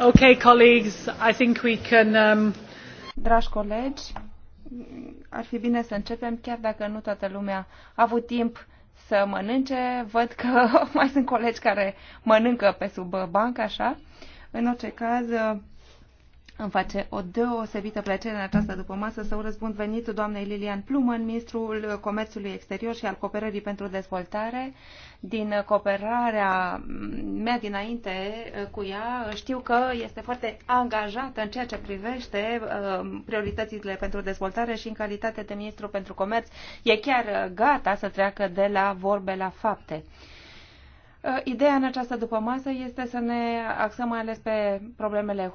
Okay, colleagues, I think we can, um... Dragi colegi, ar fi bine să începem, chiar dacă nu toată lumea a avut timp să mănânce. Văd că mai sunt colegi care mănâncă pe sub bancă, așa. În orice caz, îmi face o deosebită plăcere în această dupămasă să răspund venit doamnei Lilian Plumăn, ministrul Comerțului Exterior și al Cooperării pentru Dezvoltare. Din cooperarea mea dinainte cu ea, știu că este foarte angajată în ceea ce privește uh, prioritățile pentru dezvoltare și în calitate de ministru pentru comerț e chiar gata să treacă de la vorbe la fapte. Uh, ideea în această masă este să ne axăm mai ales pe problemele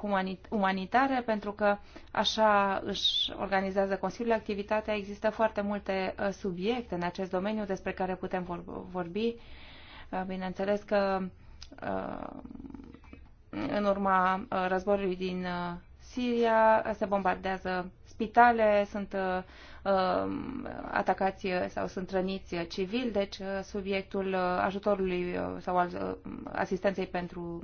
umanitare, pentru că așa își organizează Consiliul activitatea. Există foarte multe uh, subiecte în acest domeniu despre care putem vorbi. Uh, bineînțeles că în urma războiului din Siria se bombardează spitale, sunt uh, um, atacați sau sunt răniți civili, deci uh, subiectul uh, ajutorului uh, sau al asistenței pentru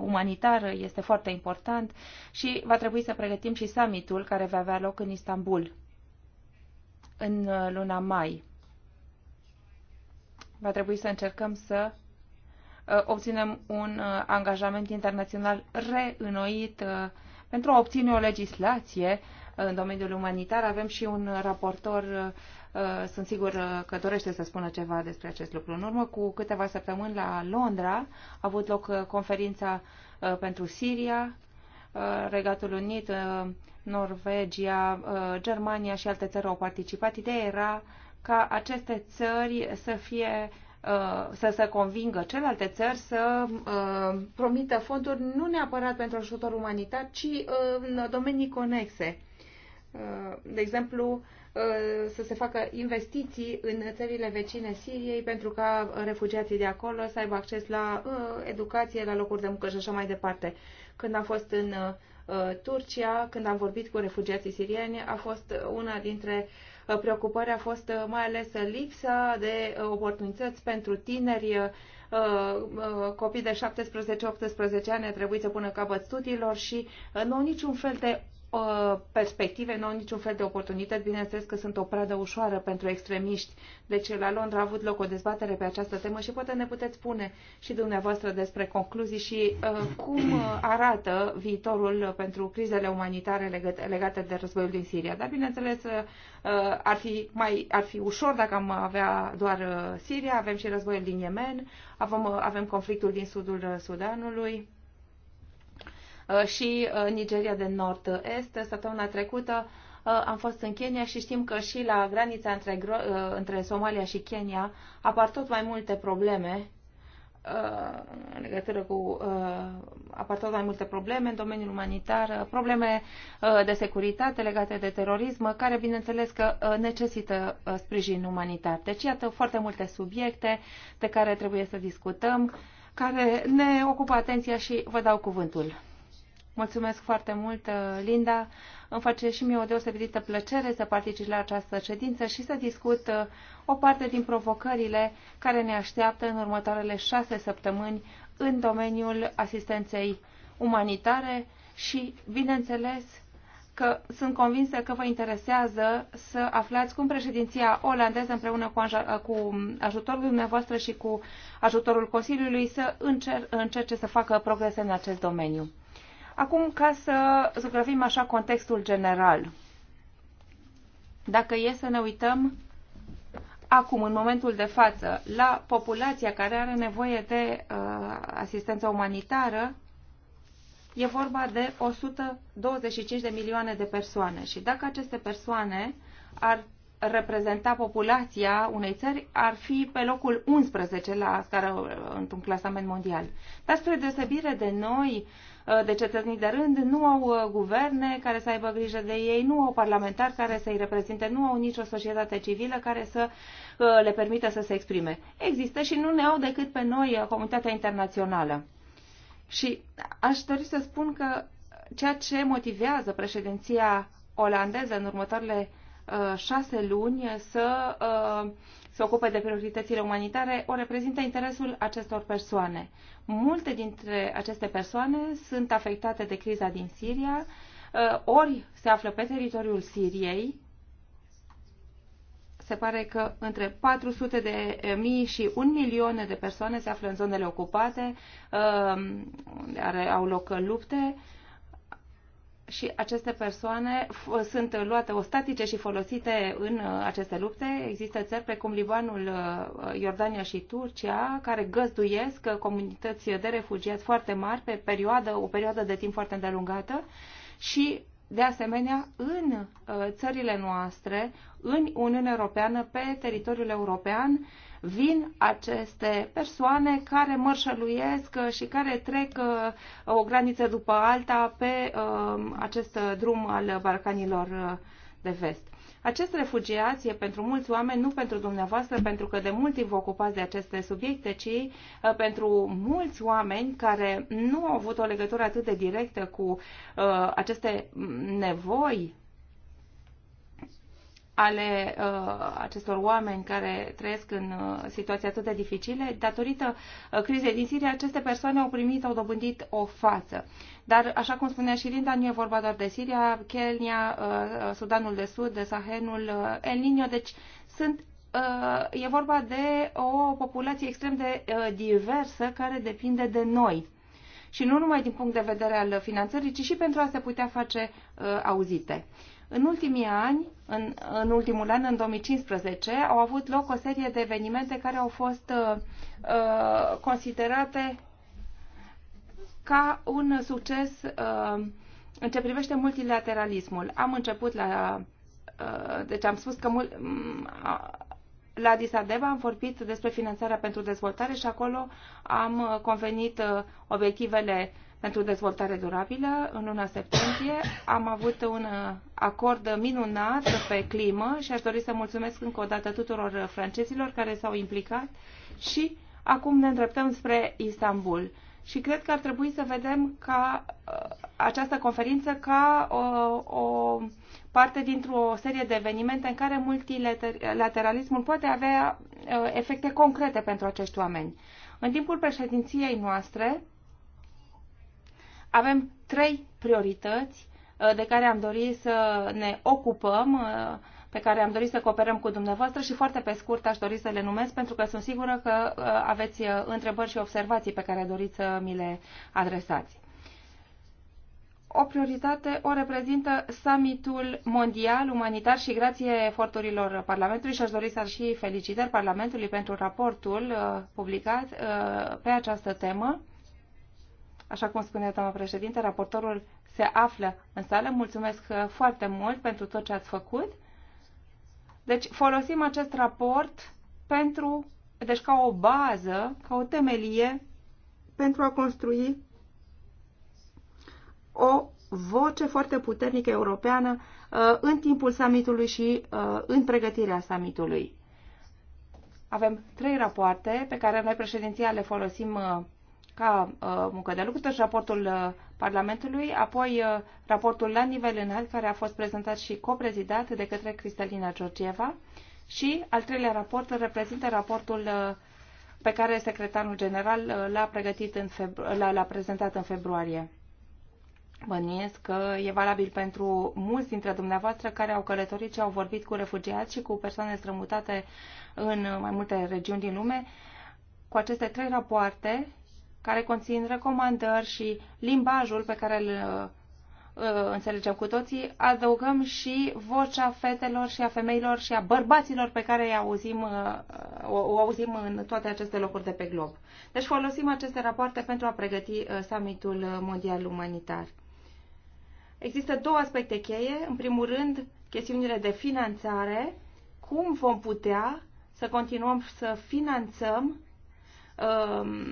umanitar este foarte important și va trebui să pregătim și summitul care va avea loc în Istanbul în luna mai. Va trebui să încercăm să obținem un angajament internațional reînnoit pentru a obține o legislație în domeniul umanitar. Avem și un raportor, uh, sunt sigur că dorește să spună ceva despre acest lucru. În urmă cu câteva săptămâni la Londra a avut loc uh, conferința uh, pentru Siria, Regatul Unit, Norvegia, Germania și alte țări au participat. Ideea era ca aceste țări să fie să se convingă celelalte țări să uh, promită fonduri nu neapărat pentru ajutor umanitar, ci uh, în domenii conexe de exemplu, să se facă investiții în țările vecine Siriei pentru ca refugiații de acolo să aibă acces la uh, educație, la locuri de muncă și așa mai departe. Când am fost în uh, Turcia, când am vorbit cu refugiații sirieni, a fost una dintre uh, preocupări, a fost mai ales lipsa de oportunități pentru tineri copii de 17-18 ani trebuie să pună capăt studiilor și nu au niciun fel de Uh, perspective, nu au niciun fel de oportunități. Bineînțeles că sunt o pradă ușoară pentru extremiști. Deci la Londra a avut loc o dezbatere pe această temă și poate ne puteți spune și dumneavoastră despre concluzii și uh, cum uh, arată viitorul pentru crizele umanitare legate, legate de războiul din Siria. Dar bineînțeles uh, uh, ar, fi mai, ar fi ușor dacă am avea doar Siria, avem și războiul din Yemen, avem, avem conflictul din sudul Sudanului Uh, și uh, Nigeria de Nord-Est. Săptămâna trecută uh, am fost în Kenya și știm că și la granița între, între Somalia și Kenya apar tot mai multe probleme în legătură cu apar tot mai multe probleme în domeniul umanitar, probleme de securitate legate de terorism, care bineînțeles că necesită sprijin umanitar. Deci iată foarte multe subiecte de care trebuie să discutăm, care ne ocupă atenția și vă dau cuvântul. Mulțumesc foarte mult, uh, Linda. Îmi face și mie o deosebită plăcere să particip la această ședință și să discut uh, o parte din provocările care ne așteaptă în următoarele șase săptămâni în domeniul asistenței umanitare și, bineînțeles, că sunt convinsă că vă interesează să aflați cum președinția olandeză împreună cu, uh, cu ajutorul dumneavoastră și cu ajutorul Consiliului să încerce să facă progrese în acest domeniu. Acum, ca să zugrăvim așa contextul general, dacă e să ne uităm acum, în momentul de față, la populația care are nevoie de uh, asistență umanitară, e vorba de 125 de milioane de persoane. Și dacă aceste persoane ar reprezenta populația unei țări, ar fi pe locul 11 la scară, uh, într-un clasament mondial. Dar spre deosebire de noi, uh, Uh, de cetățenii de rând, nu au uh, guverne care să aibă grijă de ei, nu au parlamentari care să-i reprezinte, nu au nicio societate civilă care să uh, le permită să se exprime. Există și nu ne au decât pe noi comunitatea internațională. Și aș dori să spun că ceea ce motivează președinția olandeză în următoarele șase luni să se ocupe de prioritățile umanitare o reprezintă interesul acestor persoane. Multe dintre aceste persoane sunt afectate de criza din Siria, uh, ori se află pe teritoriul Siriei, se pare că între 400 de mii și 1 milion de persoane se află în zonele ocupate, uh, au loc lupte, și aceste persoane sunt luate ostatice și folosite în uh, aceste lupte. Există țări precum Libanul, uh, Iordania și Turcia care găzduiesc uh, comunități de refugiați foarte mari pe perioadă, o perioadă de timp foarte îndelungată și de asemenea, în țările noastre, în Uniunea Europeană, pe teritoriul european, vin aceste persoane care mărșăluiesc uh, și care trec uh, o graniță după alta pe um, acest drum al Balcanilor uh, de vest. Acest refugiat e pentru mulți oameni, nu pentru dumneavoastră, pentru că de mult timp vă ocupați de aceste subiecte, ci pentru mulți oameni care nu au avut o legătură atât de directă cu uh, aceste nevoi ale uh, acestor oameni care trăiesc în uh, situații atât de dificile, datorită uh, crizei din Siria, aceste persoane au primit, au dobândit o față. Dar, așa cum spunea și Linda, nu e vorba doar de Siria, Kenya, uh, uh Sudanul de Sud, Sahenul, uh, El Niño, deci sunt uh, e vorba de o populație extrem de uh, diversă care depinde de noi. Și nu numai din punct de vedere al finanțării, ci și pentru a se putea face uh, auzite. În ultimii ani, în, în ultimul an, în 2015, au avut loc o serie de evenimente care au fost uh, uh, considerate ca un succes uh, în ce privește multilateralismul. Am început la. Uh, deci am spus că. Mul, uh, la Addis Abeba am vorbit despre finanțarea pentru dezvoltare și acolo am uh, convenit uh, obiectivele uh, pentru dezvoltare durabilă. În luna septembrie am avut un uh, acord minunat pe climă și aș dori să mulțumesc încă o dată tuturor francezilor care s-au implicat și acum ne îndreptăm spre Istanbul. Și cred că ar trebui să vedem ca uh, această conferință ca o, uh, o parte dintr-o serie de evenimente în care multilateralismul poate avea efecte concrete pentru acești oameni. În timpul președinției noastre, avem trei priorități uh, de care am dorit să ne ocupăm, uh, pe care am dorit să cooperăm cu dumneavoastră și foarte pe scurt aș dori să le numesc pentru că sunt sigură că uh, aveți întrebări și observații pe care doriți să mi le adresați. O prioritate o reprezintă summitul mondial umanitar și grație eforturilor Parlamentului și aș dori să și felicitări Parlamentului pentru raportul publicat pe această temă. Așa cum spune doamna președinte, raportorul se află în sală. Mulțumesc uh, foarte mult pentru tot ce ați făcut. Deci folosim acest raport pentru, deci ca o bază, ca o temelie pentru a construi o voce foarte puternică europeană uh, în timpul summitului și uh, în pregătirea summitului. Avem trei rapoarte pe care noi președinția le folosim ca uh, muncă de lucru, deci raportul uh, Parlamentului, apoi uh, raportul la nivel înalt, care a fost prezentat și coprezidat de către Cristalina Georgieva, și al treilea raport reprezintă raportul uh, pe care secretarul general uh, l-a, pregătit în l-a, prezentat în februarie. Bănuiesc că e valabil pentru mulți dintre dumneavoastră care au călătorit și au vorbit cu refugiați și cu persoane strămutate în uh, mai multe regiuni din lume. Cu aceste trei rapoarte, care conțin recomandări și limbajul pe care îl uh, uh, înțelegem cu toții, adăugăm și vocea fetelor și a femeilor și a bărbaților pe care îi auzim, uh, o, o auzim în toate aceste locuri de pe glob. Deci folosim aceste rapoarte pentru a pregăti summitul mondial umanitar. Există două aspecte cheie. În primul rând, chestiunile de finanțare. Cum vom putea să continuăm să finanțăm Um,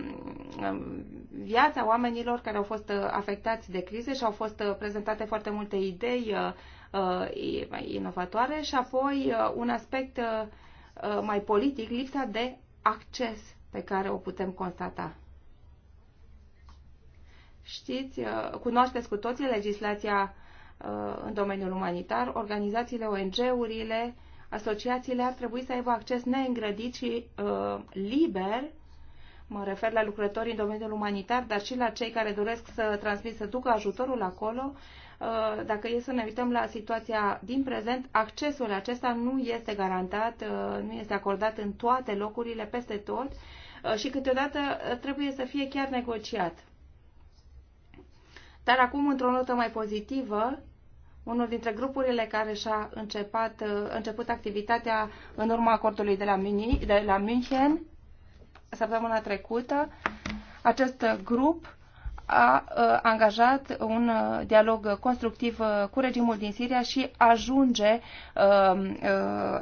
um, viața oamenilor care au fost uh, afectați de crize și au fost uh, prezentate foarte multe idei uh, inovatoare și apoi un aspect mai politic, lipsa de acces pe care o putem constata. Știți, cunoașteți cu toții legislația în domeniul umanitar, organizațiile, ONG-urile, asociațiile ar trebui să aibă acces neîngrădit și liber mă refer la lucrătorii în domeniul umanitar, dar și la cei care doresc să transmit, să ducă ajutorul acolo, uh, dacă e să ne uităm la situația din prezent, accesul acesta nu este garantat, uh, nu este acordat în toate locurile, peste tot uh, și câteodată trebuie să fie chiar negociat. Dar acum, într-o notă mai pozitivă, unul dintre grupurile care și-a început, început activitatea în urma acordului de la, de la München, săptămâna trecută, acest grup a uh, angajat un uh, dialog constructiv uh, cu regimul din Siria și ajunge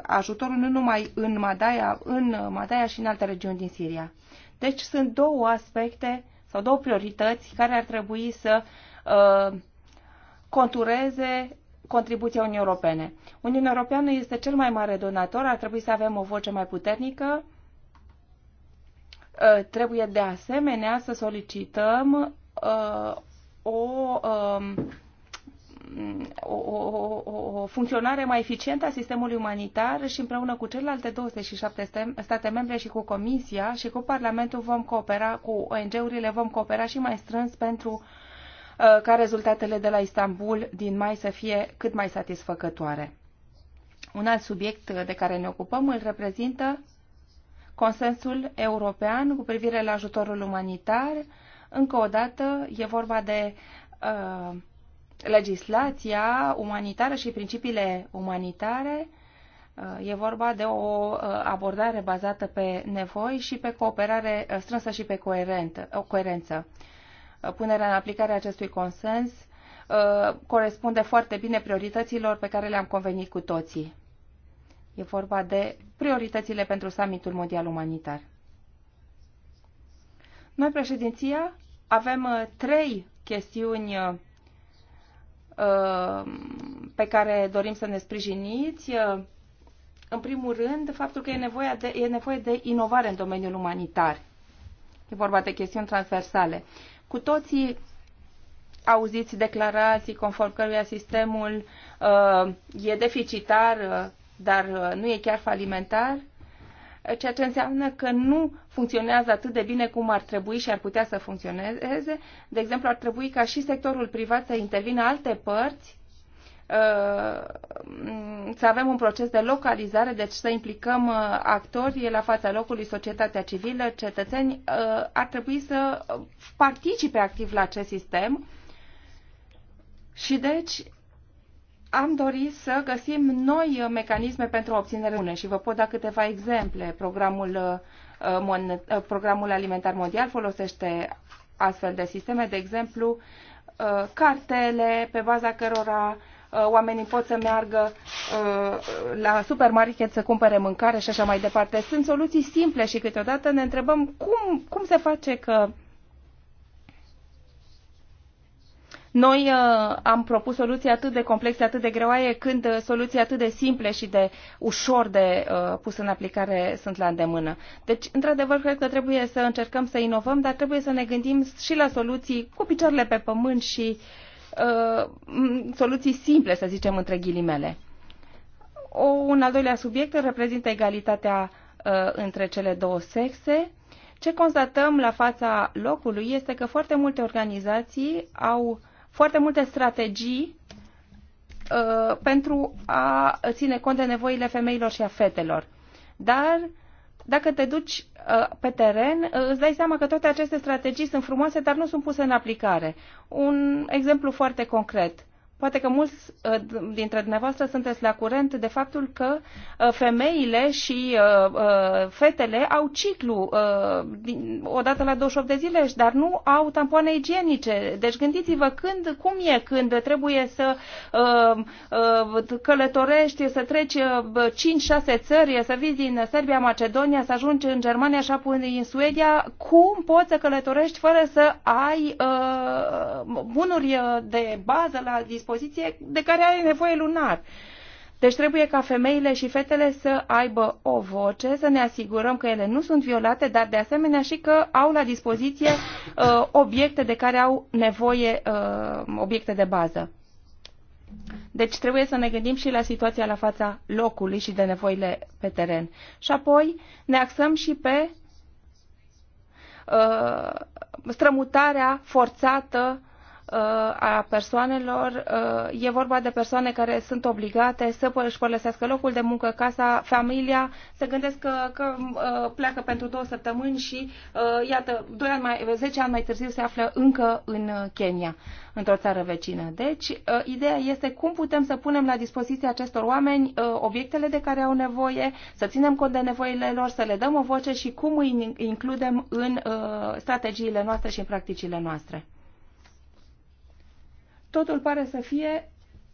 ajutorul nu numai în Madaia, în Madaia și în alte regiuni din Siria. Deci sunt două aspecte sau două priorități care ar trebui să contureze contribuția Uniunii Europene. Uniunea Europeană este cel mai mare donator, ar trebui să avem o voce mai puternică Uh, trebuie de asemenea să solicităm uh, um, o, o, o, o funcționare mai eficientă a sistemului umanitar și împreună cu celelalte 27 state membre și cu Comisia și cu Parlamentul vom coopera, cu ONG-urile vom coopera și mai strâns pentru uh, ca rezultatele de la Istanbul din mai să fie cât mai satisfăcătoare. Un alt subiect de care ne ocupăm îl reprezintă consensul european cu privire la ajutorul umanitar. Încă o dată e vorba de uh, legislația umanitară și principiile umanitare. Uh, e vorba de o uh, abordare bazată pe nevoi și pe cooperare uh, strânsă și pe coerentă, o coerență. Uh, punerea în aplicare a acestui consens uh, corespunde foarte bine priorităților pe care le-am convenit cu toții. E vorba de prioritățile pentru summitul mondial umanitar. Noi, președinția, avem uh, trei chestiuni uh, uh, pe care dorim să ne sprijiniți. În primul rând, faptul că e nevoie de, e nevoie de inovare în domeniul umanitar. E vorba de chestiuni transversale. Cu toții auziți declarații conform căruia sistemul uh, e deficitar, dar uh, nu e chiar falimentar, ceea ce înseamnă că nu funcționează atât de bine cum ar trebui și ar putea să funcționeze. De exemplu, ar trebui ca și sectorul privat să intervină alte părți, uh, să avem un proces de localizare, deci să implicăm uh, actorii la fața locului, societatea civilă, cetățeni, ar trebui să participe activ la acest sistem și deci am dorit să găsim noi mecanisme pentru obținere bune și vă pot da câteva exemple. Programul, uh, uh, programul alimentar mondial folosește astfel de sisteme, de exemplu, uh, cartele pe baza cărora oamenii pot să meargă la supermarket să cumpere mâncare și așa mai departe. Sunt soluții simple și câteodată ne întrebăm cum, cum se face că Noi uh, am propus soluții atât de complexe, atât de greoaie, când uh, soluții atât de simple și de ușor de uh, pus în aplicare sunt la îndemână. Deci, într-adevăr, cred că trebuie să încercăm să inovăm, dar trebuie să ne gândim și la soluții cu picioarele pe pământ și uh, soluții simple, să zicem, între ghilimele. O, un al doilea subiect reprezintă egalitatea uh, între cele două sexe. Ce constatăm la fața locului este că foarte multe organizații au foarte multe strategii uh, pentru a ține cont de nevoile femeilor și a fetelor. Dar dacă te duci uh, pe teren, uh, îți dai seama că toate aceste strategii sunt frumoase, dar nu sunt puse în aplicare. Un exemplu foarte concret. Uh, Poate că mulți uh, dintre dumneavoastră sunteți la curent de faptul că uh, femeile și uh, fetele au ciclu odată la 28 de zile, dar nu au tampoane igienice. Deci gândiți-vă când, cum e când trebuie să călătorești, să treci 5-6 țări, să vii din Serbia, Macedonia, să ajungi în Germania și apoi în Suedia, cum poți să călătorești fără să ai bunuri de bază la dispoziție dispoziție de care are nevoie lunar. Deci trebuie ca femeile și fetele să aibă o voce, să ne asigurăm că ele nu sunt violate, dar de asemenea și că au la dispoziție uh, obiecte de care au nevoie, uh, obiecte de bază. Deci trebuie să ne gândim și la situația la fața locului și de nevoile pe teren. Și apoi ne axăm și pe uh, strămutarea forțată Uh, a persoanelor. Uh, e vorba de persoane care sunt obligate să își părăsească locul de muncă, casa, familia. Se gândesc că, că uh, pleacă pentru două săptămâni și, iată, 2 ani mai, 10 ani mai târziu se află încă în Kenya, într-o țară vecină. Deci, ideea este cum putem să punem la dispoziție acestor oameni obiectele de care au nevoie, să ținem cont de nevoile lor, să le dăm o voce și cum îi includem în strategiile noastre și în practicile noastre totul pare să fie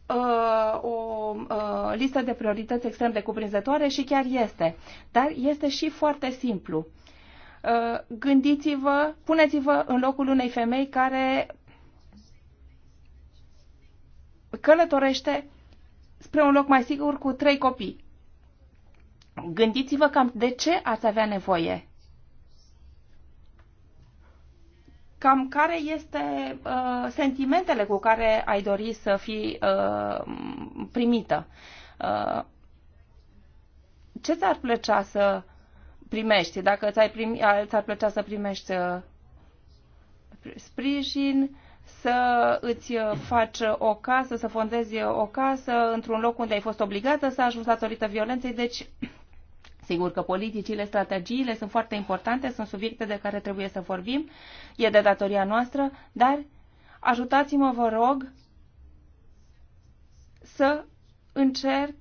uh, o uh, listă de priorități extrem de cuprinzătoare și chiar este. Dar este și foarte simplu. Uh, gândiți-vă, puneți-vă în locul unei femei care călătorește spre un loc mai sigur cu trei copii. Gândiți-vă cam de ce ați avea nevoie cam care este uh, sentimentele cu care ai dori să fii uh, primită. Uh, ce ți-ar plăcea să primești? Dacă ți-ar primi, ți plăcea să primești uh, sprijin, să îți faci o casă, să fondezi o casă într-un loc unde ai fost obligată să ajungi datorită violenței, deci Sigur că politicile, strategiile sunt foarte importante, sunt subiecte de care trebuie să vorbim, e de datoria noastră, dar ajutați-mă, vă rog, să încerc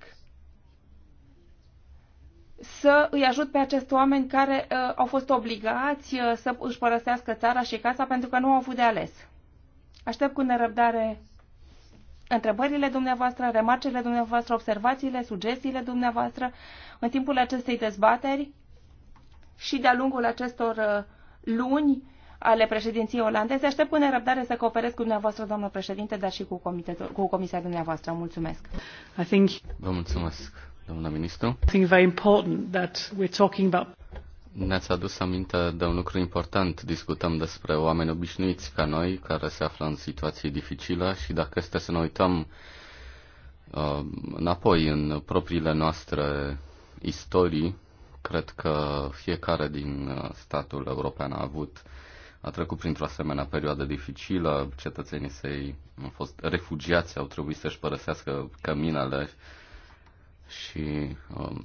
să îi ajut pe acest oameni care uh, au fost obligați uh, să își părăsească țara și casa pentru că nu au avut de ales. Aștept cu nerăbdare întrebările dumneavoastră, remarcele dumneavoastră, observațiile, sugestiile dumneavoastră. În timpul acestei dezbateri și de-a lungul acestor uh, luni ale președinției olandeze, aștept cu nerăbdare să cooperez cu dumneavoastră, doamnă președinte, dar și cu, comitetul, cu comisia dumneavoastră. Mulțumesc. I think... Vă mulțumesc, doamna ministru. I think very important that we're talking about ne-ați adus aminte de un lucru important. Discutăm despre oameni obișnuiți ca noi, care se află în situații dificile și dacă este să ne uităm uh, înapoi în propriile noastre istorii, cred că fiecare din uh, statul european a avut a trecut printr-o asemenea perioadă dificilă, cetățenii săi au fost refugiați, au trebuit să-și părăsească căminele și um,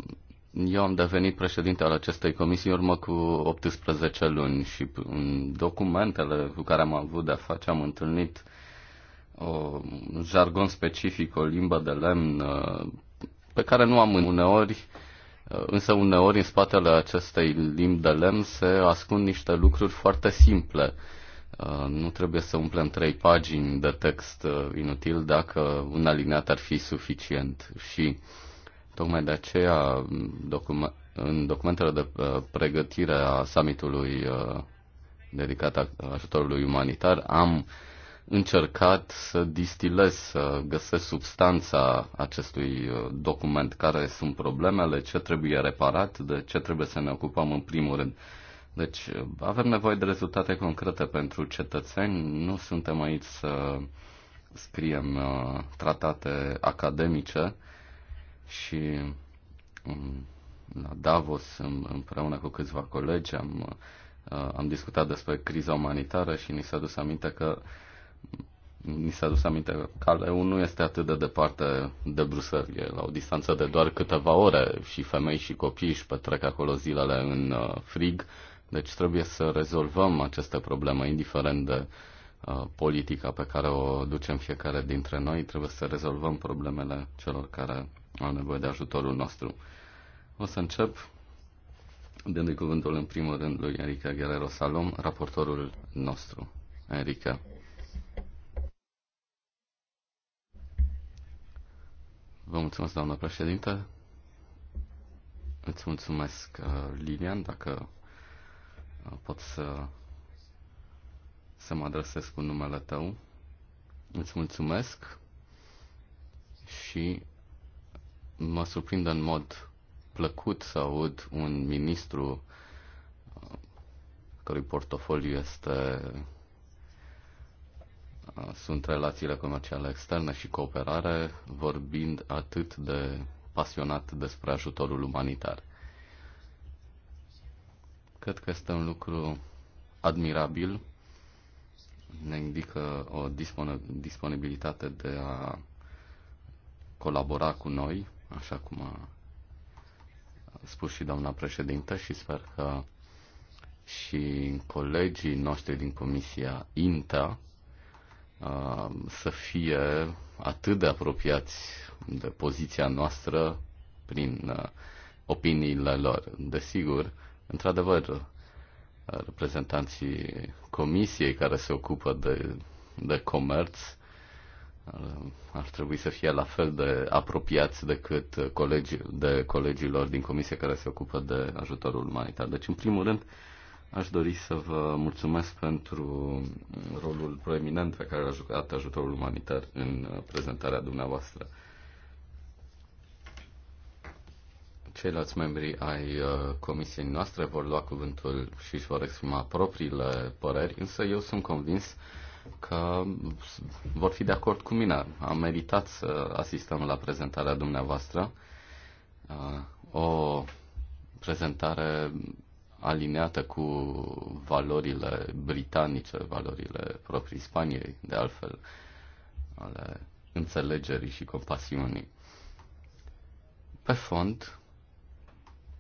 eu am devenit președinte al acestei comisii în urmă cu 18 luni și în documentele cu care am avut de-a face am întâlnit o, um, un jargon specific, o limbă de lemn uh, pe care nu am uneori Însă uneori în spatele acestei limbi de lemn se ascund niște lucruri foarte simple. Uh, nu trebuie să umplem trei pagini de text uh, inutil dacă un alineat ar fi suficient. Și tocmai de aceea în documentele de uh, pregătire a summitului dedicat ajutorului umanitar am uh, încercat să distilez, să găsesc substanța acestui uh, document, care sunt problemele, ce trebuie reparat, de ce trebuie să ne ocupăm în primul rând. Deci uh, avem nevoie de rezultate concrete pentru cetățeni, nu suntem aici să scriem uh, tratate academice și um, la Davos împreună cu câțiva colegi am, am discutat despre criza umanitară și ni s-a dus aminte că uh, mi s-a dus aminte că Caleu nu este atât de departe de Bruxelles, e la o distanță de doar câteva ore și femei și copii își petrec acolo zilele în uh, frig, deci trebuie să rezolvăm aceste probleme, indiferent de uh, politica pe care o ducem fiecare dintre noi, trebuie să rezolvăm problemele celor care au nevoie de ajutorul nostru. O să încep dându-i cuvântul în primul rând lui Enrica Guerrero Salom, raportorul nostru. Enrica. Vă mulțumesc, doamnă președinte. Îți mulțumesc, uh, Lilian, dacă uh, pot să, să mă adresez cu numele tău. Îți mulțumesc și mă surprinde în mod plăcut să aud un ministru uh, cărui portofoliu este sunt relațiile comerciale externe și cooperare, vorbind atât de pasionat despre ajutorul umanitar. Cred că este un lucru admirabil, ne indică o disponibilitate de a colabora cu noi, așa cum a spus și doamna președintă și sper că și colegii noștri din Comisia INTA Um, să fie atât de apropiați de poziția noastră prin uh, opiniile lor. Desigur, într-adevăr, uh, reprezentanții comisiei care se ocupă de, de comerț uh, ar trebui să fie la fel de apropiați decât colegii, de colegilor din comisie care se ocupă de ajutorul umanitar. Deci, în primul rând, Aș dori să vă mulțumesc pentru rolul proeminent pe care l-a jucat ajutorul umanitar în uh, prezentarea dumneavoastră. Ceilalți membri ai uh, comisiei noastre vor lua cuvântul și își vor exprima propriile păreri, însă eu sunt convins că vor fi de acord cu mine. Am meritat să asistăm la prezentarea dumneavoastră. Uh, o prezentare aliniată cu valorile britanice, valorile proprii Spaniei, de altfel, ale înțelegerii și compasiunii. Pe fond,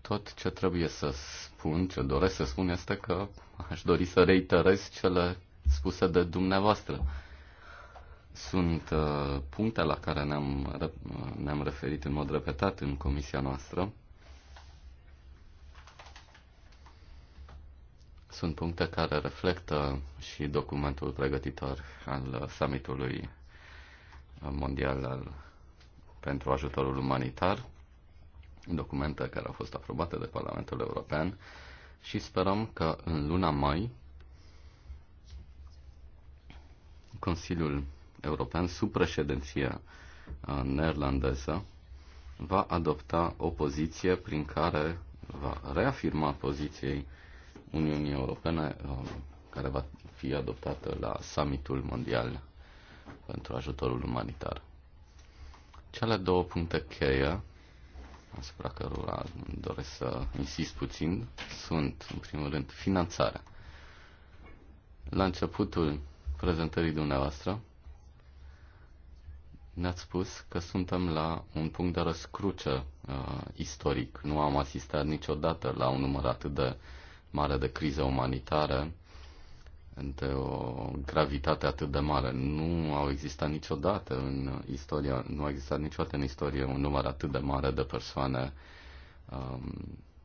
tot ce trebuie să spun, ce doresc să spun, este că aș dori să reiterez cele spuse de dumneavoastră. Sunt uh, puncte la care ne-am, ne-am referit în mod repetat în comisia noastră, Sunt puncte care reflectă și documentul pregătitor al summitului mondial al, pentru ajutorul umanitar, documente care au fost aprobate de Parlamentul European și sperăm că în luna mai Consiliul European, sub președinția uh, neerlandeză, va adopta o poziție prin care va reafirma poziției Uniunii Europene um, care va fi adoptată la summitul mondial pentru ajutorul umanitar. Cele două puncte cheie asupra cărora doresc să insist puțin sunt, în primul rând, finanțarea. La începutul prezentării dumneavoastră ne-ați spus că suntem la un punct de răscruce uh, istoric. Nu am asistat niciodată la un număr atât de uh, mare de criză umanitară, de o gravitate atât de mare. Nu au existat niciodată în istoria, nu a existat niciodată în istorie un număr atât de mare de persoane um,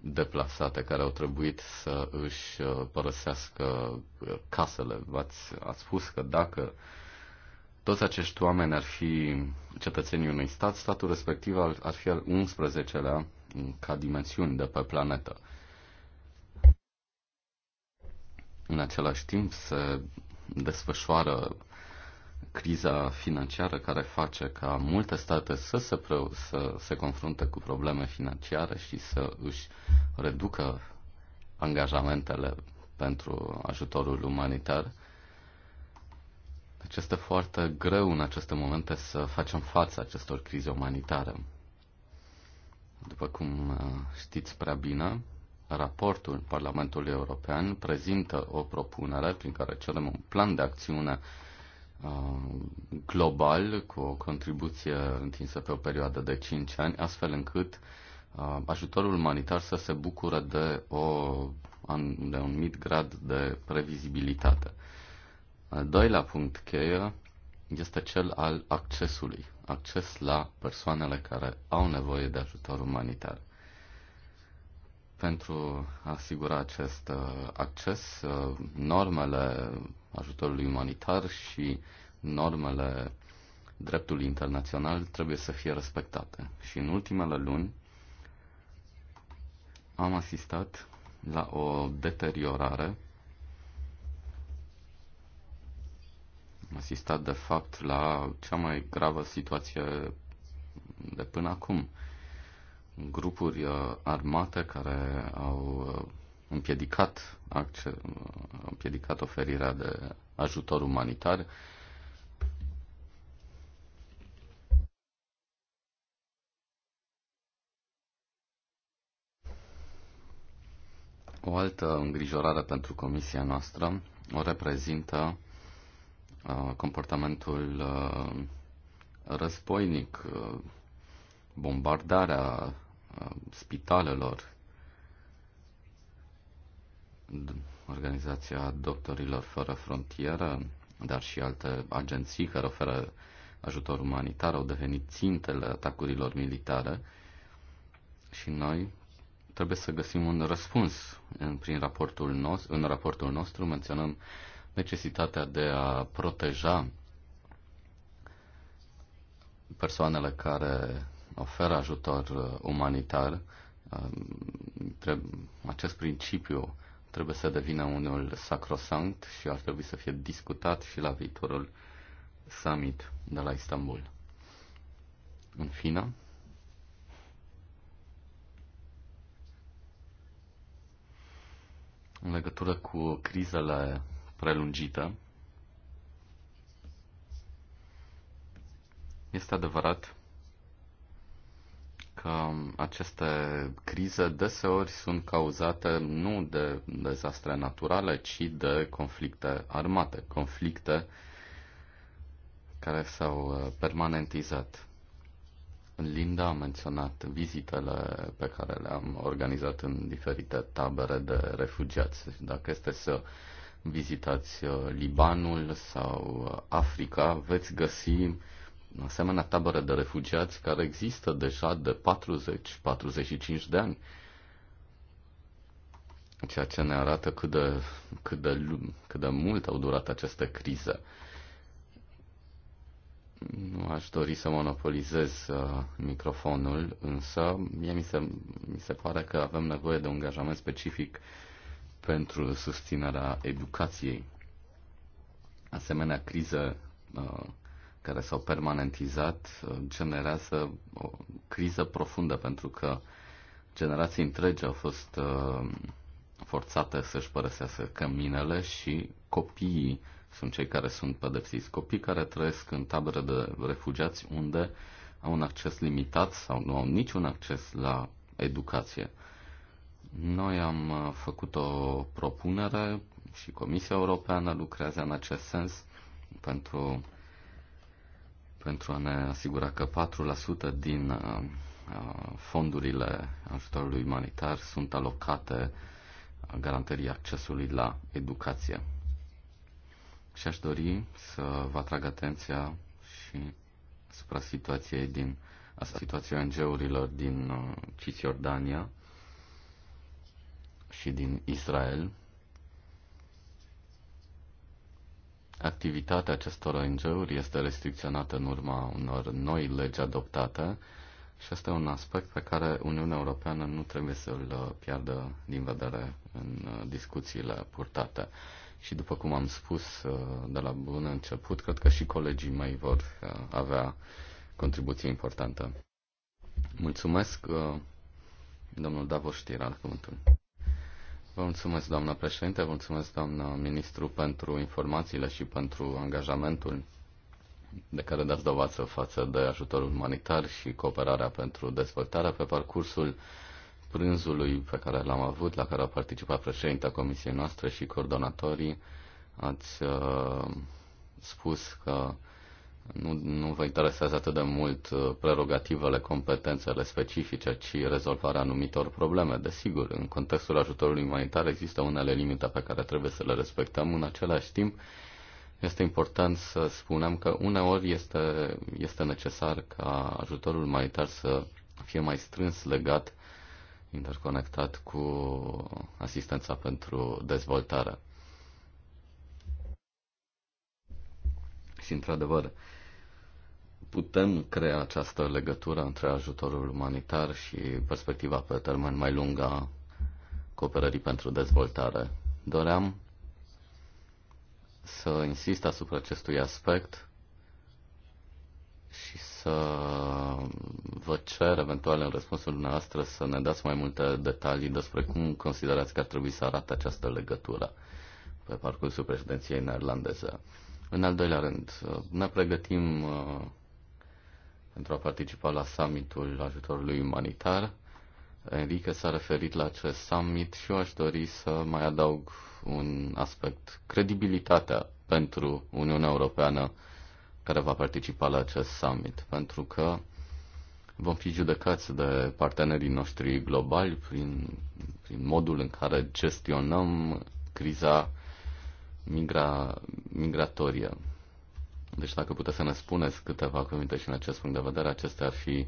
deplasate care au trebuit să își uh, părăsească uh, casele. Ați, ați spus că dacă toți acești oameni ar fi cetățenii unui stat, statul respectiv ar, ar fi al 11-lea ca dimensiuni de pe planetă. În același timp se desfășoară criza financiară care face ca multe state să se, pre- să se confrunte cu probleme financiare și să își reducă angajamentele pentru ajutorul umanitar. Deci este foarte greu în aceste momente să facem față acestor crize umanitare. După cum uh, știți prea bine, raportul Parlamentului European prezintă o propunere prin care cerem un plan de acțiune uh, global cu o contribuție întinsă pe o perioadă de 5 ani, astfel încât uh, ajutorul umanitar să se bucure de, o, de un mit grad de previzibilitate. Al doilea punct cheie este cel al accesului, acces la persoanele care au nevoie de ajutor umanitar pentru a asigura acest uh, acces, uh, normele ajutorului umanitar și normele dreptului internațional trebuie să fie respectate. Și în ultimele luni am asistat la o deteriorare. Am asistat, de fapt, la cea mai gravă situație de până acum grupuri uh, armate care au uh, împiedicat, acce, uh, împiedicat oferirea de ajutor umanitar. O altă îngrijorare pentru comisia noastră o reprezintă comportamentul războinic, bombardarea Uh, spitalelor, organizația Doctorilor Fără Frontieră, dar și alte agenții care oferă ajutor umanitar au devenit țintele atacurilor militare și noi trebuie să găsim un răspuns în, prin raportul nostru, în raportul nostru menționăm necesitatea de a proteja persoanele care oferă ajutor uh, umanitar, um, acest principiu trebuie să devină unul sacrosanct și ar trebui să fie discutat și la viitorul summit de la Istanbul. În fine, în legătură cu crizele prelungite, este adevărat că aceste crize deseori sunt cauzate nu de dezastre naturale, ci de conflicte armate, conflicte care s-au uh, permanentizat. Linda a menționat vizitele pe care le-am organizat în diferite tabere de refugiați. Dacă este să vizitați uh, Libanul sau uh, Africa, veți găsi asemenea tabere de refugiați care există deja de 40-45 de ani, ceea ce ne arată cât de, cât de, cât de mult au durat aceste crize. Nu aș dori să monopolizez uh, microfonul, însă mie mi se, mi se pare că avem nevoie de un angajament specific pentru susținerea educației. Asemenea, crize uh, care s-au permanentizat uh, generează o criză profundă pentru că generații întregi au fost uh, forțate să-și părăsească căminele și copiii sunt cei care sunt pedepsiți. Copii care trăiesc în tabere de refugiați unde au un acces limitat sau nu au niciun acces la educație. Noi am uh, făcut o propunere și Comisia Europeană lucrează în acest sens pentru pentru a ne asigura că 4% din uh, uh, fondurile ajutorului umanitar sunt alocate uh, garantării accesului la educație. Și aș dori să vă atrag atenția și asupra situației din situația ONG-urilor din Cisjordania și din Israel, Activitatea acestor ONG-uri este restricționată în urma unor noi legi adoptate și este un aspect pe care Uniunea Europeană nu trebuie să-l piardă din vedere în discuțiile purtate. Și după cum am spus uh, de la bun început, cred că și colegii mei vor uh, avea contribuție importantă. Mulțumesc, uh, domnul Davos Știra, la cuvântul. Vă mulțumesc, doamnă președinte, vă mulțumesc, doamnă ministru, pentru informațiile și pentru angajamentul de care dați dovață față de ajutorul umanitar și cooperarea pentru dezvoltare pe parcursul prânzului pe care l-am avut, la care au participat președinta comisiei noastre și coordonatorii. Ați uh, spus că nu, nu vă interesează atât de mult uh, prerogativele, competențele specifice, ci rezolvarea anumitor probleme. Desigur, în contextul ajutorului umanitar există unele limite pe care trebuie să le respectăm. În același timp, este important să spunem că uneori este, este necesar ca ajutorul umanitar să fie mai strâns legat, interconectat cu asistența pentru dezvoltare. Și într-adevăr, putem crea această legătură între ajutorul umanitar și perspectiva pe termen mai lung a cooperării pentru dezvoltare. Doream să insist asupra acestui aspect și să vă cer eventual în răspunsul dumneavoastră să ne dați mai multe detalii despre cum considerați că ar trebui să arate această legătură pe parcursul președinției neerlandeze. În al doilea rând, ne pregătim uh, pentru a participa la summitul ajutorului umanitar. Enrique s-a referit la acest summit și eu aș dori să mai adaug un aspect. Credibilitatea pentru Uniunea Europeană care va participa la acest summit, pentru că vom fi judecați de partenerii noștri globali prin, prin modul în care gestionăm criza migra, migratorie. Deci dacă puteți să ne spuneți câteva cuvinte și în acest punct de vedere, acestea ar fi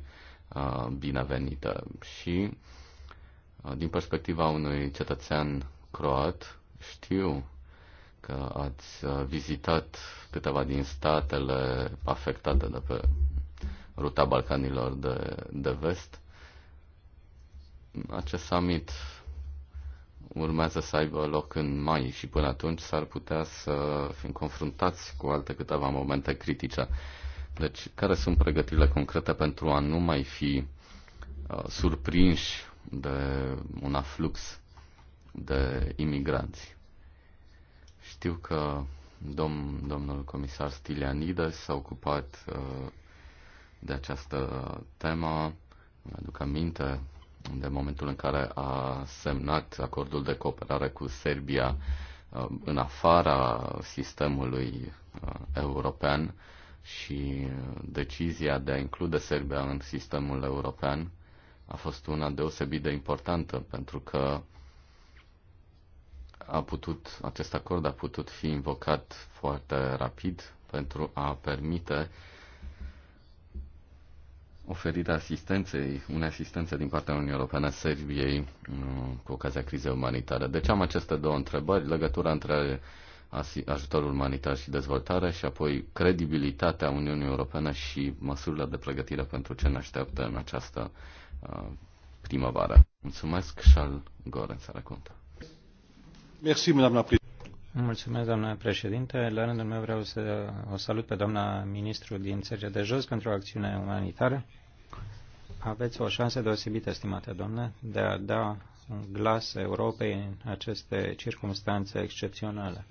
uh, binevenite. Și uh, din perspectiva unui cetățean croat, știu că ați uh, vizitat câteva din statele afectate de pe ruta Balcanilor de, de vest. Acest summit urmează să aibă loc în mai și până atunci s-ar putea să fim confruntați cu alte câteva momente critice. Deci, care sunt pregătirile concrete pentru a nu mai fi uh, surprinși de un aflux de imigranți? Știu că dom, domnul comisar Stilianides s-a ocupat uh, de această temă. Mă aduc aminte de momentul în care a semnat acordul de cooperare cu Serbia uh, în afara sistemului uh, european și decizia de a include Serbia în sistemul european a fost una deosebit de importantă pentru că a putut, acest acord a putut fi invocat foarte rapid pentru a permite uh, oferirea asistenței, unei asistențe din partea Uniunii Europene a Serbiei uh, cu ocazia crizei umanitare. Deci am aceste două întrebări, legătura între ajutorul umanitar și dezvoltare și apoi credibilitatea Uniunii Europene și măsurile de pregătire pentru ce ne așteaptă în această uh, primăvară. Mulțumesc, Charles seara să racontă. Merci, Mulțumesc, doamna președinte. La rândul meu vreau să o salut pe doamna ministru din țările de jos pentru acțiune umanitară. Aveți o șansă deosebită, stimate doamne, de a da un glas Europei în aceste circunstanțe excepționale.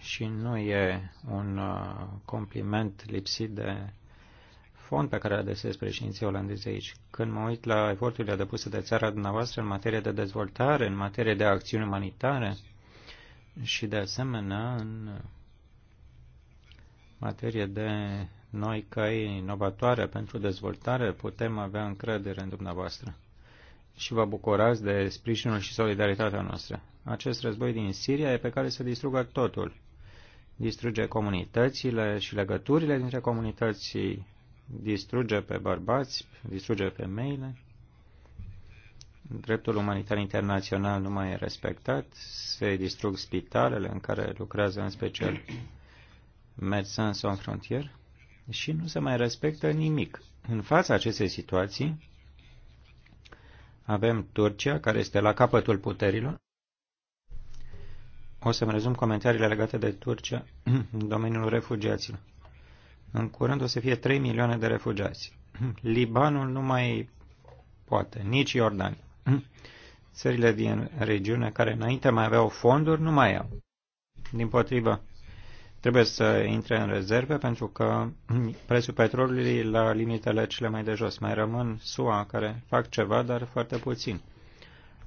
Și nu e un uh, compliment lipsit de fond pe care îl adresez președinției olandeze aici. Când mă uit la eforturile depuse de țara dumneavoastră în materie de dezvoltare, în materie de acțiuni umanitare și, de asemenea, în materie de noi căi inovatoare pentru dezvoltare, putem avea încredere în dumneavoastră și vă bucurați de sprijinul și solidaritatea noastră. Acest război din Siria e pe care se distrugă totul. Distruge comunitățile și legăturile dintre comunități, distruge pe bărbați, distruge femeile. Dreptul umanitar internațional nu mai e respectat, se distrug spitalele în care lucrează în special Médecins Sans Frontières și nu se mai respectă nimic. În fața acestei situații avem Turcia, care este la capătul puterilor. O să-mi rezum comentariile legate de Turcia în domeniul refugiaților. În curând o să fie 3 milioane de refugiați. Libanul nu mai poate, nici Iordania. Țările din regiune care înainte mai aveau fonduri nu mai au. Din potrivă, trebuie să intre în rezerve pentru că prețul petrolului la limitele cele mai de jos. Mai rămân SUA care fac ceva, dar foarte puțin.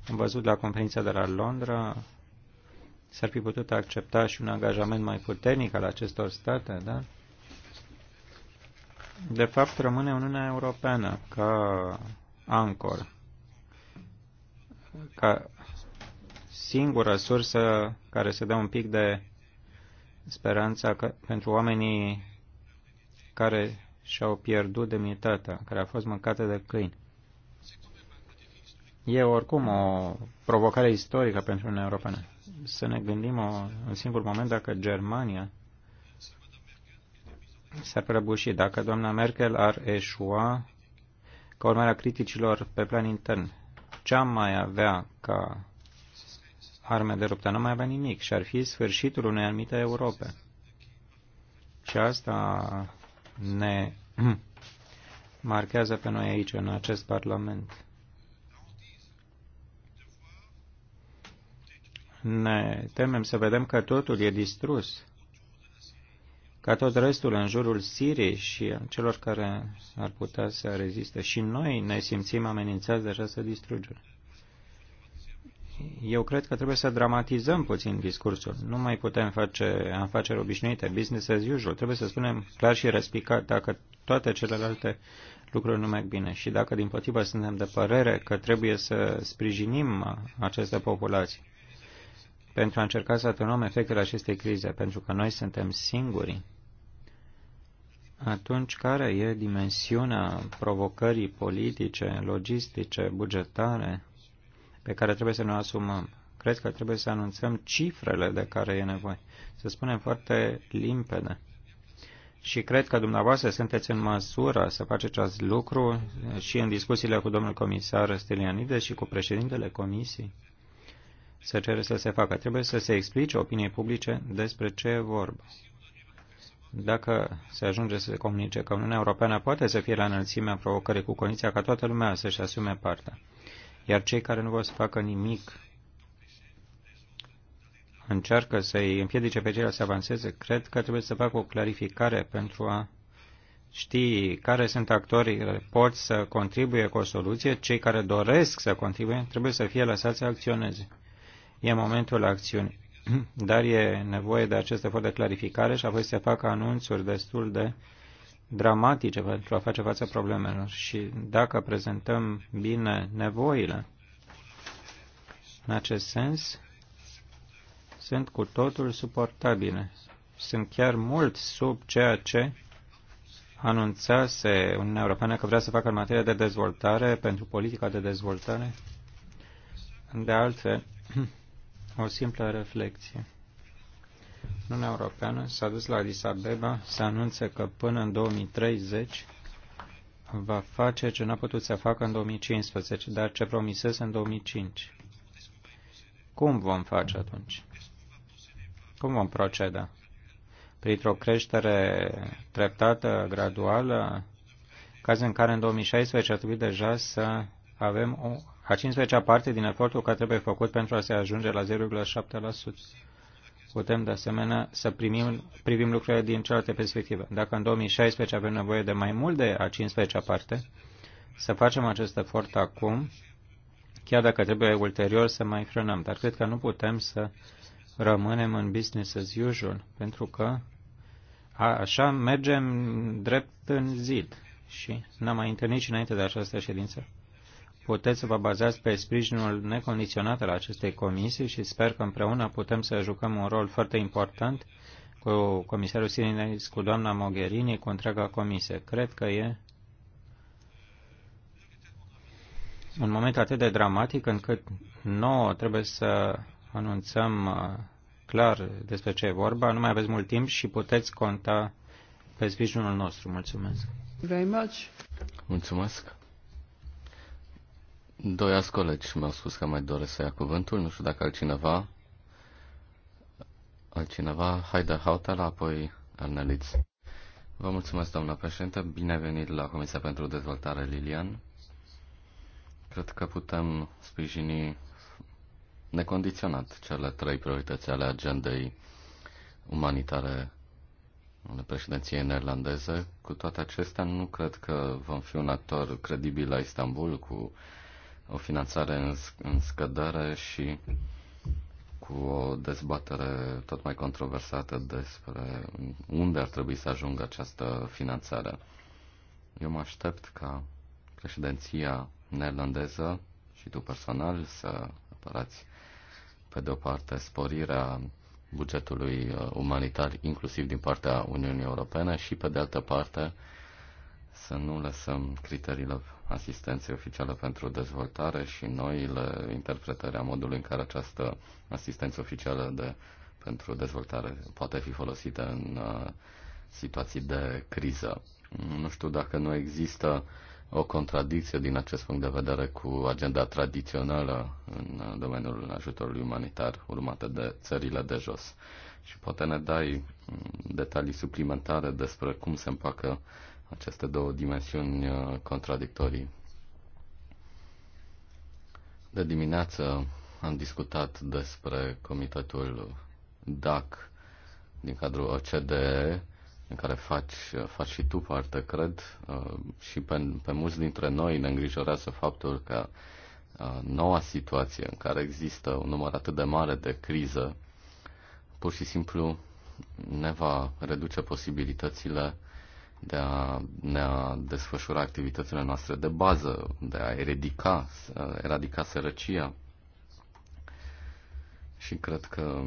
Am văzut la conferința de la Londra, s-ar fi putut accepta și un angajament mai puternic al acestor state, da de fapt rămâne Uniunea Europeană ca ancor, ca singură sursă care se dă un pic de speranța că, pentru oamenii care și-au pierdut demnitatea, care a fost mâncată de câini. E oricum o provocare istorică pentru Uniunea Europeană. Să ne gândim o, în singur moment dacă Germania s-ar prăbuși dacă doamna Merkel ar eșua ca urmare a criticilor pe plan intern. Ce am mai avea ca arme de ruptă? Nu mai avea nimic și ar fi sfârșitul unei anumite Europe. Și asta ne marchează pe noi aici, în acest Parlament. Ne temem să vedem că totul e distrus ca tot restul în jurul Siriei și celor care ar putea să reziste. Și noi ne simțim amenințați de această distrugere. Eu cred că trebuie să dramatizăm puțin discursul. Nu mai putem face afaceri obișnuite, business as usual. Trebuie să spunem clar și răspicat dacă toate celelalte lucruri nu merg bine. Și dacă, din potrivă, suntem de părere că trebuie să sprijinim aceste populații pentru a încerca să atenuăm efectele acestei crize, pentru că noi suntem singuri atunci care e dimensiunea provocării politice, logistice, bugetare pe care trebuie să ne asumăm? Cred că trebuie să anunțăm cifrele de care e nevoie, să spunem foarte limpede. Și cred că dumneavoastră sunteți în măsură să faceți acest lucru și în discuțiile cu domnul comisar Stelianide și cu președintele comisiei să cere să se facă. Trebuie să se explice opiniei publice despre ce e vorba dacă se ajunge să se comunice că Uniunea Europeană poate să fie la înălțimea provocării cu condiția ca toată lumea să-și asume partea. Iar cei care nu vor să facă nimic încearcă să-i împiedice pe ceilalți să avanseze, cred că trebuie să facă o clarificare pentru a ști care sunt actorii care pot să contribuie cu o soluție, cei care doresc să contribuie trebuie să fie lăsați să acționeze. E momentul acțiunii. dar e nevoie de acest efort de clarificare și apoi se fac anunțuri destul de dramatice pentru a face față problemelor. Și dacă prezentăm bine nevoile în acest sens, sunt cu totul suportabile. Sunt chiar mult sub ceea ce anunțase Uniunea Europeană că vrea să facă în materie de dezvoltare, pentru politica de dezvoltare. De altfel, o simplă reflexie. Uniunea Europeană s-a dus la Addis Abeba să anunțe că până în 2030 va face ce n-a putut să facă în 2015, dar ce promisese în 2005. Cum vom face atunci? Cum vom proceda? Printr-o creștere treptată, graduală, caz în care în 2016 ar trebui deja să avem o a 15-a parte din efortul care trebuie făcut pentru a se ajunge la 0,7%. Putem, de asemenea, să primim, privim lucrurile din cealaltă perspectivă. Dacă în 2016 avem nevoie de mai mult de a 15-a parte, să facem acest efort acum, chiar dacă trebuie ulterior să mai frânăm. Dar cred că nu putem să rămânem în business as usual, pentru că așa mergem drept în zid și n-am mai întâlnit și înainte de această ședință puteți să vă bazați pe sprijinul necondiționat al acestei comisii și sper că împreună putem să jucăm un rol foarte important cu comisarul Sirinez, cu doamna Mogherini, cu întreaga comisie. Cred că e un moment atât de dramatic încât nouă trebuie să anunțăm uh, clar despre ce e vorba. Nu mai aveți mult timp și puteți conta pe sprijinul nostru. Mulțumesc! Very much. Mulțumesc! Doi alți colegi mi-au spus că mai doresc să ia cuvântul, nu știu dacă altcineva. Altcineva, Haida Hautala, apoi Arneliț. Vă mulțumesc, doamna președinte. Bine ai venit la Comisia pentru Dezvoltare, Lilian. Cred că putem sprijini necondiționat cele trei priorități ale agendei umanitare ale președinției neerlandeze. Cu toate acestea, nu cred că vom fi un actor credibil la Istanbul cu o finanțare în scădere și cu o dezbatere tot mai controversată despre unde ar trebui să ajungă această finanțare. Eu mă aștept ca președinția neerlandeză și tu personal să apărați pe de o parte sporirea bugetului uh, umanitar, inclusiv din partea Uniunii Europene și pe de altă parte să nu lăsăm criteriile asistenței oficiale pentru dezvoltare și noile interpretări a modului în care această asistență oficială de, pentru dezvoltare poate fi folosită în uh, situații de criză. Nu știu dacă nu există o contradicție din acest punct de vedere cu agenda tradițională în domeniul ajutorului umanitar urmată de țările de jos. Și poate ne dai mm, detalii suplimentare despre cum se împacă aceste două dimensiuni uh, contradictorii. De dimineață am discutat despre comitetul DAC din cadrul OCDE, în care faci, faci și tu parte, cred, uh, și pe, pe mulți dintre noi ne îngrijorează faptul că uh, noua situație în care există un număr atât de mare de criză, pur și simplu ne va reduce posibilitățile de a ne-a desfășura activitățile noastre de bază, de a eradica, eradica sărăcia. Și cred că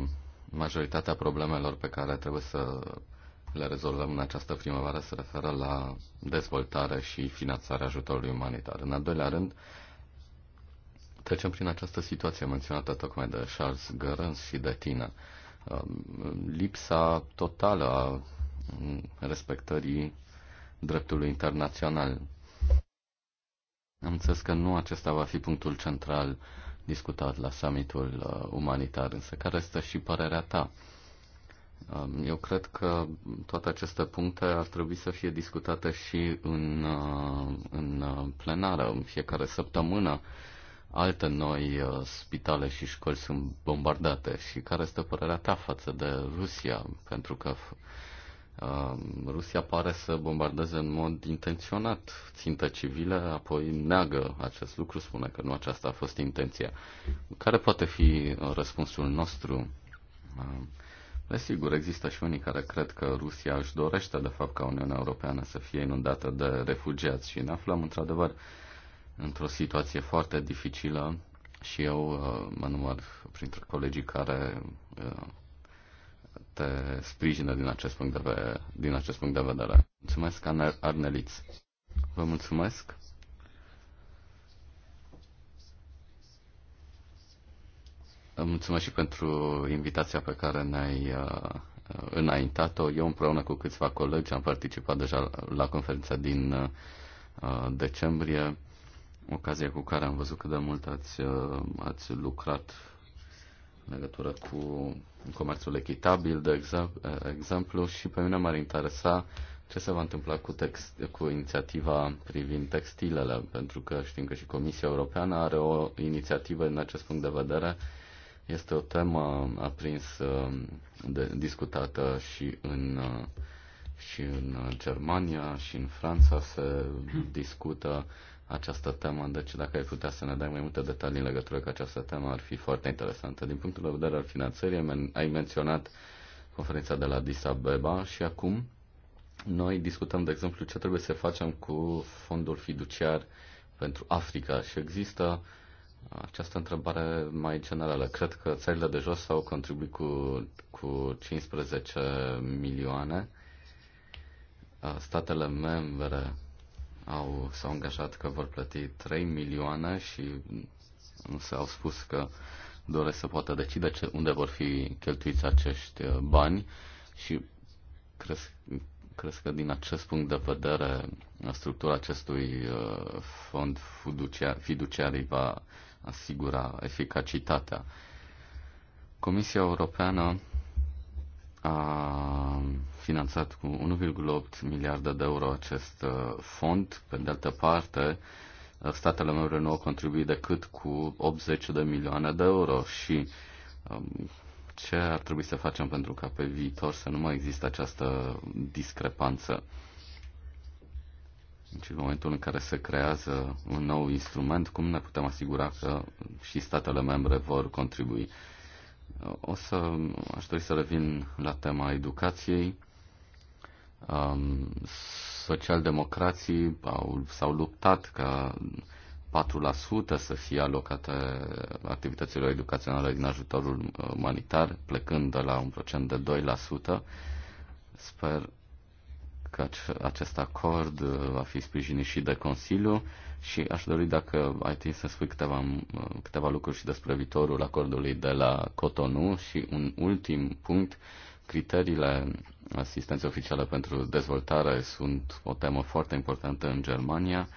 majoritatea problemelor pe care trebuie să le rezolvăm în această primăvară se referă la dezvoltare și finanțarea ajutorului umanitar. În al doilea rând, trecem prin această situație menționată tocmai de Charles Gărâns și de tine. Lipsa totală a respectării dreptului internațional. Am înțeles că nu acesta va fi punctul central discutat la summitul uh, umanitar, însă care este și părerea ta? Uh, eu cred că toate aceste puncte ar trebui să fie discutate și în, uh, în uh, plenară, în fiecare săptămână. Alte noi uh, spitale și școli sunt bombardate și care este părerea ta față de Rusia? Pentru că Rusia pare să bombardeze în mod intenționat țintă civile, apoi neagă acest lucru, spune că nu aceasta a fost intenția. Care poate fi uh, răspunsul nostru? Desigur, există și unii care cred că Rusia își dorește, de fapt, ca Uniunea Europeană să fie inundată de refugiați și ne aflăm, într-adevăr, într-o situație foarte dificilă și eu uh, mă număr printre colegii care uh, te sprijină din acest punct de Din acest punct de vedere. Mulțumesc, Arneliț. Vă mulțumesc. Mulțumesc și pentru invitația pe care ne-ai uh, uh, înaintat-o. Eu împreună cu câțiva colegi am participat deja la conferința din uh, decembrie, ocazie cu care am văzut cât de mult ați, ați lucrat în legătură cu comerțul echitabil, de exemplu, și pe mine m-ar interesa ce se va întâmpla cu, text, cu inițiativa privind textilele, pentru că știm că și Comisia Europeană are o inițiativă în acest punct de vedere. Este o temă aprins de, discutată și în, și în Germania și în Franța se discută această temă, deci dacă ai putea să ne dai mai multe detalii în legătură cu această temă, ar fi foarte interesantă. Din punctul de vedere al finanțării, ai menționat conferința de la Disabeba și acum noi discutăm, de exemplu, ce trebuie să facem cu fondul fiduciar pentru Africa și există această întrebare mai generală. Cred că țările de jos au contribuit cu, cu 15 milioane. Statele membre au, s-au angajat că vor plăti 3 milioane și însă au spus că doresc să poată decide ce, unde vor fi cheltuiți acești uh, bani și cresc, crezi că din acest punct de vedere structura acestui uh, fond fiduciar, fiduciarii va asigura eficacitatea. Comisia Europeană a finanțat cu 1,8 miliarde de euro acest uh, fond. Pe de altă parte, uh, statele membre nu au contribuit decât cu 80 de milioane de euro și um, ce ar trebui să facem pentru ca pe viitor să nu mai există această discrepanță? Deci în momentul în care se creează un nou instrument, cum ne putem asigura că și statele membre vor contribui? O să, aș dori să revin la tema educației. Um, socialdemocrații au, s-au luptat ca 4% să fie alocate activităților educaționale din ajutorul uh, umanitar, plecând de la un procent de 2%. Sper că acest acord uh, va fi sprijinit și de Consiliu și aș dori dacă ai timp să spui câteva, câteva lucruri și despre viitorul acordului de la Cotonou și un ultim punct, criteriile asistenței oficiale pentru dezvoltare sunt o temă foarte importantă în Germania.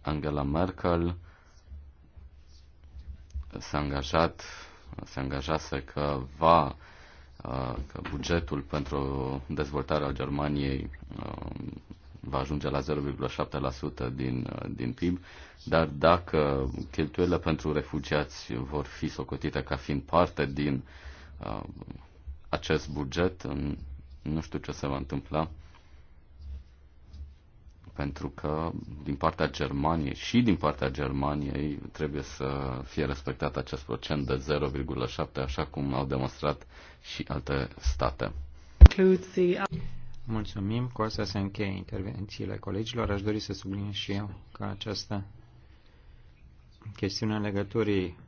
Angela Merkel s-a angajat, se angajase că va că bugetul pentru dezvoltarea Germaniei va ajunge la 0,7% din, uh, din PIB, dar dacă cheltuielile pentru refugiați vor fi socotite ca fiind parte din uh, acest buget, nu știu ce se va întâmpla, pentru că din partea Germaniei și din partea Germaniei trebuie să fie respectat acest procent de 0,7, așa cum au demonstrat și alte state. Mulțumim. Cu asta se încheie intervențiile colegilor. Aș dori să subliniez și eu că această chestiune în legăturii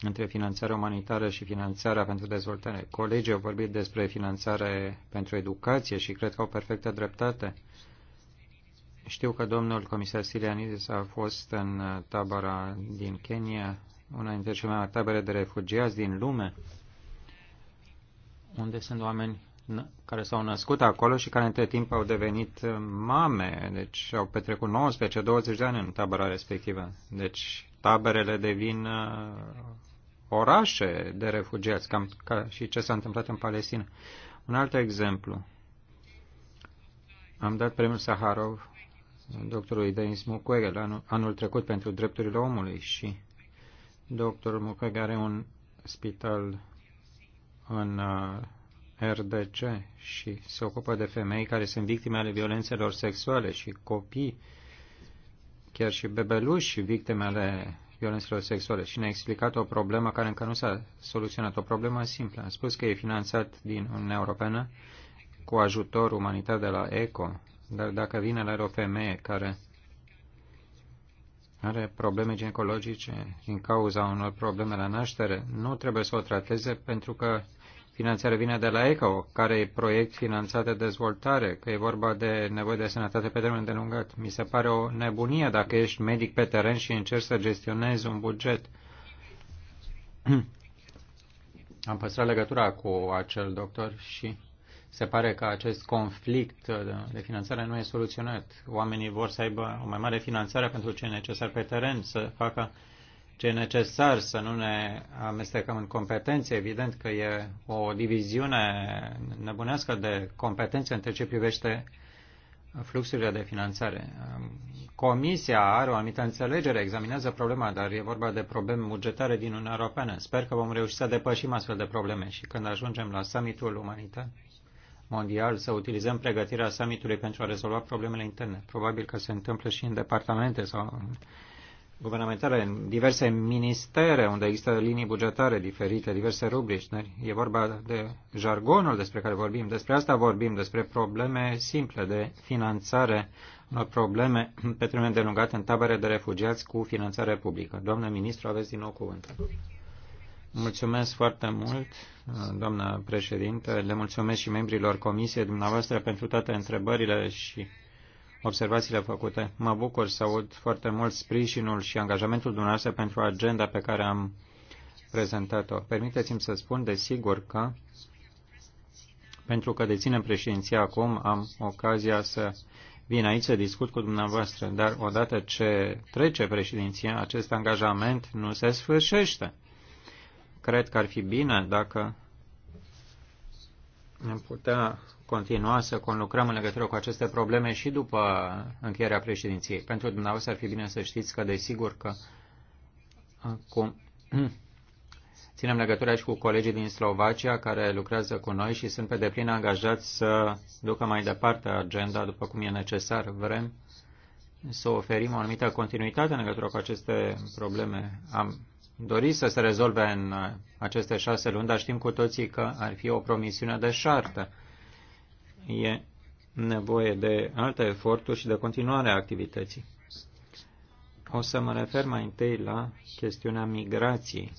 între finanțarea umanitară și finanțarea pentru dezvoltare. Colegii au vorbit despre finanțare pentru educație și cred că au perfectă dreptate. Știu că domnul comisar Sirianidis a fost în tabăra din Kenya, una dintre cele mai mari tabere de refugiați din lume, unde sunt oameni care s-au născut acolo și care între timp au devenit uh, mame, deci au petrecut 19-20 de ani în tabăra respectivă. Deci taberele devin uh, orașe de refugiați, cam ca și ce s-a întâmplat în Palestina. Un alt exemplu. Am dat premiul Saharov doctorului Denis Mukwege anul, anul trecut pentru drepturile omului și doctorul Mukwege are un spital în uh, RDC și se ocupă de femei care sunt victime ale violențelor sexuale și copii, chiar și bebeluși victime ale violențelor sexuale și ne-a explicat o problemă care încă nu s-a soluționat, o problemă simplă. A spus că e finanțat din Uniunea Europeană cu ajutor umanitar de la ECO, dar dacă vine la o femeie care are probleme ginecologice din cauza unor probleme la naștere, nu trebuie să o trateze pentru că Finanțarea vine de la ECO, care e proiect finanțat de dezvoltare, că e vorba de nevoie de sănătate pe termen de lungat. Mi se pare o nebunie dacă ești medic pe teren și încerci să gestionezi un buget. Am păstrat legătura cu acel doctor și se pare că acest conflict de finanțare nu e soluționat. Oamenii vor să aibă o mai mare finanțare pentru ce e necesar pe teren, să facă ce e necesar să nu ne amestecăm în competențe. Evident că e o diviziune nebunească de competențe între ce privește fluxurile de finanțare. Comisia are o anumită înțelegere, examinează problema, dar e vorba de probleme bugetare din Uniunea Europeană. Sper că vom reuși să depășim astfel de probleme și când ajungem la summitul umanitar mondial să utilizăm pregătirea summitului pentru a rezolva problemele interne. Probabil că se întâmplă și în departamente sau guvernamentale în diverse ministere unde există linii bugetare diferite, diverse rubrici. Da? E vorba de jargonul despre care vorbim. Despre asta vorbim, despre probleme simple de finanțare unor probleme pe termen delungat în tabere de refugiați cu finanțare publică. Doamnă ministru, aveți din nou cuvântul. Mulțumesc foarte mult, doamnă președinte. Le mulțumesc și membrilor comisiei dumneavoastră pentru toate întrebările și observațiile făcute. Mă bucur să aud foarte mult sprijinul și angajamentul dumneavoastră pentru agenda pe care am prezentat-o. Permiteți-mi să spun, desigur, că pentru că deținem președinția acum, am ocazia să vin aici să discut cu dumneavoastră, dar odată ce trece președinția, acest angajament nu se sfârșește. Cred că ar fi bine dacă am putea continua să conlucrăm în legătură cu aceste probleme și după încheierea președinției. Pentru dumneavoastră ar fi bine să știți că, desigur, că acum ținem legătura și cu colegii din Slovacia care lucrează cu noi și sunt pe deplin angajați să ducă mai departe agenda după cum e necesar. Vrem să oferim o anumită continuitate în legătură cu aceste probleme. Am dorit să se rezolve în aceste șase luni, dar știm cu toții că ar fi o promisiune de șartă e nevoie de alte eforturi și de continuarea activității. O să mă refer mai întâi la chestiunea migrației.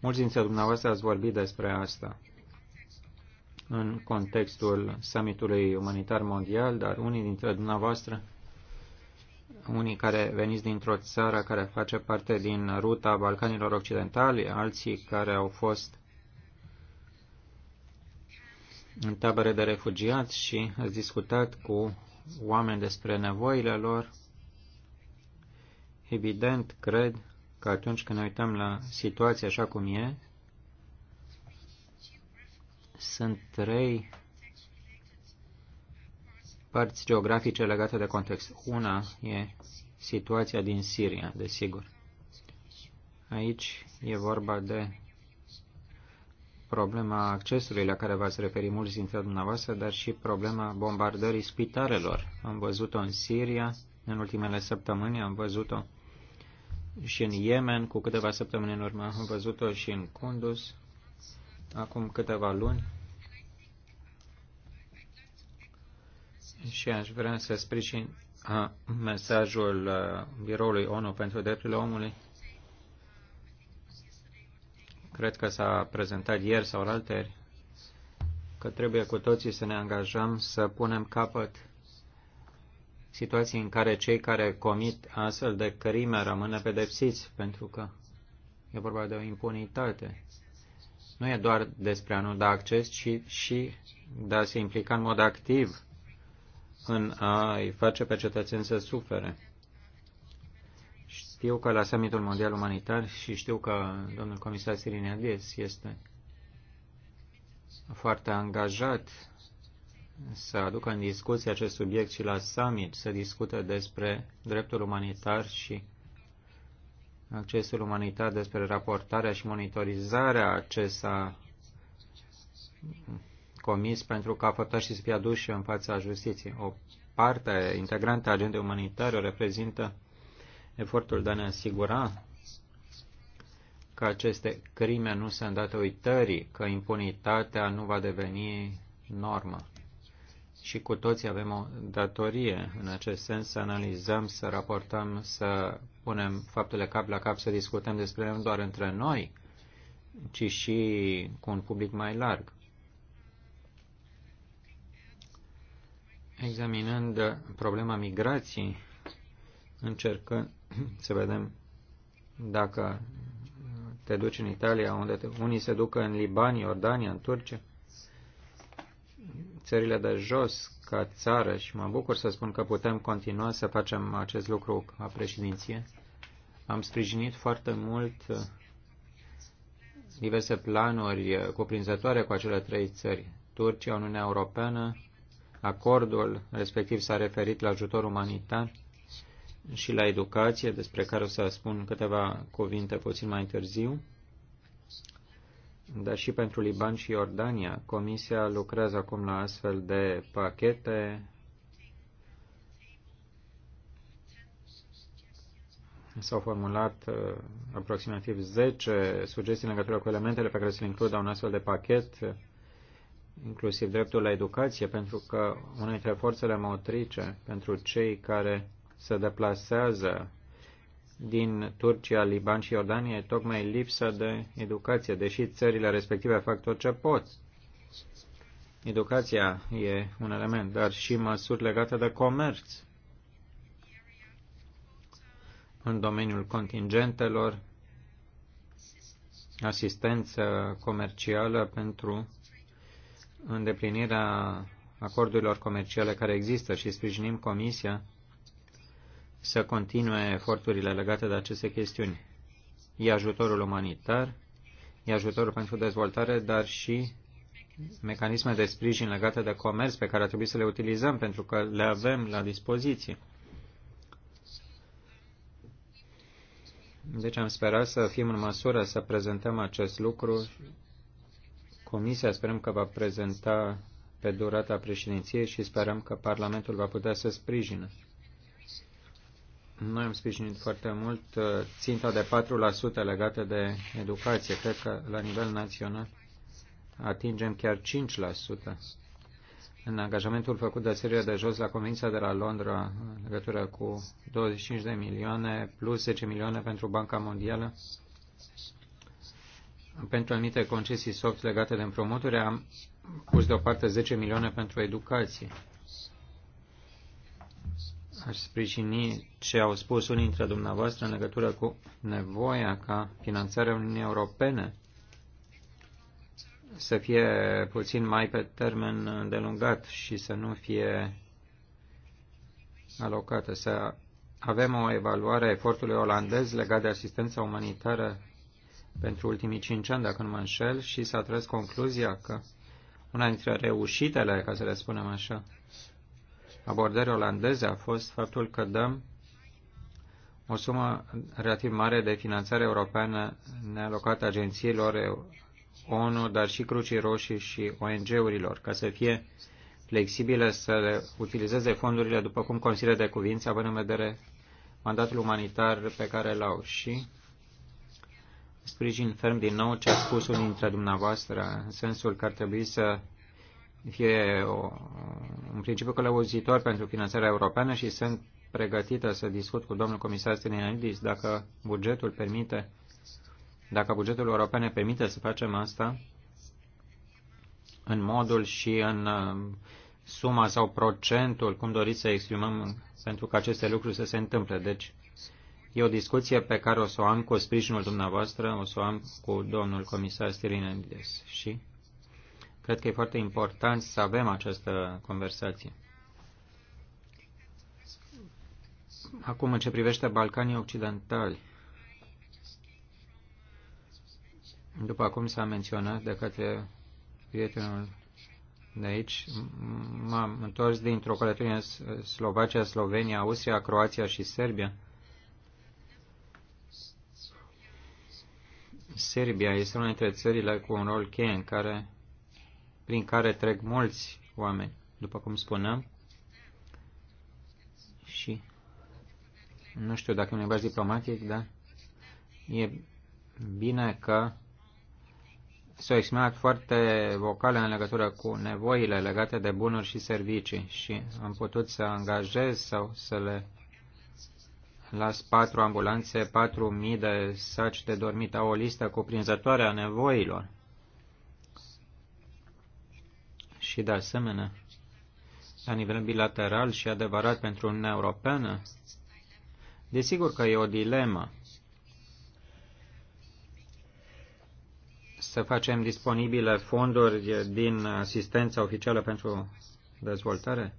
Mulți dintre dumneavoastră ați vorbit despre asta în contextul summitului umanitar mondial, dar unii dintre dumneavoastră, unii care veniți dintr-o țară care face parte din ruta Balcanilor Occidentali, alții care au fost în tabere de refugiați și ați discutat cu oameni despre nevoile lor. Evident, cred că atunci când ne uităm la situația așa cum e, sunt trei părți geografice legate de context. Una e situația din Siria, desigur. Aici e vorba de problema accesului la care v-ați referit mulți dintre dumneavoastră, dar și problema bombardării spitalelor. Am văzut-o în Siria în ultimele săptămâni, am văzut-o și în Yemen cu câteva săptămâni în urmă, am văzut-o și în Kunduz acum câteva luni. Și aș vrea să sprijin ah, mesajul uh, Biroului ONU pentru Drepturile Omului cred că s-a prezentat ieri sau alteri, că trebuie cu toții să ne angajăm să punem capăt situații în care cei care comit astfel de crime rămână pedepsiți, pentru că e vorba de o impunitate. Nu e doar despre a nu da acces, ci și de a se implica în mod activ în a-i face pe cetățeni să sufere. Știu că la summitul mondial umanitar și știu că domnul comisar Siriniades este foarte angajat să aducă în discuție acest subiect și la summit să discute despre dreptul umanitar și accesul umanitar, despre raportarea și monitorizarea acesta comis pentru ca și să fie aduși în fața justiției. O parte integrantă a agendei umanitare o reprezintă Efortul de a ne asigura că aceste crime nu sunt date uitării, că impunitatea nu va deveni normă. Și cu toții avem o datorie în acest sens să analizăm, să raportăm, să punem faptele cap la cap, să discutăm despre ele nu doar între noi, ci și cu un public mai larg. Examinând problema migrației, încercând să vedem dacă te duci în Italia, unde te, unii se duc în Liban, Iordania, în Turcia, țările de jos ca țară și mă bucur să spun că putem continua să facem acest lucru ca președinție. Am sprijinit foarte mult uh, diverse planuri uh, cuprinzătoare cu acele trei țări, Turcia, Uniunea Europeană, acordul respectiv s-a referit la ajutor umanitar și la educație, despre care o să spun câteva cuvinte puțin mai târziu, dar și pentru Liban și Iordania. Comisia lucrează acum la astfel de pachete. S-au formulat uh, aproximativ 10 sugestii în legătură cu elementele pe care se le includă un astfel de pachet inclusiv dreptul la educație, pentru că una dintre forțele motrice pentru cei care se deplasează din Turcia, Liban și Iordania e tocmai lipsa de educație, deși țările respective fac tot ce pot. Educația e un element, dar și măsuri legate de comerț. În domeniul contingentelor, asistență comercială pentru îndeplinirea acordurilor comerciale care există și sprijinim Comisia să continue eforturile legate de aceste chestiuni. E ajutorul umanitar, e ajutorul pentru dezvoltare, dar și mecanisme de sprijin legate de comerț pe care ar trebui să le utilizăm pentru că le avem la dispoziție. Deci am sperat să fim în măsură să prezentăm acest lucru. Comisia sperăm că va prezenta pe durata președinției și sperăm că Parlamentul va putea să sprijine. Noi am sprijinit foarte mult uh, ținta de 4% legată de educație. Cred că la nivel național atingem chiar 5%. În angajamentul făcut de seria de jos la Convenția de la Londra, în legătură cu 25 de milioane plus 10 milioane pentru Banca Mondială, pentru anumite concesii soft legate de împrumuturi, am pus deoparte 10 milioane pentru educație. Aș sprijini ce au spus unii dintre dumneavoastră în legătură cu nevoia ca finanțarea Uniunii Europene să fie puțin mai pe termen delungat și să nu fie alocată, să avem o evaluare a efortului olandez legat de asistența umanitară pentru ultimii cinci ani, dacă nu mă înșel, și s-a tras concluzia că una dintre reușitele, ca să le spunem așa, abordării olandeze a fost faptul că dăm o sumă relativ mare de finanțare europeană nealocată agențiilor ONU, dar și Crucii Roșii și ONG-urilor, ca să fie flexibile să le utilizeze fondurile după cum consideră de cuvință, având în vedere mandatul umanitar pe care l-au și sprijin ferm din nou ce a spus unul dintre dumneavoastră, în sensul că ar trebui să fie o, un principiu călăuzitor pentru finanțarea europeană și sunt pregătită să discut cu domnul comisar Stenianidis dacă bugetul permite, dacă bugetul european ne permite să facem asta în modul și în um, suma sau procentul, cum doriți să exprimăm pentru că aceste lucruri să se întâmple. Deci, E o discuție pe care o să o am cu sprijinul dumneavoastră, o să o am cu domnul comisar Stilinides și Cred că e foarte important să avem această conversație. Acum, în ce privește Balcanii Occidentali, după cum s-a menționat de către prietenul de aici, m-am întors dintr-o călătorie în Slovacia, Slovenia, Austria, Croația și Serbia. Serbia este una dintre țările cu un rol cheie în care prin care trec mulți oameni, după cum spuneam. Și nu știu dacă e un limbaj diplomatic, dar e bine că s-au exprimat foarte vocale în legătură cu nevoile legate de bunuri și servicii și am putut să angajez sau să le las patru ambulanțe, patru mii de saci de dormit, au o listă cuprinzătoare a nevoilor. și, de asemenea, la nivel bilateral și adevărat pentru Uniunea Europeană? Desigur că e o dilemă. Să facem disponibile fonduri din asistența oficială pentru dezvoltare?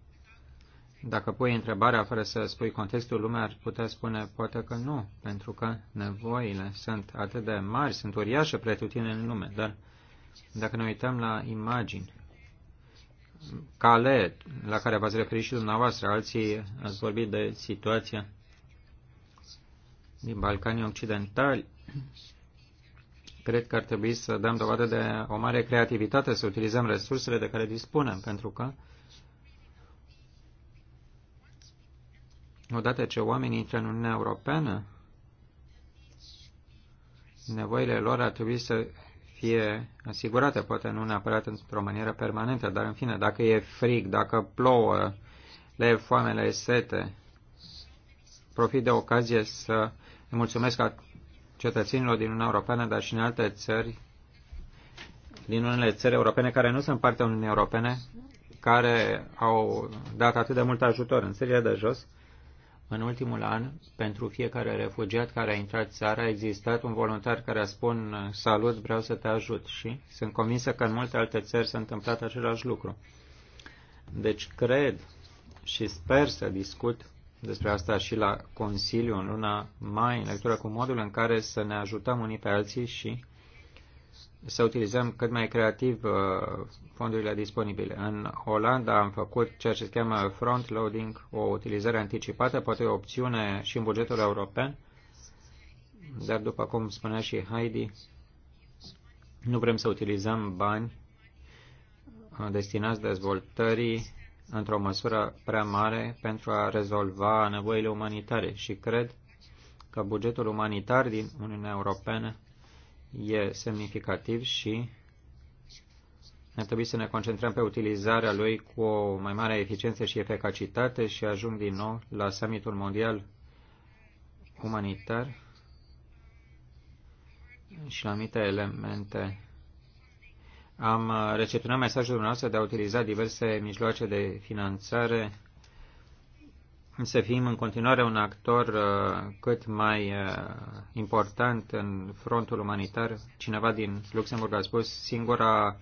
Dacă pui întrebarea fără să spui contextul, lumea ar putea spune poate că nu, pentru că nevoile sunt atât de mari, sunt uriașe pretutine în lume, dar dacă ne uităm la imagini, cale la care v-ați referit și dumneavoastră, alții ați vorbit de situația din Balcanii Occidentali, cred că ar trebui să dăm dovadă de o mare creativitate, să utilizăm resursele de care dispunem, pentru că odată ce oamenii intră în Uniunea Europeană, nevoile lor ar trebui să fie asigurate, poate nu neapărat într-o manieră permanentă, dar în fine, dacă e frig, dacă plouă, le e foame, le e sete, profit de ocazie să îi mulțumesc cetățenilor din Uniunea Europeană, dar și în alte țări, din unele țări europene care nu sunt partea Uniunii Europene, care au dat atât de mult ajutor în țările de jos, în ultimul an, pentru fiecare refugiat care a intrat țara, a existat un voluntar care spun salut, vreau să te ajut și sunt convinsă că în multe alte țări s-a întâmplat același lucru. Deci cred și sper să discut despre asta și la Consiliu în luna mai, în legătură cu modul în care să ne ajutăm unii pe alții și să utilizăm cât mai creativ uh, fondurile disponibile. În Olanda am făcut ceea ce se cheamă front-loading, o utilizare anticipată, poate o opțiune și în bugetul european, dar după cum spunea și Heidi, nu vrem să utilizăm bani uh, destinați dezvoltării într-o măsură prea mare pentru a rezolva nevoile umanitare și cred că bugetul umanitar din Uniunea Europeană e semnificativ și ar trebui să ne concentrăm pe utilizarea lui cu o mai mare eficiență și eficacitate și ajung din nou la summitul mondial umanitar și la anumite elemente. Am recepționat mesajul dumneavoastră de a utiliza diverse mijloace de finanțare să fim în continuare un actor uh, cât mai uh, important în frontul umanitar. Cineva din Luxemburg a spus singura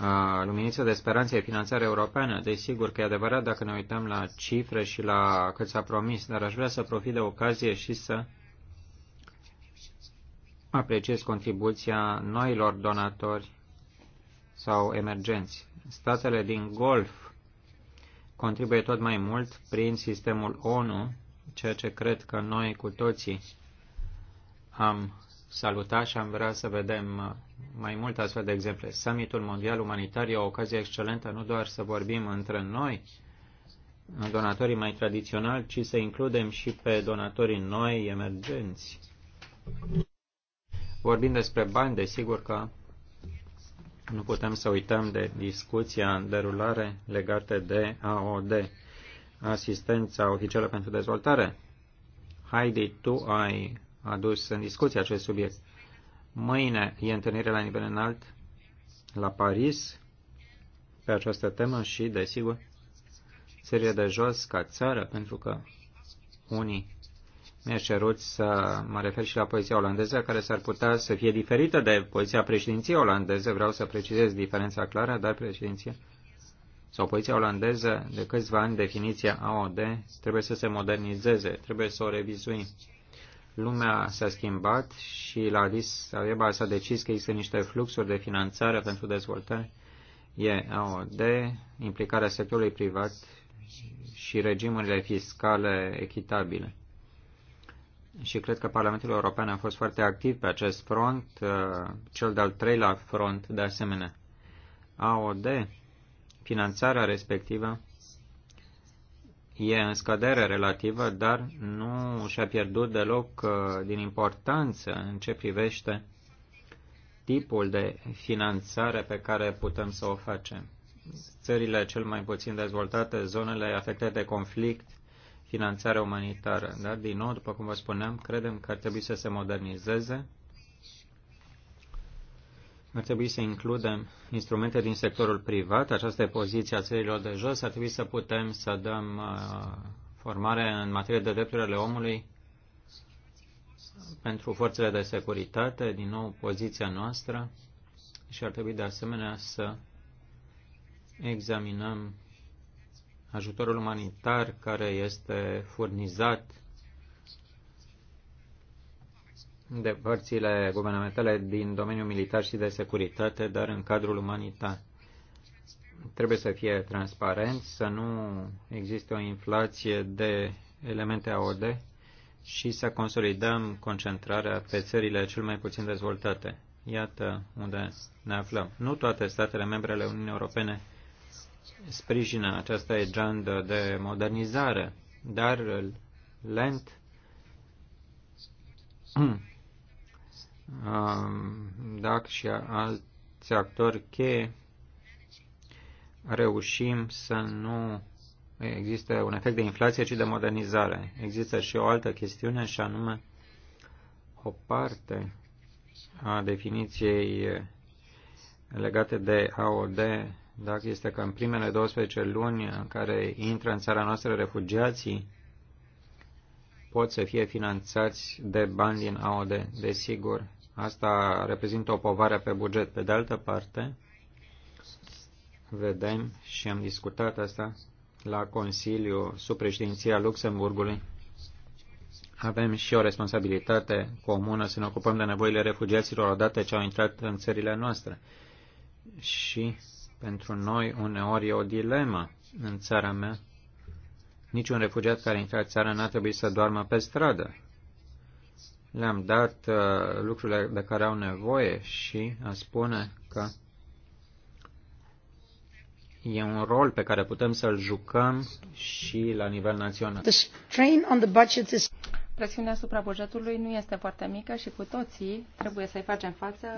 uh, luminiță de speranță e finanțarea europeană. Desigur că e adevărat dacă ne uităm la cifre și la cât s-a promis, dar aș vrea să profit de ocazie și să apreciez contribuția noilor donatori sau emergenți. Statele din Golf contribuie tot mai mult prin sistemul ONU, ceea ce cred că noi cu toții am salutat și am vrea să vedem mai multe astfel de exemple. Summitul Mondial Umanitar e o ocazie excelentă nu doar să vorbim între noi, donatorii mai tradiționali, ci să includem și pe donatorii noi emergenți. Vorbim despre bani, desigur că nu putem să uităm de discuția în derulare legată de AOD, Asistența Oficială pentru Dezvoltare. Heidi, tu ai adus în discuție acest subiect. Mâine e întâlnire la nivel înalt la Paris pe această temă și, desigur, serie de jos ca țară, pentru că unii mi-a cerut să mă refer și la poziția olandeză, care s-ar putea să fie diferită de poziția președinției olandeze. Vreau să precizez diferența clară, dar președinția sau poziția olandeză de câțiva ani, definiția AOD, trebuie să se modernizeze, trebuie să o revizui. Lumea s-a schimbat și la Addis Abeba s-a decis că există niște fluxuri de finanțare pentru dezvoltare. E AOD, implicarea sectorului privat și regimurile fiscale echitabile și cred că Parlamentul European a fost foarte activ pe acest front, uh, cel de-al treilea front de asemenea. AOD, finanțarea respectivă, e în scădere relativă, dar nu și-a pierdut deloc uh, din importanță în ce privește tipul de finanțare pe care putem să o facem. Țările cel mai puțin dezvoltate, zonele afectate de conflict, finanțarea umanitară. Dar, din nou, după cum vă spuneam, credem că ar trebui să se modernizeze. Ar trebui să includem instrumente din sectorul privat. Aceasta e poziția țărilor de jos. Ar trebui să putem să dăm uh, formare în materie de drepturile omului pentru forțele de securitate, din nou poziția noastră și ar trebui de asemenea să examinăm ajutorul umanitar care este furnizat de părțile guvernamentale din domeniul militar și de securitate, dar în cadrul umanitar. Trebuie să fie transparent, să nu existe o inflație de elemente AOD și să consolidăm concentrarea pe țările cel mai puțin dezvoltate. Iată unde ne aflăm. Nu toate statele membre ale Uniunii Europene sprijină această agendă de modernizare, dar lent dacă și alți actori cheie reușim să nu există un efect de inflație, ci de modernizare. Există și o altă chestiune și anume o parte a definiției legate de AOD dacă este că în primele 12 luni în care intră în țara noastră refugiații, pot să fie finanțați de bani din AOD. Desigur, asta reprezintă o povară pe buget. Pe de altă parte, vedem și am discutat asta la Consiliu sub președinția Luxemburgului. Avem și o responsabilitate comună să ne ocupăm de nevoile refugiaților odată ce au intrat în țările noastre. Și pentru noi, uneori, e o dilemă în țara mea. Niciun refugiat care intră în țară n-ar trebui să doarmă pe stradă. Le-am dat uh, lucrurile de care au nevoie și a spune că e un rol pe care putem să-l jucăm și la nivel național. Presiunea asupra bugetului nu este foarte mică și cu toții trebuie să-i facem față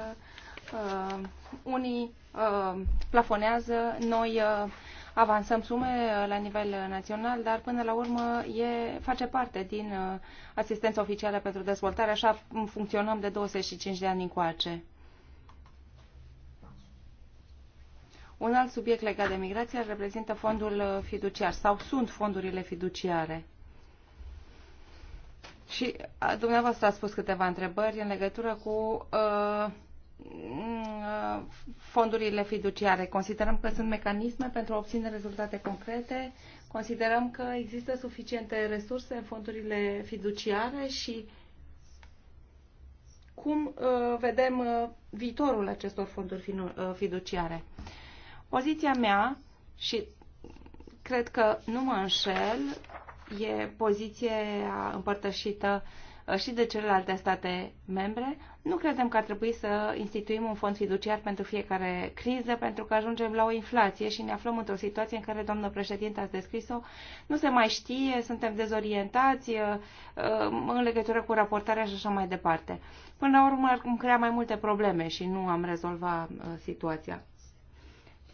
uh, unii uh, plafonează, noi uh, avansăm sume uh, la nivel național, dar până la urmă e, face parte din uh, asistența oficială pentru dezvoltare, așa funcționăm de 25 de ani încoace. Un alt subiect legat de migrație reprezintă fondul uh, fiduciar sau sunt fondurile fiduciare. Și uh, dumneavoastră a spus câteva întrebări în legătură cu uh, fondurile fiduciare. Considerăm că sunt mecanisme pentru a obține rezultate concrete, considerăm că există suficiente resurse în fondurile fiduciare și cum uh, vedem uh, viitorul acestor fonduri uh, fiduciare. Poziția mea și cred că nu mă înșel, e poziție împărtășită și de celelalte state membre, nu credem că ar trebui să instituim un fond fiduciar pentru fiecare criză, pentru că ajungem la o inflație și ne aflăm într-o situație în care, doamnă președinte, ați descris-o, nu se mai știe, suntem dezorientați uh, uh, în legătură cu raportarea și așa mai departe. Până la urmă, ar crea mai multe probleme și nu am rezolvat uh, situația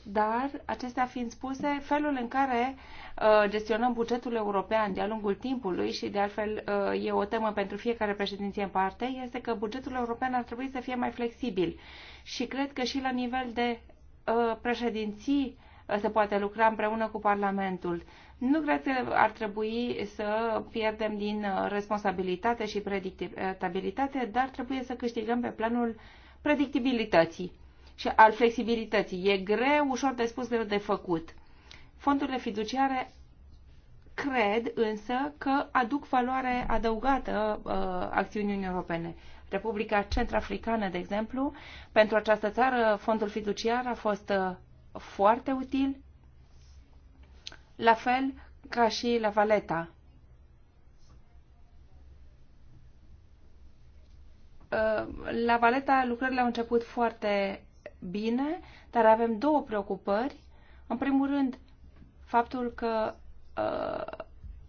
dar acestea fiind spuse, felul în care uh, gestionăm bugetul european de-a lungul timpului și de altfel uh, e o temă pentru fiecare președinție în parte, este că bugetul european ar trebui să fie mai flexibil și cred că și la nivel de uh, președinții uh, se poate lucra împreună cu Parlamentul. Nu cred că ar trebui să pierdem din uh, responsabilitate și uh, predictibilitate, dar trebuie să câștigăm pe planul predictibilității și al flexibilității. E greu, ușor de spus, greu de făcut. Fondurile fiduciare cred însă că aduc valoare adăugată uh, acțiunii europene. Republica Centrafricană, de exemplu, pentru această țară fondul fiduciar a fost uh, foarte util, la fel ca și la Valeta. Uh, la Valeta lucrările au început foarte bine, dar avem două preocupări. În primul rând, faptul că uh,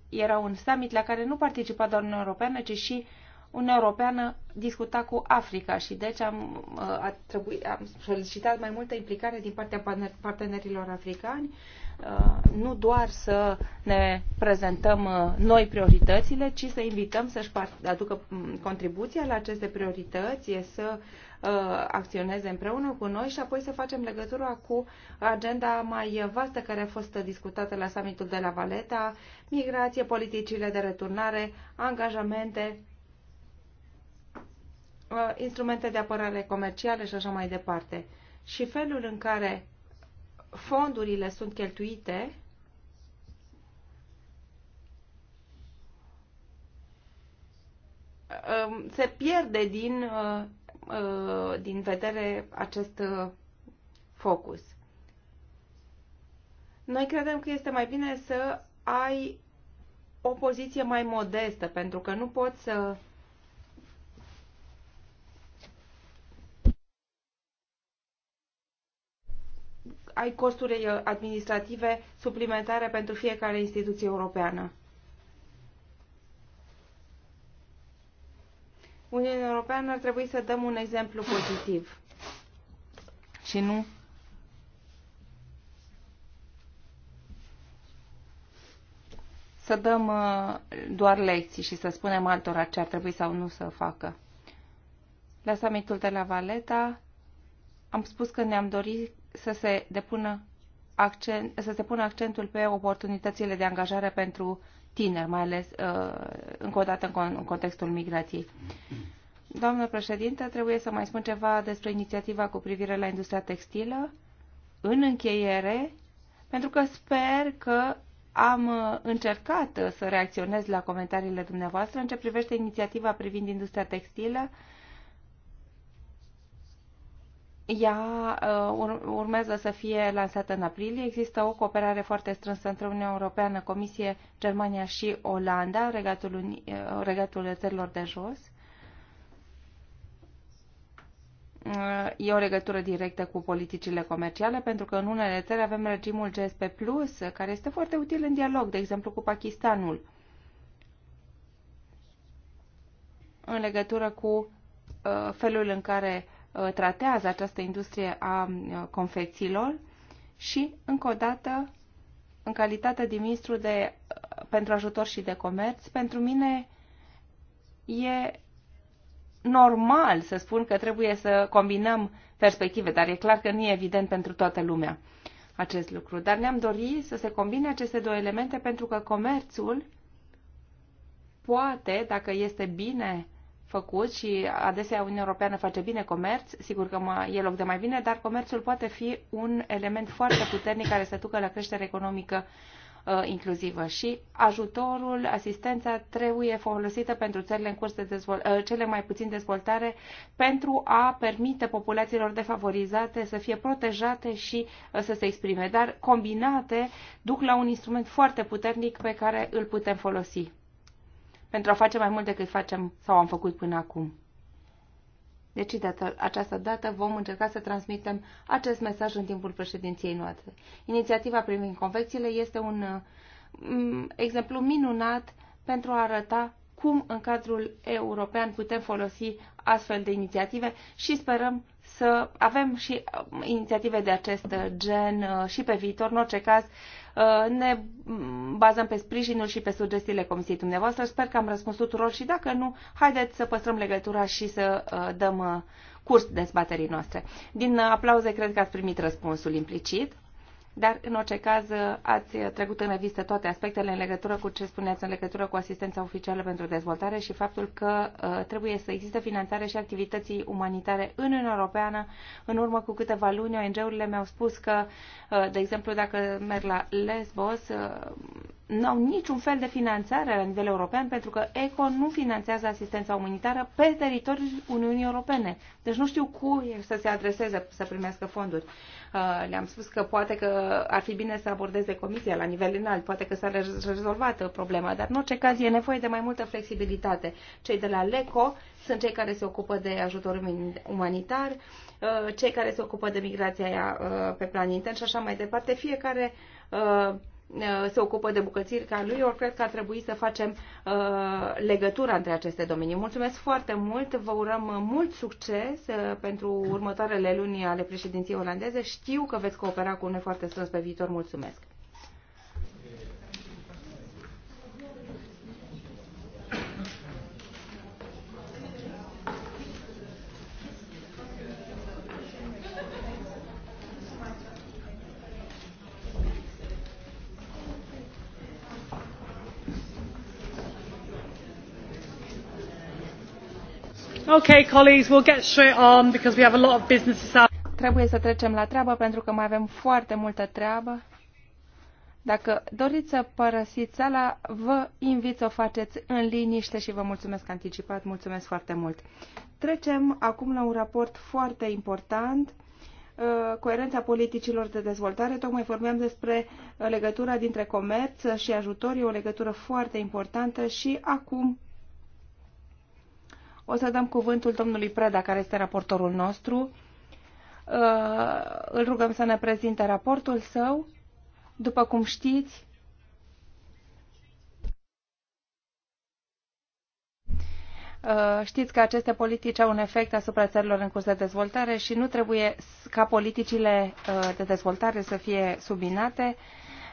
era un summit la care nu participa doar Uniunea Europeană, ci și Uniunea Europeană discuta cu Africa și deci am, uh, a trebuit, am solicitat mai multă implicare din partea partenerilor africani Uh, nu doar să ne prezentăm uh, noi prioritățile, ci să invităm să-și aducă mm, contribuția la aceste priorități, să uh, acționeze împreună cu noi și apoi să facem legătura cu agenda mai vastă care a fost discutată la summitul de la Valeta, migrație, politicile de returnare, angajamente, instrumente de apărare comerciale și așa mai departe. Și felul în care fondurile sunt cheltuite, um, se pierde din, uh, uh, din vedere acest uh, focus. Noi credem că este mai bine să ai o poziție mai modestă, pentru că nu poți să ai costuri eh, administrative suplimentare pentru fiecare instituție europeană. Uniunea Europeană ar trebui să dăm un exemplu pozitiv și nu să dăm eh, doar lecții și să spunem altora ce ar trebui sau nu să facă. La summitul de la Valeta am spus că ne-am dorit să se depună accent, să se pună accentul pe oportunitățile de angajare pentru tineri, mai ales uh, încă o dată în contextul migrației. Doamnă președinte, trebuie să mai spun ceva despre inițiativa cu privire la industria textilă în încheiere, pentru că sper că am uh, încercat uh, să reacționez la comentariile dumneavoastră în ce privește inițiativa privind industria textilă ea uh, urmează să fie lansată în aprilie. Există o cooperare foarte strânsă între Uniunea Europeană, Comisie, Germania și Olanda, regatul, Uni uh, regatul țărilor de jos. Uh, e o legătură directă cu politicile comerciale, pentru că în unele țări avem regimul GSP+, care este foarte util în dialog, de exemplu cu Pakistanul, în legătură cu felul în care Uh, tratează această industrie a uh, confecțiilor și, încă o dată, în calitate de ministru de, uh, pentru ajutor și de comerț, pentru mine e normal să spun că trebuie să combinăm perspective, dar e clar că nu e evident pentru toată lumea acest lucru. Dar ne-am dorit să se combine aceste două elemente pentru că comerțul poate, dacă este bine făcut și adesea Uniunea Europeană face bine comerț, sigur că mai, e loc de mai bine, dar comerțul poate fi un element foarte puternic care să ducă la creștere economică uh, inclusivă și ajutorul, asistența trebuie folosită pentru țările în curs de dezvoltare, uh, cele mai puțin dezvoltare pentru a permite populațiilor defavorizate să fie protejate și uh, să se exprime, dar combinate duc la un instrument foarte puternic pe care îl putem folosi pentru a face mai mult decât facem sau am făcut până acum. Deci, de această dată vom încerca să transmitem acest mesaj în timpul președinției noastre. Inițiativa privind convecțiile este un mm, exemplu minunat pentru a arăta cum în cadrul european putem folosi astfel de inițiative și sperăm să avem și mm, inițiative de acest gen uh, și pe viitor. În orice caz, Uh, ne bazăm pe sprijinul și pe sugestiile comisiei dumneavoastră. Sper că am răspuns tuturor și dacă nu, haideți să păstrăm legătura și să uh, dăm uh, curs dezbaterii noastre. Din aplauze cred că ați primit răspunsul implicit dar în orice caz ați trecut în revistă toate aspectele în legătură cu ce spuneați în legătură cu asistența oficială pentru dezvoltare și faptul că uh, trebuie să existe finanțare și activității umanitare în Uniunea Europeană. În urmă cu câteva luni, ONG-urile mi-au spus că, uh, de exemplu, dacă merg la Lesbos, uh, nu au niciun fel de finanțare la nivel european pentru că ECO nu finanțează asistența umanitară pe teritoriul Uniunii Europene. Deci nu știu cui să se adreseze să primească fonduri. Uh, le-am spus că poate că ar fi bine să abordeze comisia la nivel înalt. Poate că s-a rezolvat problema, dar în orice caz e nevoie de mai multă flexibilitate. Cei de la LECO sunt cei care se ocupă de ajutor umanitar, uh, cei care se ocupă de migrația uh, pe plan intern și așa mai departe. Fiecare uh, Uh, se ocupă de ca lui, ori cred că ar trebui să facem uh, legătura între aceste domenii. Mulțumesc foarte mult, vă urăm mult succes uh, pentru următoarele luni ale președinției olandeze. Știu că veți coopera cu noi foarte strâns pe viitor. Mulțumesc! Okay, colleagues, we'll get straight on because we have a lot of business Trebuie să trecem la treabă pentru că mai avem foarte multă treabă. Dacă doriți să părăsiți sala, vă invit să o faceți în liniște și vă mulțumesc anticipat, mulțumesc foarte mult. Trecem acum la un raport foarte important, uh, coerența politicilor de dezvoltare. Tocmai vorbeam despre uh, legătura dintre comerț și ajutor, e o legătură foarte importantă și acum o să dăm cuvântul domnului Preda, care este raportorul nostru. Uh, îl rugăm să ne prezinte raportul său. După cum știți, uh, Știți că aceste politici au un efect asupra țărilor în curs de dezvoltare și nu trebuie ca politicile uh, de dezvoltare să fie subminate.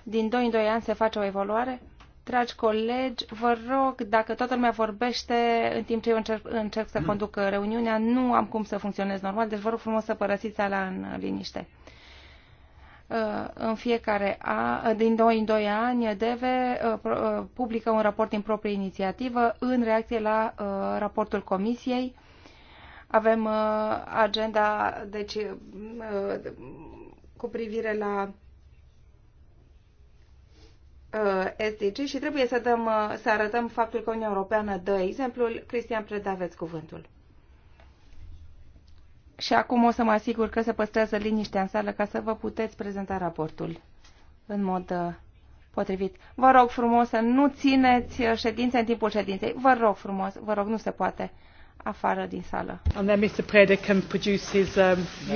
Din 2 în 2 ani se face o evaluare Dragi colegi, vă rog, dacă toată lumea vorbește în timp ce eu încerc, încerc să conduc reuniunea, nu am cum să funcționez normal, deci vă rog frumos să părăsiți sala în liniște. Uh, în fiecare a, din 2 în 2 ani, DEVE uh, uh, publică un raport din proprie inițiativă în reacție la raportul Comisiei. Avem agenda deci, cu privire la Uh, SDG și trebuie să, dăm, uh, să arătăm faptul că Uniunea Europeană dă exemplul. Cristian Preda, aveți cuvântul. Și acum o să mă asigur că se păstrează liniștea în sală ca să vă puteți prezenta raportul în mod uh, potrivit. Vă rog frumos să nu țineți ședințe în timpul ședinței. Vă rog frumos, vă rog, nu se poate afară din sală. Preda produce um,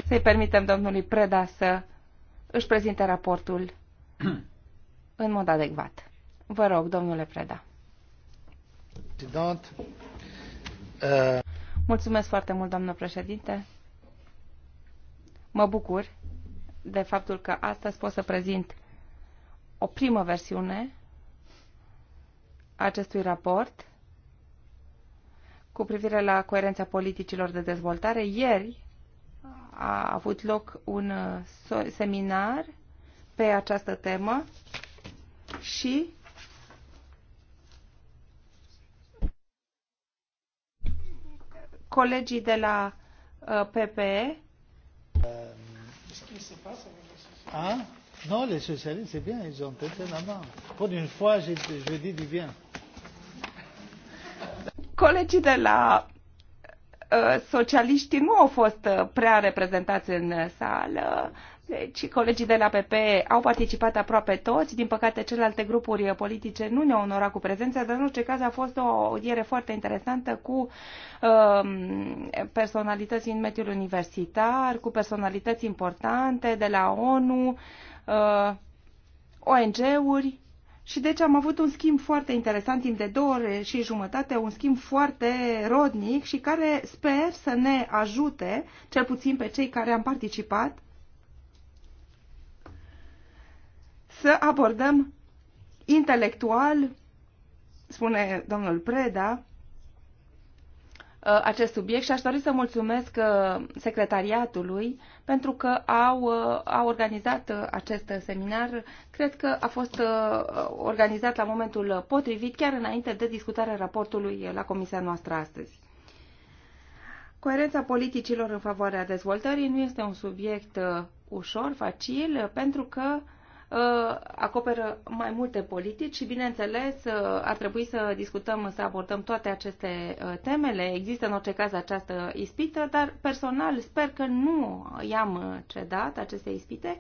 Să-i permitem domnului Preda să își prezinte raportul în mod adecvat. Vă rog, domnule Preda. Uh, mulțumesc foarte mult, doamnă președinte. Mă bucur de faptul că astăzi pot să prezint o primă versiune a acestui raport cu privire la coerența politicilor de dezvoltare. Ieri a avut loc un uh, seminar pe această temă și colegii de la uh, PPE. Ah, non, les socialistes, c'est bien, ils ont pété la main. Pour une fois, je, je dis du bien. Colegii de la uh, socialiștii nu au fost uh, prea reprezentați în sală. Uh, deci, colegii de la PP au participat aproape toți, din păcate celelalte grupuri politice nu ne-au onorat cu prezența, dar în orice caz a fost o audiere foarte interesantă cu um, personalități în mediul universitar, cu personalități importante de la ONU, uh, ONG-uri și deci am avut un schimb foarte interesant timp de două ore și jumătate, un schimb foarte rodnic și care sper să ne ajute, cel puțin pe cei care am participat, să abordăm intelectual, spune domnul Preda, uh, acest subiect și aș dori să mulțumesc uh, secretariatului pentru că au, uh, au organizat acest seminar. Cred că a fost organizat la momentul potrivit, chiar înainte de discutarea raportului la comisia noastră astăzi. Coerența politicilor în favoarea dezvoltării nu este un subiect ușor, facil, pentru că uh, Uh, acoperă mai multe politici și, bineînțeles, uh, ar trebui să discutăm, să abordăm toate aceste uh, temele. Există, în orice caz, această ispită, dar personal sper că nu i-am cedat aceste ispite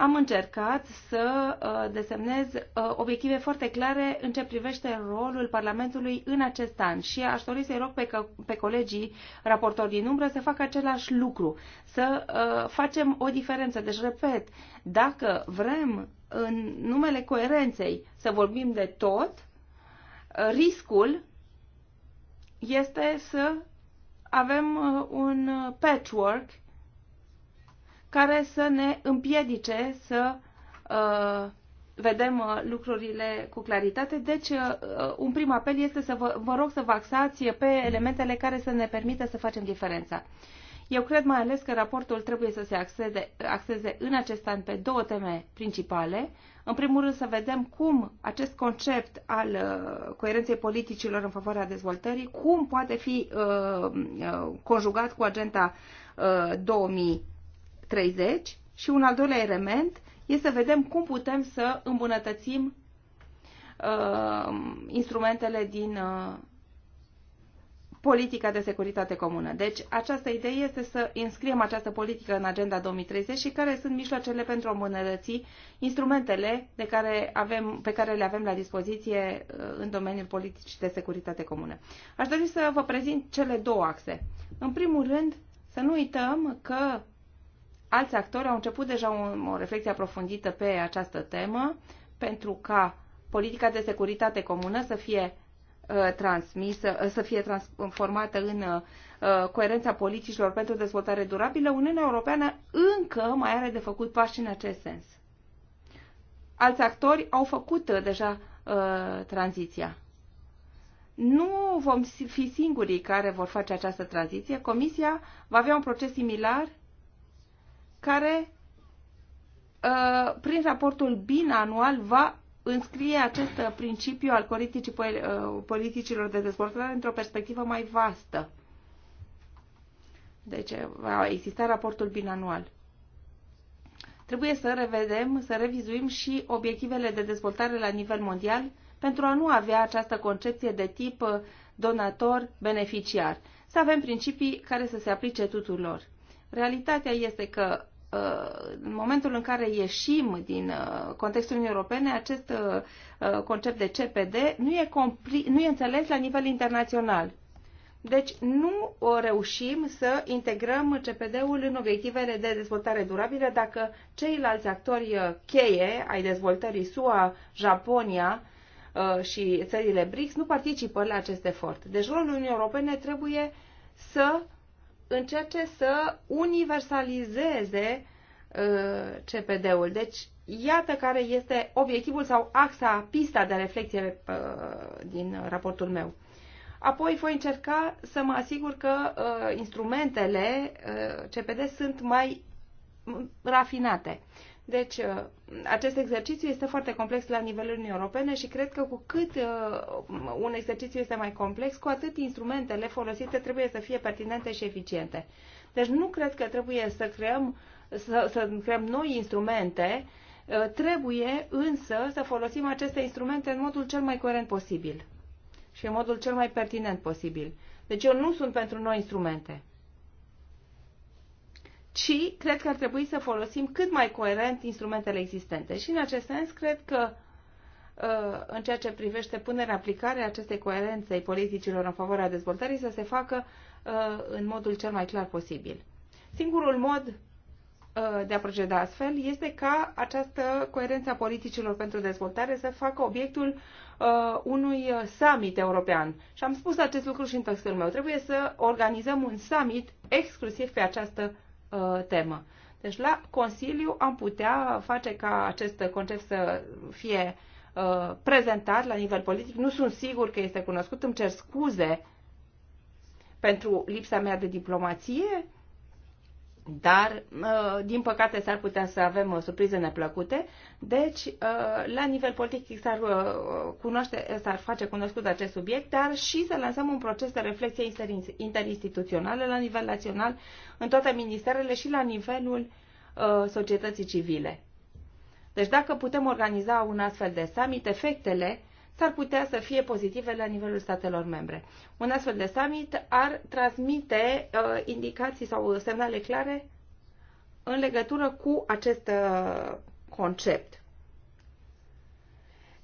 am încercat să uh, desemnez uh, obiective foarte clare în ce privește rolul Parlamentului în acest an și aș dori să-i rog pe, că, pe colegii raportori din umbră să facă același lucru, să uh, facem o diferență. Deci, repet, dacă vrem în numele coerenței să vorbim de tot, riscul este să avem un patchwork care să ne împiedice să uh, vedem uh, lucrurile cu claritate. Deci, uh, uh, un prim apel este să vă, vă rog să vă axați pe elementele care să ne permită să facem diferența. Eu cred mai ales că raportul trebuie să se axeze, axeze în acest an pe două teme principale. În primul rând să vedem cum acest concept al coerenței politicilor în favoarea dezvoltării, cum poate fi uh, conjugat cu agenda uh, 2000 30 și un al doilea element este să vedem cum putem să îmbunătățim uh, instrumentele din uh, politica de securitate comună. Deci, această idee este să înscriem această politică în Agenda 2030 și care sunt mijloacele pentru a îmbunătăți instrumentele de care avem, pe care le avem la dispoziție uh, în domeniul politicii de securitate comună. Aș dori să vă prezint cele două axe. În primul rând, să nu uităm că alți actori au început deja o, o reflexie aprofundită pe această temă pentru ca politica de securitate comună să fie uh, transmisă, uh, să fie transformată în uh, coerența politicilor pentru dezvoltare durabilă, Uniunea Europeană încă mai are de făcut pași în acest sens. Alți actori au făcut uh, deja uh, tranziția. Nu vom fi singurii care vor face această tranziție. Comisia va avea un proces similar care uh, prin raportul anual va înscrie acest uh, principiu al uh, politicilor de dezvoltare într-o perspectivă mai vastă. Deci va exista raportul anual. Trebuie să revedem, să revizuim și obiectivele de dezvoltare la nivel mondial pentru a nu avea această concepție de tip donator-beneficiar. Să avem principii care să se aplice tuturor. Realitatea este că Uh, în momentul în care ieșim din uh, contextul Uniunii Europene, acest uh, concept de CPD nu e, nu e înțeles la nivel internațional. Deci nu o reușim să integrăm CPD-ul în obiectivele de dezvoltare durabilă dacă ceilalți actori cheie ai dezvoltării SUA, Japonia și țările BRICS nu participă la acest efort. Deci rolul Uniunii Europene trebuie să încerce să universalizeze uh, CPD-ul. Deci, iată care este obiectivul sau axa, pista de reflexie uh, din raportul meu. Apoi voi încerca să mă asigur că uh, instrumentele CPD sunt mai rafinate. Deci, uh, acest exercițiu este foarte complex la nivelul Uniunii Europene și cred că cu cât uh, un exercițiu este mai complex, cu atât instrumentele folosite trebuie să fie pertinente și eficiente. Deci nu cred că trebuie să creăm, să, să creăm noi instrumente, uh, trebuie însă să folosim aceste instrumente în modul cel mai coerent posibil și în modul cel mai pertinent posibil. Deci eu nu sunt pentru noi instrumente ci cred că ar trebui să folosim cât mai coerent instrumentele existente. Și în acest sens, cred că uh, în ceea ce privește punerea aplicare acestei coerenței politicilor în favoarea dezvoltării să se facă uh, în modul cel mai clar posibil. Singurul mod uh, de a proceda astfel este ca această coerență a politicilor pentru dezvoltare să facă obiectul unui summit european. Și am spus acest lucru și în textul meu. Trebuie să organizăm un summit exclusiv pe această Uh, temă. Deci la Consiliu am putea face ca acest concept să fie uh, prezentat la nivel politic. Nu sunt sigur că este cunoscut, îmi cer scuze pentru lipsa mea de diplomație, dar, uh, din păcate, s-ar putea să avem uh, surprize neplăcute. Deci, uh, la nivel politic s-ar, cunoaște, s-ar face cunoscut acest subiect, dar și să lansăm un proces de reflexie interinstituțională la nivel național, în toate ministerele și la nivelul societății civile. Deci, dacă putem organiza un astfel de summit, efectele s-ar putea să fie pozitive la nivelul statelor membre. Un astfel de summit ar transmite uh, indicații sau semnale clare în legătură cu acest uh, concept.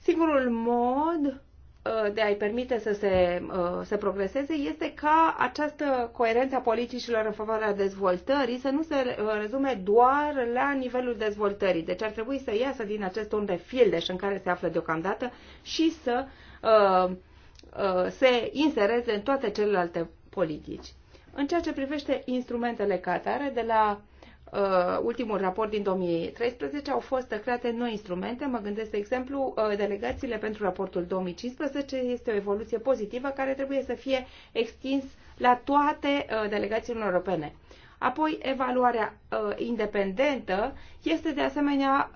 Singurul mod Uh, de a-i permite să, se, uh, să progreseze este ca această coerență a politicilor în favoarea dezvoltării să nu se uh, rezume doar la nivelul dezvoltării. Deci ar trebui să iasă din acest un de fildeș în care se află deocamdată și să se insereze în toate celelalte politici. În ceea ce privește instrumentele Qatar, de la uh, Uh, ultimul raport din 2013 au fost create noi instrumente. Mă gândesc, de exemplu, uh, delegațiile pentru raportul 2015 este o evoluție pozitivă care trebuie să fie extins la toate uh, delegațiile europene. Apoi, evaluarea independentă este de asemenea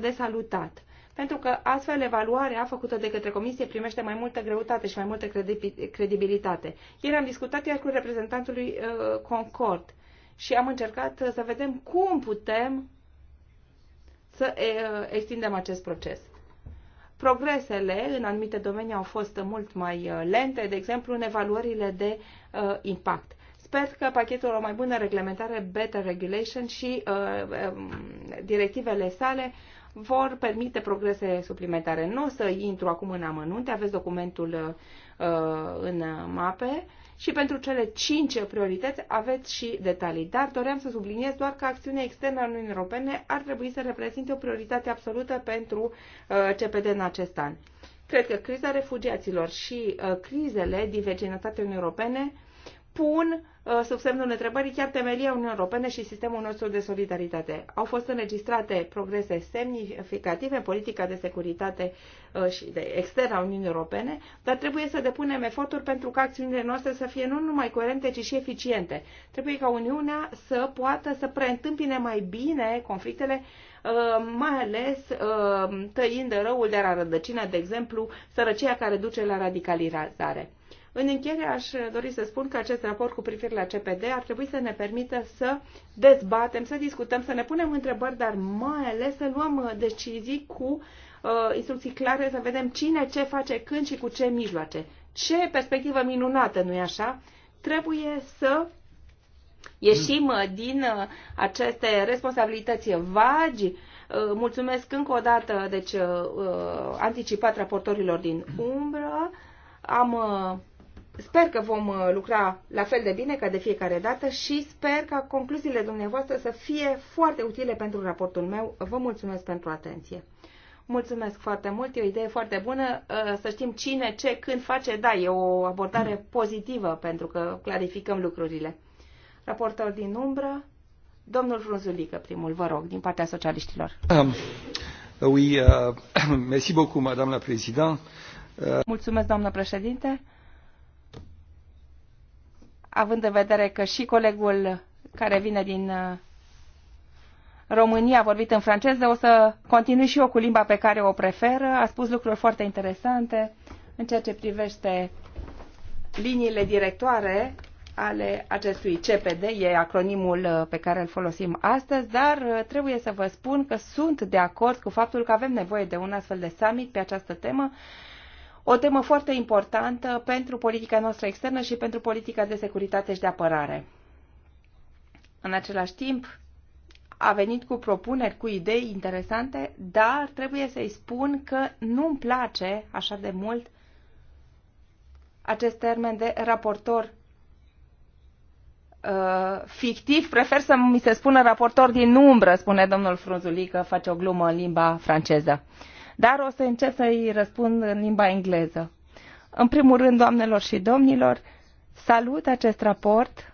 de salutat pentru că astfel evaluarea făcută de către comisie primește mai multă greutate și mai multă credibilitate. Ieri am discutat iar cu reprezentantului Concord și am încercat uh, să vedem cum putem să uh, extindem acest proces. Progresele în anumite domenii au fost mult mai uh, lente, de exemplu în evaluările de uh, impact. Sper că pachetul o mai bună reglementare, Better Regulation și uh, um, directivele sale vor permite progrese suplimentare. Nu o să intru acum în amănunte, aveți documentul uh, în mape și pentru cele cinci priorități aveți și detalii, dar doream să subliniez doar că acțiunea externă a Uniunii Europene ar trebui să reprezinte o prioritate absolută pentru uh, CPD în acest an. Cred că criza refugiaților și uh, crizele din vecinătatea Uniunii Europene pun Uh, sub semnul întrebării chiar temelia Uniunii Europene și sistemul nostru de solidaritate. Au fost înregistrate progrese semnificative în politica de securitate uh, și de externă a Uniunii Europene, dar trebuie să depunem eforturi pentru ca acțiunile noastre să fie nu numai coerente, ci și eficiente. Trebuie ca Uniunea să poată să preîntâmpine mai bine conflictele uh, mai ales tăind răul de la rădăcină, de exemplu, sărăcia care duce la radicalizare. În încheiere aș dori să spun că acest raport cu privire la CPD ar trebui să ne permită să dezbatem, să discutăm, să ne punem întrebări, dar mai ales să luăm decizii cu uh, instrucții clare, să vedem cine ce face, când și cu ce mijloace. Ce perspectivă minunată, nu-i așa? Trebuie să ieșim uh, din uh, aceste responsabilități vagi. Uh, mulțumesc încă o dată, deci, anticipat raportorilor din umbră. Am Sper că vom uh, lucra la fel de bine ca de fiecare dată și sper ca concluziile dumneavoastră să fie foarte utile pentru raportul meu. Vă mulțumesc pentru atenție. Mulțumesc foarte mult, e o idee foarte bună uh, să știm cine, ce, când face. Da, e o abordare pozitivă pentru că clarificăm lucrurile. Raportor din umbră, domnul Frunzulică, primul, vă rog, din partea socialiștilor. Um, oui, uh, merci beaucoup, madame la président. Uh... Mulțumesc, doamnă președinte având în vedere că și colegul care vine din uh, România a vorbit în franceză, o să continui și eu cu limba pe care o preferă. A spus lucruri foarte interesante în ceea ce privește liniile directoare ale acestui CPD, e acronimul uh, pe care îl folosim astăzi, dar uh, trebuie să vă spun că sunt de acord cu faptul că avem nevoie de un astfel de summit pe această temă o temă foarte importantă pentru politica noastră externă și pentru politica de securitate și de apărare. În același timp, a venit cu propuneri, cu idei interesante, dar trebuie să-i spun că nu-mi place așa de mult acest termen de raportor uh, fictiv. Prefer să mi se spună raportor din umbră, spune domnul Frunzulică, face o glumă în limba franceză. Uh, dar o să încep să îi răspund în limba engleză. În primul rând, doamnelor și domnilor, salut acest raport.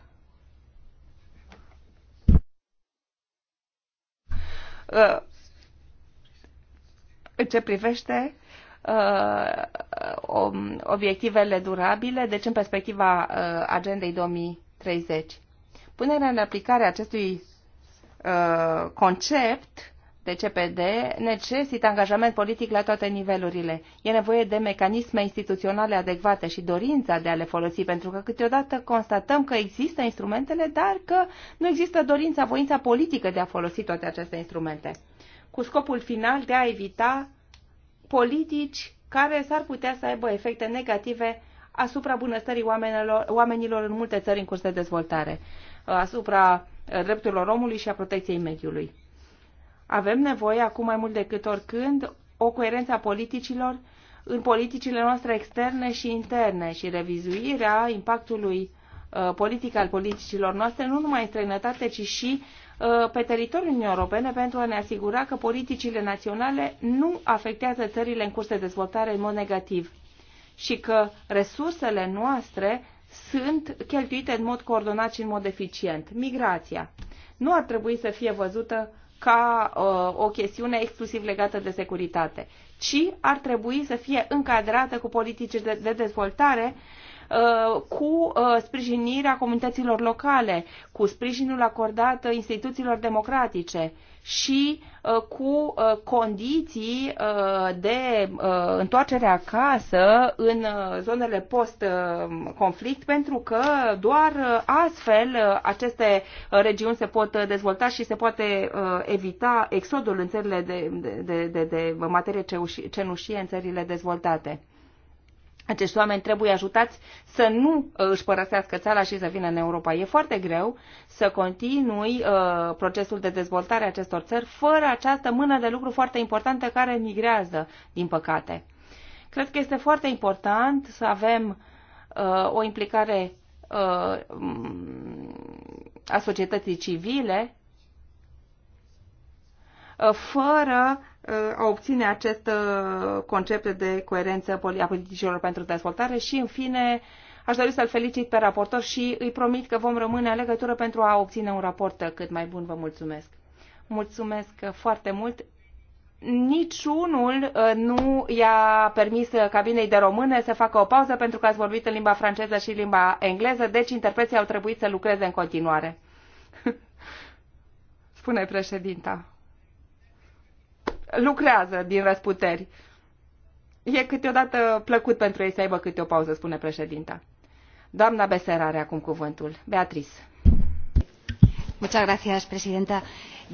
Uh, în ce privește uh, obiectivele durabile, deci în perspectiva uh, agendei 2030. Punerea în aplicare acestui concept de CPD necesită angajament politic la toate nivelurile. E nevoie de mecanisme instituționale adecvate și dorința de a le folosi, pentru că câteodată constatăm că există instrumentele, dar că nu există dorința, voința politică de a folosi toate aceste instrumente, cu scopul final de a evita politici care s-ar putea să aibă efecte negative asupra bunăstării oamenilor, oamenilor în multe țări în curs de dezvoltare, asupra drepturilor omului și a protecției mediului. Avem nevoie acum mai mult decât oricând o coerență a politicilor în politicile noastre externe și interne și revizuirea impactului uh, politic al politicilor noastre, nu numai în străinătate, ci și uh, pe teritoriul Uniunii Europene pentru a ne asigura că politicile naționale nu afectează țările în curs de dezvoltare în mod negativ și că resursele noastre sunt cheltuite în mod coordonat și în mod eficient. Migrația nu ar trebui să fie văzută ca uh, o chestiune exclusiv legată de securitate, ci ar trebui să fie încadrată cu politici de, de dezvoltare uh, cu uh, sprijinirea comunităților locale, cu sprijinul acordat instituțiilor democratice, și uh, cu uh, condiții uh, de întoarcere acasă în zonele post-conflict, pentru că doar astfel aceste regiuni se pot dezvolta și se poate evita exodul în țările de, de, de, de materie cenușie în țările dezvoltate acești oameni trebuie ajutați să nu uh, își părăsească țara și să vină în Europa. E foarte greu să continui uh, procesul de dezvoltare a acestor țări fără această mână de lucru foarte importantă care migrează, din păcate. Cred că este foarte important să avem uh, o implicare uh, a societății civile uh, fără Uh, a obține acest uh, concept de coerență a politicilor pentru dezvoltare și, în fine, aș dori să-l felicit pe raportor și îi promit că vom rămâne în legătură pentru a obține un raport cât mai bun. Vă mulțumesc! Mulțumesc foarte mult! Niciunul uh, nu i-a permis cabinei de române să facă o pauză pentru că ați vorbit în limba franceză și limba engleză, deci interpreții au trebuit să lucreze în continuare. Spune președinta lucrează din răsputeri. E câteodată plăcut pentru ei să aibă câte o pauză, spune președinta. Doamna Besera are acum cuvântul. Beatriz. Muchas gracias, presidenta.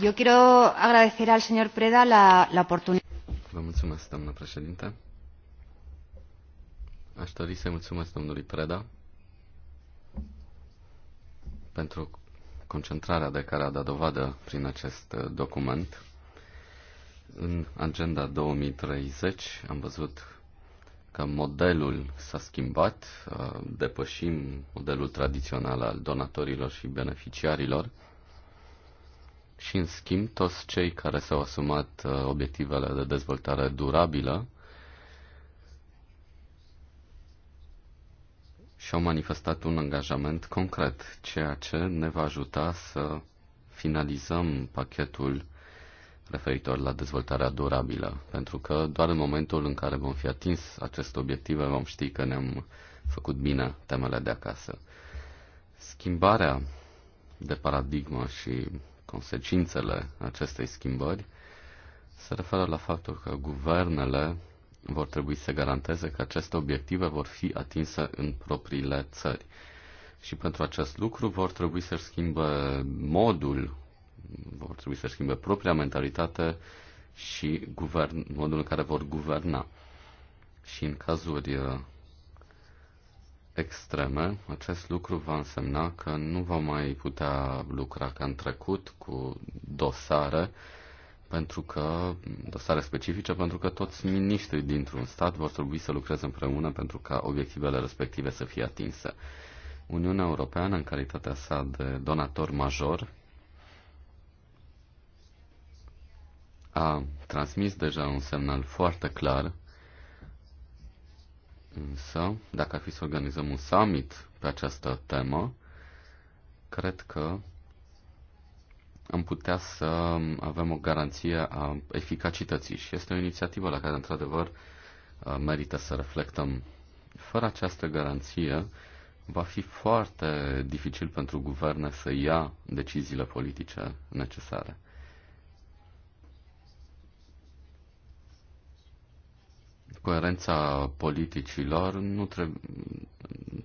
Yo quiero agradecer al señor Preda la, la oportunidad. Vă mulțumesc, doamna președinte. Aș dori să mulțumesc domnului Preda pentru concentrarea de care a dat dovadă prin acest document în agenda 2030 am văzut că modelul s-a schimbat, uh, depășim modelul tradițional al donatorilor și beneficiarilor și, în schimb, toți cei care s-au asumat uh, obiectivele de dezvoltare durabilă și-au manifestat un angajament concret, ceea ce ne va ajuta să finalizăm pachetul referitor la dezvoltarea durabilă, pentru că doar în momentul în care vom fi atins aceste obiective vom ști că ne-am făcut bine temele de acasă. Schimbarea de paradigmă și consecințele acestei schimbări se referă la faptul că guvernele vor trebui să garanteze că aceste obiective vor fi atinse în propriile țări. Și pentru acest lucru vor trebui să-și schimbe modul vor trebui să schimbe propria mentalitate și guvern, modul în care vor guverna. Și în cazuri uh, extreme, acest lucru va însemna că nu va mai putea lucra ca în trecut cu dosare, pentru că, dosare specifice, pentru că toți miniștrii dintr-un stat vor trebui să lucreze împreună pentru ca obiectivele respective să fie atinse. Uniunea Europeană, în calitatea sa de donator major, a transmis deja un semnal foarte clar, însă dacă ar fi să organizăm un summit pe această temă, cred că am putea să avem o garanție a eficacității și este o inițiativă la care, într-adevăr, merită să reflectăm. Fără această garanție, va fi foarte dificil pentru guverne să ia deciziile politice necesare. coerența politicilor nu trebuie,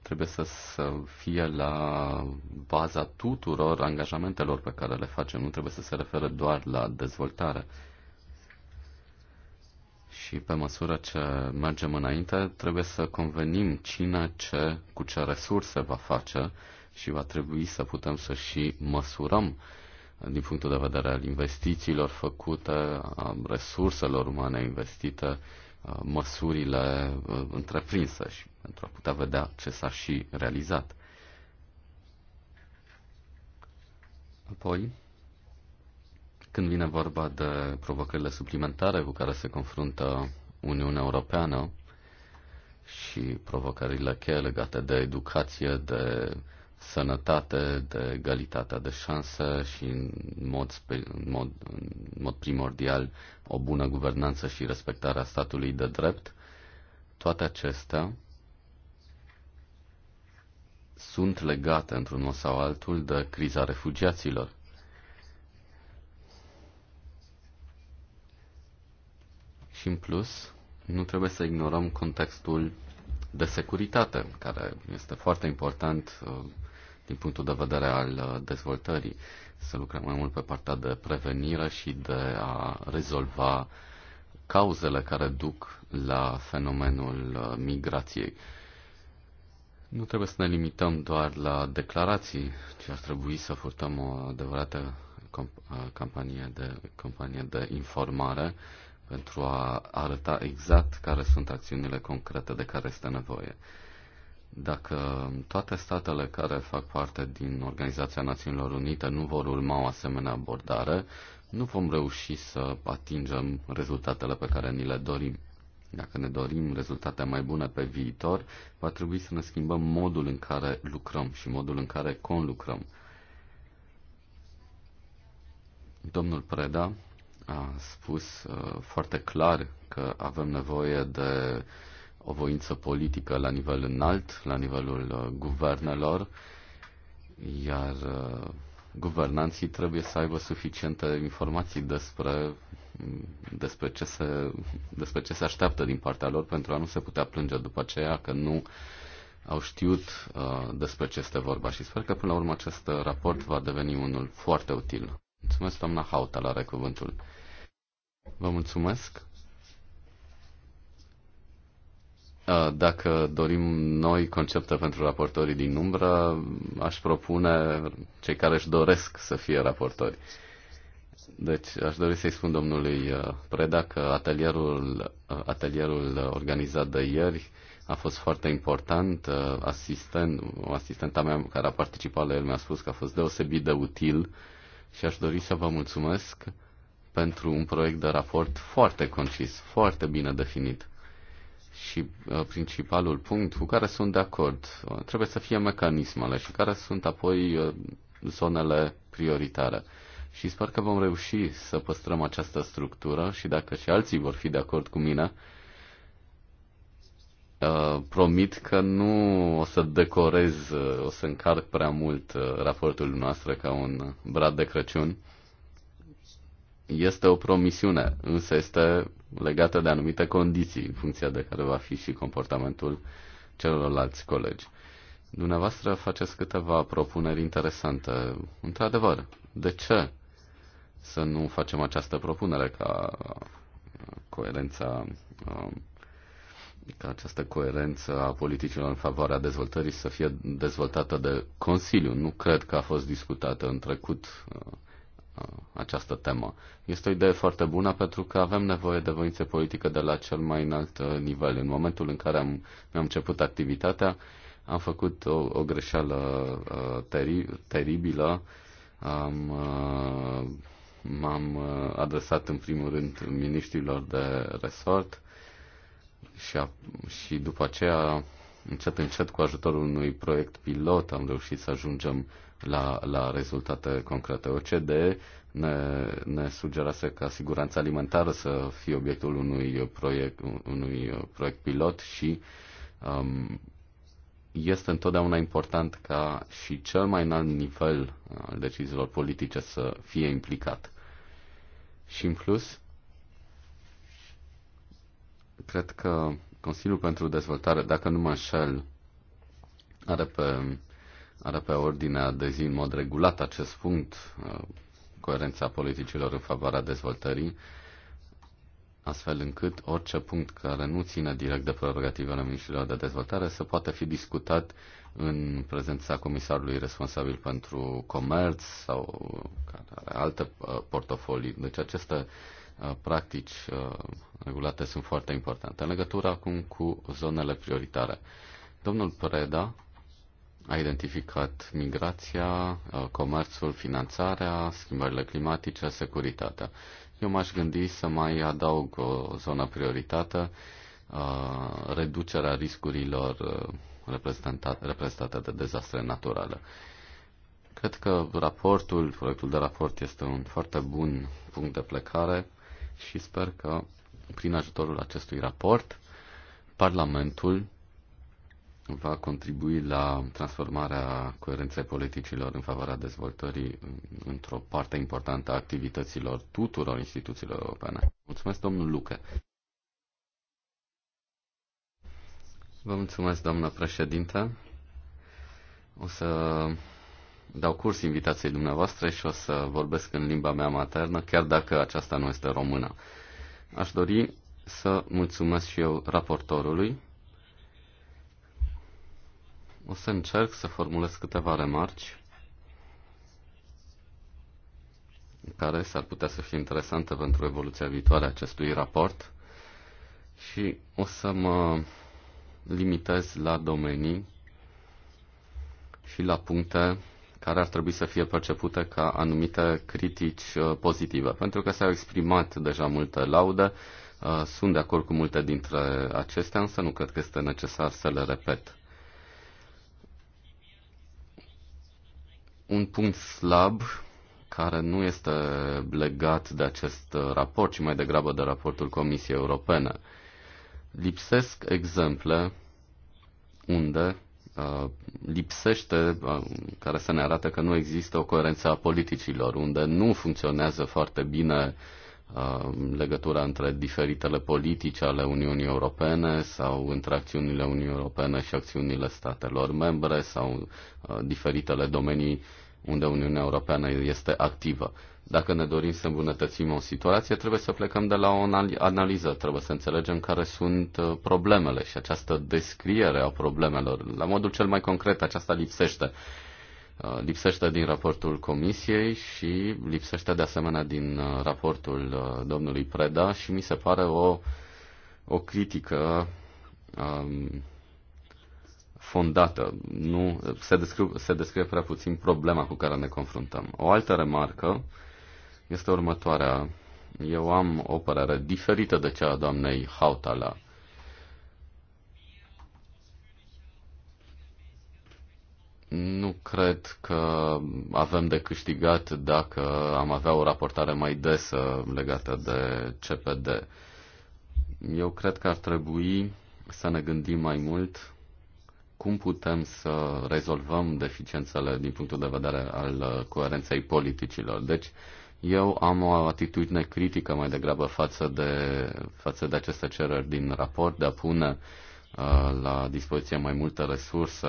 trebuie să, să fie la baza tuturor angajamentelor pe care le facem, nu trebuie să se referă doar la dezvoltare. Și pe măsură ce mergem înainte, trebuie să convenim cine ce, cu ce resurse va face și va trebui să putem să și măsurăm din punctul de vedere al investițiilor făcute, a resurselor umane investite, Uh, măsurile uh, întreprinse și pentru a putea vedea ce s-a și realizat. Apoi, când vine vorba de provocările suplimentare cu care se confruntă Uniunea Europeană și provocările cheie legate de educație, de sănătate, de egalitatea de șansă și în mod, în mod, în mod primordial o bună guvernanță și respectarea statului de drept, toate acestea sunt legate într-un mod sau altul de criza refugiaților. Și în plus, nu trebuie să ignorăm contextul de securitate, care este foarte important uh, din punctul de vedere al uh, dezvoltării, să lucrăm mai mult pe partea de prevenire și de a rezolva cauzele care duc la fenomenul uh, migrației. Nu trebuie să ne limităm doar la declarații, ci ar trebui să furtăm o adevărată uh, campanie de, campanie de informare pentru a arăta exact care sunt acțiunile concrete de care este nevoie. Dacă toate statele care fac parte din Organizația Națiunilor Unite nu vor urma o asemenea abordare, nu vom reuși să atingem rezultatele pe care ni le dorim. Dacă ne dorim rezultate mai bune pe viitor, va trebui să ne schimbăm modul în care lucrăm și modul în care conlucrăm. Domnul Preda a spus uh, foarte clar că avem nevoie de o voință politică la nivel înalt, la nivelul uh, guvernelor, iar uh, guvernanții trebuie să aibă suficiente informații despre, mm, despre, ce se, despre ce se așteaptă din partea lor pentru a nu se putea plânge după aceea că nu au știut uh, despre ce este vorba și sper că până la urmă acest uh, raport va deveni unul foarte util. Mulțumesc, doamna Hauta, la recuvântul. Vă mulțumesc. Uh, dacă dorim noi concepte pentru raportorii din umbră, aș propune cei care își doresc să fie raportori. Deci aș dori să-i spun domnului uh, Preda că atelierul, uh, atelierul organizat de ieri a fost foarte important. Asistent, asistenta mea care a participat la el mi-a spus că a fost deosebit de util și aș dori să vă mulțumesc pentru un proiect de raport foarte concis, foarte bine definit și uh, principalul punct cu care sunt de acord. Uh, trebuie să fie mecanismele și care sunt apoi uh, zonele prioritare. Și sper că vom reuși să păstrăm această structură și dacă și alții vor fi de acord cu mine, promit că nu o să decorez, o să încarc prea mult raportul noastră ca un brad de Crăciun. Este o promisiune, însă este legată de anumite condiții, în funcție de care va fi și comportamentul celorlalți colegi. Dumneavoastră faceți câteva propuneri interesante. Într-adevăr, de ce să nu facem această propunere ca coerența um, ca această coerență a politicilor în favoarea dezvoltării să fie dezvoltată de Consiliu. Nu cred că a fost discutată în trecut uh, Uh, această temă. Este o idee foarte bună pentru că avem nevoie de voință politică de la cel mai înalt uh, nivel. În momentul în care am, mi-am început activitatea, am făcut o, o greșeală uh, teri, teribilă. Am, uh, m-am uh, adresat în primul rând ministrilor de resort și, a, și după aceea, încet încet, cu ajutorul unui proiect pilot, am reușit să ajungem la, la rezultate concrete. OCD ne, ne sugerase ca siguranța alimentară să fie obiectul unui proiect, unui proiect pilot și um, este întotdeauna important ca și cel mai înalt nivel al deciziilor politice să fie implicat. Și în plus, cred că Consiliul pentru Dezvoltare, dacă nu mă înșel, are pe are pe ordinea de zi în mod regulat acest punct, uh, coerența politicilor în favoarea dezvoltării, astfel încât orice punct care nu ține direct de prerogativele ministrilor de dezvoltare să poate fi discutat în prezența comisarului responsabil pentru comerț sau alte uh, portofolii. Deci aceste uh, practici regulate sunt foarte importante. În legătură acum cu zonele prioritare. Domnul Preda a identificat migrația, uh, comerțul, finanțarea, schimbările climatice, securitatea. Eu m-aș gândi să mai adaug o zonă prioritată, uh, reducerea riscurilor uh, reprezentate de dezastre naturale. Cred că raportul, proiectul de raport este un foarte bun punct de plecare și sper că prin ajutorul acestui raport Parlamentul va contribui la transformarea coerenței politicilor în favoarea dezvoltării într-o parte importantă a activităților tuturor instituțiilor europene. Mulțumesc, domnul Luca. Vă mulțumesc, doamnă președinte. O să dau curs invitației dumneavoastră și o să vorbesc în limba mea maternă, chiar dacă aceasta nu este română. Aș dori să mulțumesc și eu raportorului o să încerc să formulez câteva remarci care s-ar putea să fie interesante pentru evoluția viitoare a acestui raport și o să mă limitez la domenii și la puncte care ar trebui să fie percepute ca anumite critici uh, pozitive, pentru că s-au exprimat deja multe laude, uh, sunt de acord cu multe dintre acestea, însă nu cred că este necesar să le repet. Un punct slab care nu este legat de acest raport, ci mai degrabă de raportul Comisiei Europene. Lipsesc exemple unde uh, lipsește, uh, care să ne arată că nu există o coerență a politicilor, unde nu funcționează foarte bine uh, Uh, legătura între diferitele politici ale Uniunii Europene sau între acțiunile Uniunii Europene și acțiunile statelor membre sau uh, diferitele domenii unde Uniunea Europeană este activă. Dacă ne dorim să îmbunătățim o situație, trebuie să plecăm de la o analiză, trebuie să înțelegem care sunt uh, problemele și această descriere a problemelor, la modul cel mai concret, aceasta lipsește Uh, lipsește din raportul comisiei și lipsește de asemenea din uh, raportul uh, domnului Preda și mi se pare o, o critică um, fondată. Nu, se, descriu, se descrie prea puțin problema cu care ne confruntăm. O altă remarcă este următoarea. Eu am o părere diferită de cea a doamnei Hautala. Nu cred că avem de câștigat dacă am avea o raportare mai desă legată de CPD. Eu cred că ar trebui să ne gândim mai mult cum putem să rezolvăm deficiențele din punctul de vedere al coerenței politicilor. Deci, eu am o atitudine critică mai degrabă față de, față de aceste cereri din raport de a pune uh, la dispoziție mai multe resurse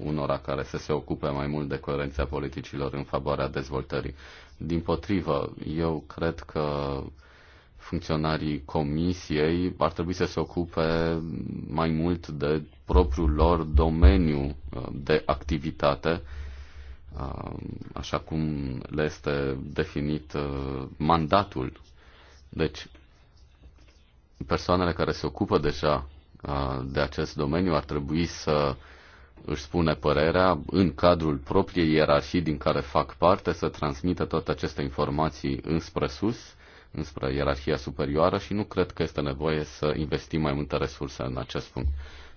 unora care să se ocupe mai mult de coerența politicilor în favoarea dezvoltării. Din potrivă, eu cred că funcționarii comisiei ar trebui să se ocupe mai mult de propriul lor domeniu de activitate, așa cum le este definit mandatul. Deci, persoanele care se ocupă deja de acest domeniu ar trebui să își spune părerea în cadrul propriei ierarhii din care fac parte, să transmită toate aceste informații înspre sus, înspre ierarhia superioară și nu cred că este nevoie să investim mai multe resurse în acest punct.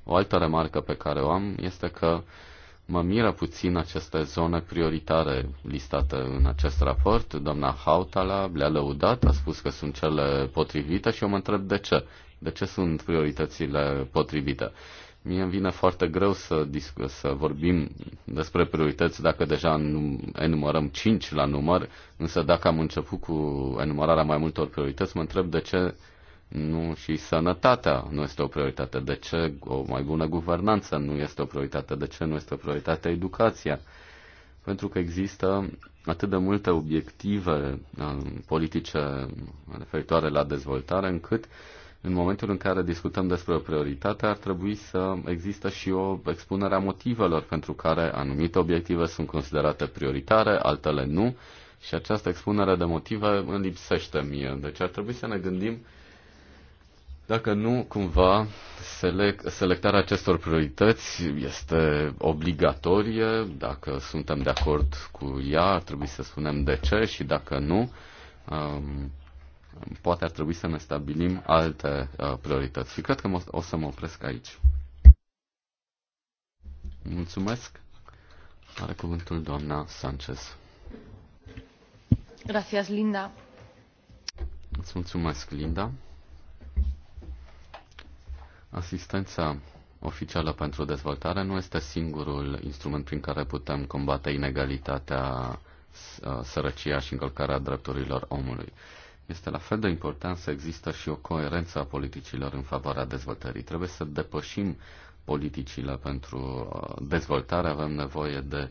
O altă remarcă pe care o am este că mă miră puțin aceste zone prioritare listate în acest raport. Doamna Hautala le-a lăudat, a spus că sunt cele potrivite și eu mă întreb de ce de ce sunt prioritățile potrivite? Mie îmi vine foarte greu să, discu- să vorbim despre priorități dacă deja enumărăm 5 la număr, însă dacă am început cu enumărarea mai multor priorități, mă întreb de ce nu și sănătatea nu este o prioritate, de ce o mai bună guvernanță nu este o prioritate, de ce nu este o prioritate educația. Pentru că există atât de multe obiective um, politice referitoare la dezvoltare încât uh, în momentul în care discutăm despre o prioritate, ar trebui să există și o expunere a motivelor pentru care anumite obiective sunt considerate prioritare, altele nu, și această expunere de motive îmi lipsește mie. Deci ar trebui să ne gândim dacă nu, cumva, selec- selectarea acestor priorități este obligatorie, dacă suntem de acord cu ea, ar trebui să spunem de ce și dacă nu, um, poate ar trebui să ne stabilim alte uh, priorități. Și cred că o să mă opresc aici. Mulțumesc. Are cuvântul doamna Sanchez. Gracias, Linda. Îți mulțumesc, Linda. Asistența oficială pentru dezvoltare nu este singurul instrument prin care putem combate inegalitatea, uh, sărăcia și încălcarea drepturilor omului este la fel de important să există și o coerență a politicilor în favoarea dezvoltării. Trebuie să depășim politicile pentru uh, dezvoltare, avem nevoie de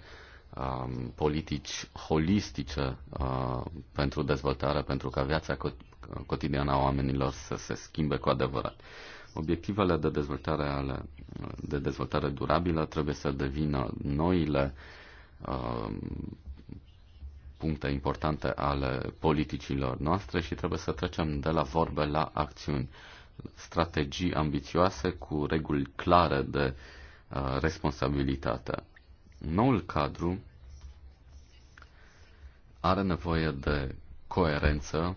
um, politici holistice uh, pentru dezvoltare, pentru ca viața cotidiană a oamenilor să se schimbe cu adevărat. Obiectivele de dezvoltare, ale, de dezvoltare durabilă trebuie să devină noile uh, puncte importante ale politicilor noastre și trebuie să trecem de la vorbe la acțiuni. Strategii ambițioase cu reguli clare de uh, responsabilitate. Noul cadru are nevoie de coerență,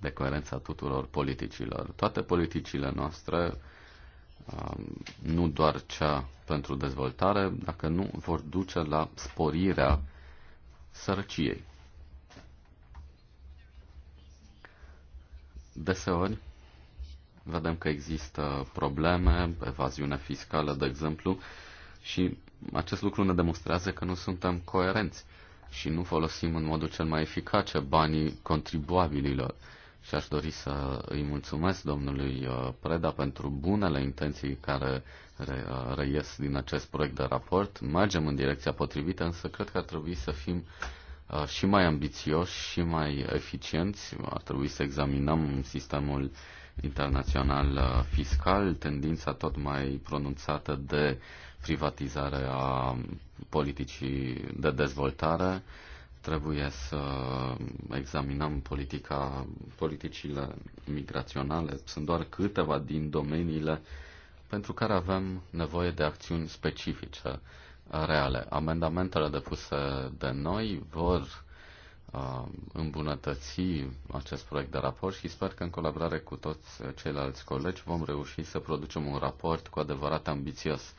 de coerența tuturor politicilor. Toate politicile noastre, um, nu doar cea pentru dezvoltare, dacă nu vor duce la sporirea sărăciei. Deseori vedem că există probleme, evaziune fiscală, de exemplu, și acest lucru ne demonstrează că nu suntem coerenți și nu folosim în modul cel mai eficace banii contribuabililor și aș dori să îi mulțumesc domnului uh, Preda pentru bunele intenții care uh, reies din acest proiect de raport. Mergem în direcția potrivită, însă cred că ar trebui să fim uh, și mai ambițioși și mai eficienți. Ar trebui să examinăm sistemul internațional fiscal, tendința tot mai pronunțată de privatizare a politicii de dezvoltare, Trebuie să examinăm politica, politicile migraționale. Sunt doar câteva din domeniile pentru care avem nevoie de acțiuni specifice, reale. Amendamentele depuse de noi vor uh, îmbunătăți acest proiect de raport și sper că în colaborare cu toți ceilalți colegi vom reuși să producem un raport cu adevărat ambițios.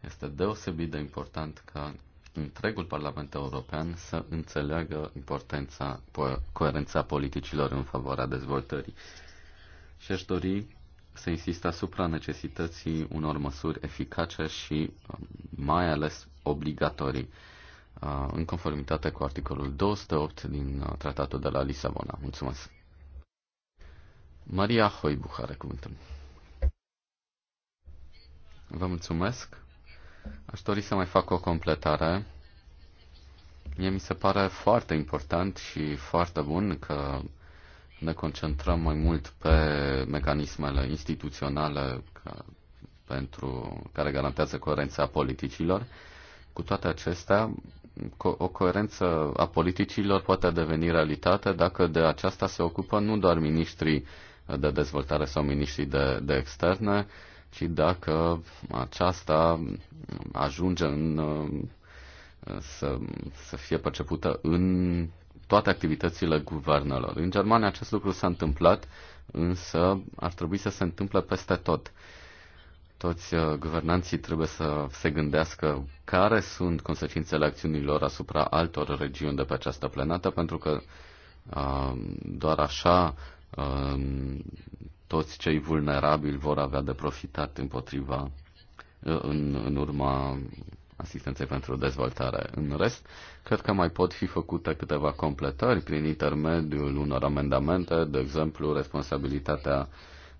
Este deosebit de important că întregul Parlament European să înțeleagă importanța, coerența politicilor în favoarea dezvoltării. Și aș dori să insist asupra necesității unor măsuri eficace și um, mai ales obligatorii, uh, în conformitate cu articolul 208 din uh, Tratatul de la Lisabona. Mulțumesc! Maria Hoibuch are cuvântul. Vă mulțumesc! Aș dori să mai fac o completare. Mie mi se pare foarte important și foarte bun că ne concentrăm mai mult pe mecanismele instituționale ca, pentru care garantează coerența politicilor. Cu toate acestea, co- o coerență a politicilor poate deveni realitate dacă de aceasta se ocupă nu doar ministrii de dezvoltare sau ministrii de, de externe, și dacă aceasta ajunge în, uh, să, să fie percepută în toate activitățile guvernelor. În Germania acest lucru s-a întâmplat, însă ar trebui să se întâmple peste tot. Toți uh, guvernanții trebuie să se gândească care sunt consecințele acțiunilor asupra altor regiuni de pe această planetă, pentru că uh, doar așa toți cei vulnerabili vor avea de profitat împotriva, uh, în, în urma asistenței pentru dezvoltare. În rest, cred că mai pot fi făcute câteva completări prin intermediul unor amendamente, de exemplu, responsabilitatea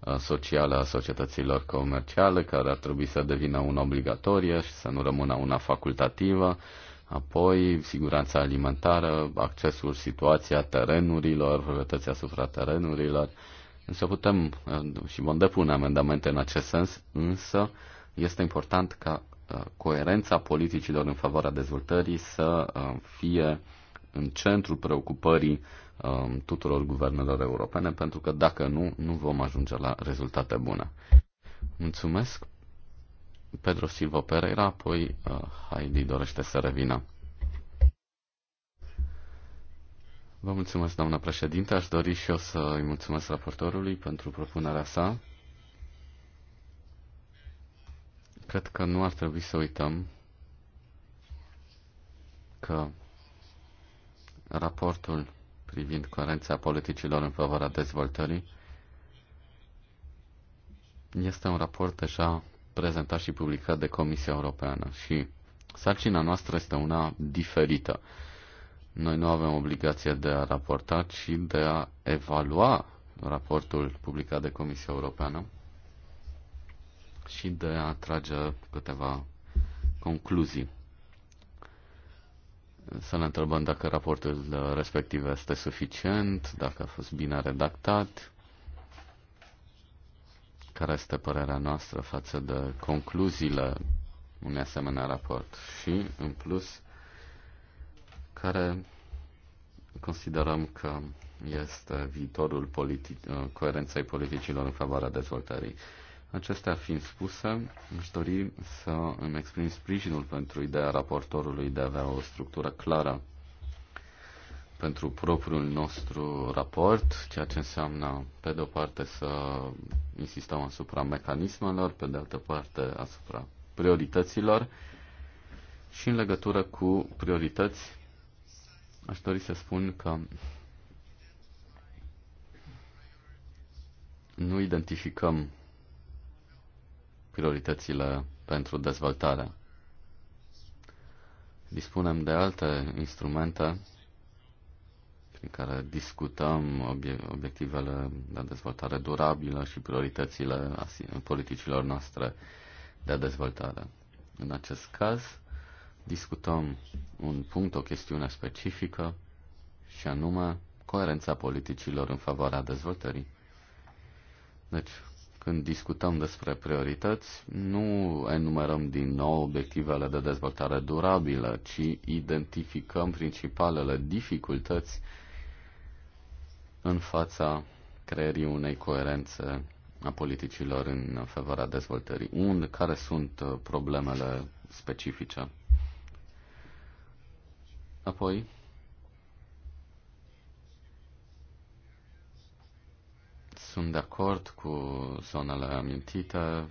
uh, socială a societăților comerciale, care ar trebui să devină una obligatorie și să nu rămână una facultativă, apoi siguranța alimentară, accesul, situația terenurilor, proprietății asupra terenurilor, Însă putem uh, și vom depune amendamente în acest sens, însă este important ca uh, coerența politicilor în favoarea dezvoltării să uh, fie în centrul preocupării um, tuturor guvernelor europene, pentru că dacă nu, nu vom ajunge la rezultate bune. Mulțumesc! Pedro Silva Pereira, apoi Heidi dorește să revină. Vă mulțumesc, doamna președinte. Aș dori și eu să îi mulțumesc raportorului pentru propunerea sa. Cred că nu ar trebui să uităm că raportul privind coerența politicilor în favoarea dezvoltării este un raport deja prezentat și publicat de Comisia Europeană și sarcina noastră este una diferită. Noi nu avem obligația de a raporta, ci de a evalua raportul publicat de Comisia Europeană și de a trage câteva concluzii. Să ne întrebăm dacă raportul respectiv este suficient, dacă a fost bine redactat, care este părerea noastră față de concluziile unui asemenea raport. Și, în plus, care considerăm că este viitorul politi- coerenței politicilor în favoarea dezvoltării. Acestea fiind spuse, aș dori să îmi exprim sprijinul pentru ideea raportorului de a avea o structură clară pentru propriul nostru raport, ceea ce înseamnă, pe de o parte, să insistăm asupra mecanismelor, pe de altă parte, asupra priorităților și în legătură cu priorități Aș dori să spun că nu identificăm prioritățile pentru dezvoltare. Dispunem de alte instrumente prin care discutăm obiectivele de dezvoltare durabilă și prioritățile politicilor noastre de dezvoltare. În acest caz, discutăm un punct, o chestiune specifică, și anume coerența politicilor în favoarea dezvoltării. Deci, când discutăm despre priorități, nu enumerăm din nou obiectivele de dezvoltare durabilă, ci identificăm principalele dificultăți în fața creierii unei coerențe a politicilor în favoarea dezvoltării. Unde, care sunt uh, problemele specifice? Apoi, sunt de acord cu zonele amintite,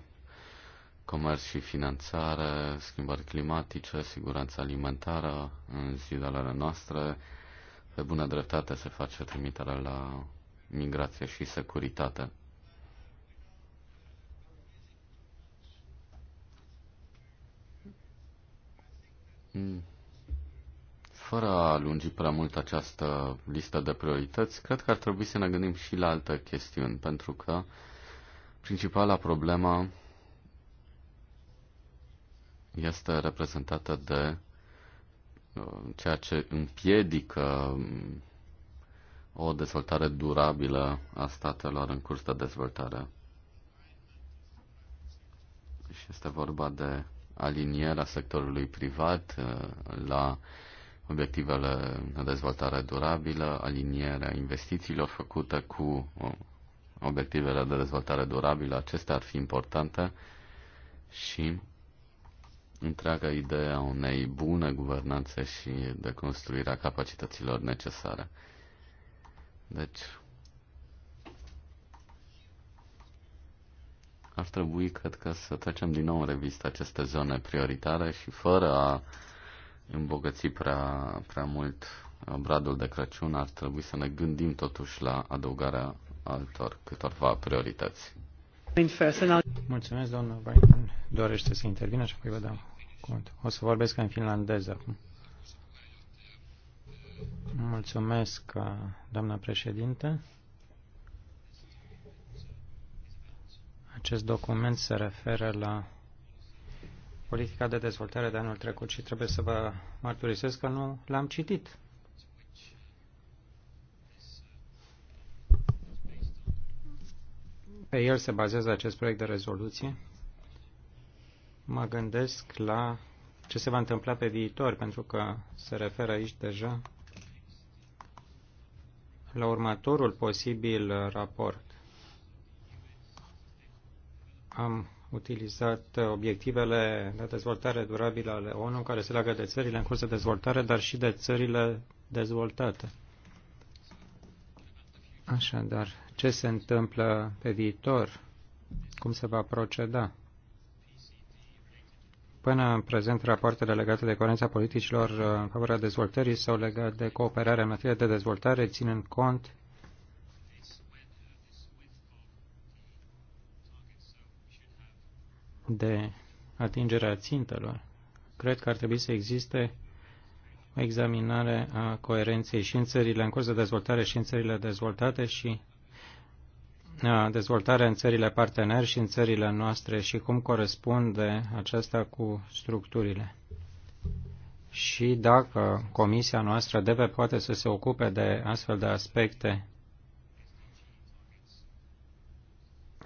comerț și finanțare, schimbări climatice, siguranța alimentară în zilele noastre. Pe bună dreptate se face trimitere la migrație și securitate. Mm fără a lungi prea mult această listă de priorități, cred că ar trebui să ne gândim și la alte chestiuni, pentru că principala problemă este reprezentată de uh, ceea ce împiedică um, o dezvoltare durabilă a statelor în curs de dezvoltare. Și este vorba de alinierea sectorului privat uh, la obiectivele de dezvoltare durabilă, alinierea investițiilor făcute cu uh, obiectivele de dezvoltare durabilă, acestea ar fi importante și întreaga idee a unei bune guvernanțe și de construirea capacităților necesare. Deci, ar trebui, cred că, să trecem din nou în revistă aceste zone prioritare și fără a îmbogăți prea, prea mult uh, bradul de Crăciun, ar trebui să ne gândim totuși la adăugarea altor câtorva priorități. Mulțumesc, doamnă Weidman. Dorește să intervină și apoi vă dau cont. O să vorbesc în finlandez acum. Mulțumesc, uh, doamna președinte. Acest document se referă la politica de dezvoltare de anul trecut și trebuie să vă mărturisesc că nu l-am citit. Pe el se bazează acest proiect de rezoluție. Mă gândesc la ce se va întâmpla pe viitor, pentru că se referă aici deja la următorul posibil raport. Am utilizat obiectivele de dezvoltare durabilă ale ONU care se leagă de țările în curs de dezvoltare, dar și de țările dezvoltate. Așadar, ce se întâmplă pe viitor? Cum se va proceda? Până în prezent, rapoartele legate de coerența politicilor în favoarea dezvoltării sau legate de cooperarea în materie de dezvoltare, ținând cont de atingere a țintelor, cred că ar trebui să existe o examinare a coerenței și în țările în curs de dezvoltare și în țările dezvoltate și dezvoltarea în țările parteneri și în țările noastre și cum corespunde aceasta cu structurile. Și dacă comisia noastră deve poate să se ocupe de astfel de aspecte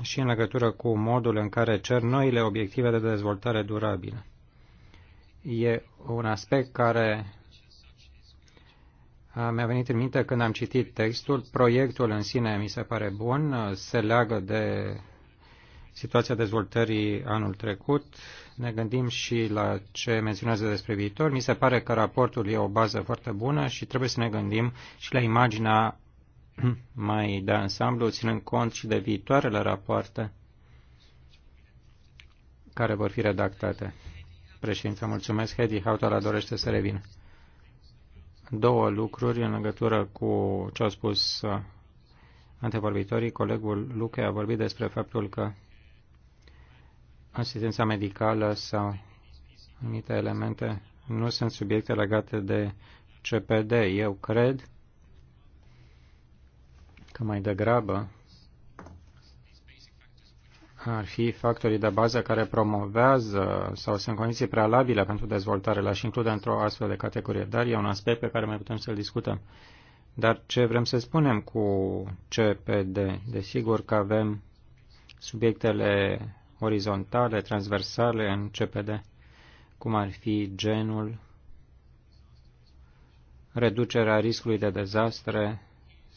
și în legătură cu modul în care cer noile obiective de dezvoltare durabilă. E un aspect care mi-a venit în minte când am citit textul. Proiectul în sine mi se pare bun, se leagă de situația dezvoltării anul trecut. Ne gândim și la ce menționează despre viitor. Mi se pare că raportul e o bază foarte bună și trebuie să ne gândim și la imaginea mai de ansamblu, ținând cont și de viitoarele rapoarte care vor fi redactate. Președinte, mulțumesc. Hedy Hautala dorește să revină. Două lucruri în legătură cu ce au spus uh, antevorbitorii. Colegul Luke a vorbit despre faptul că asistența medicală sau anumite elemente nu sunt subiecte legate de CPD. Eu cred că mai degrabă ar fi factorii de bază care promovează sau sunt condiții prealabile pentru dezvoltare. la și include într-o astfel de categorie, dar e un aspect pe care mai putem să-l discutăm. Dar ce vrem să spunem cu CPD? Desigur că avem subiectele orizontale, transversale în CPD, cum ar fi genul, reducerea riscului de dezastre,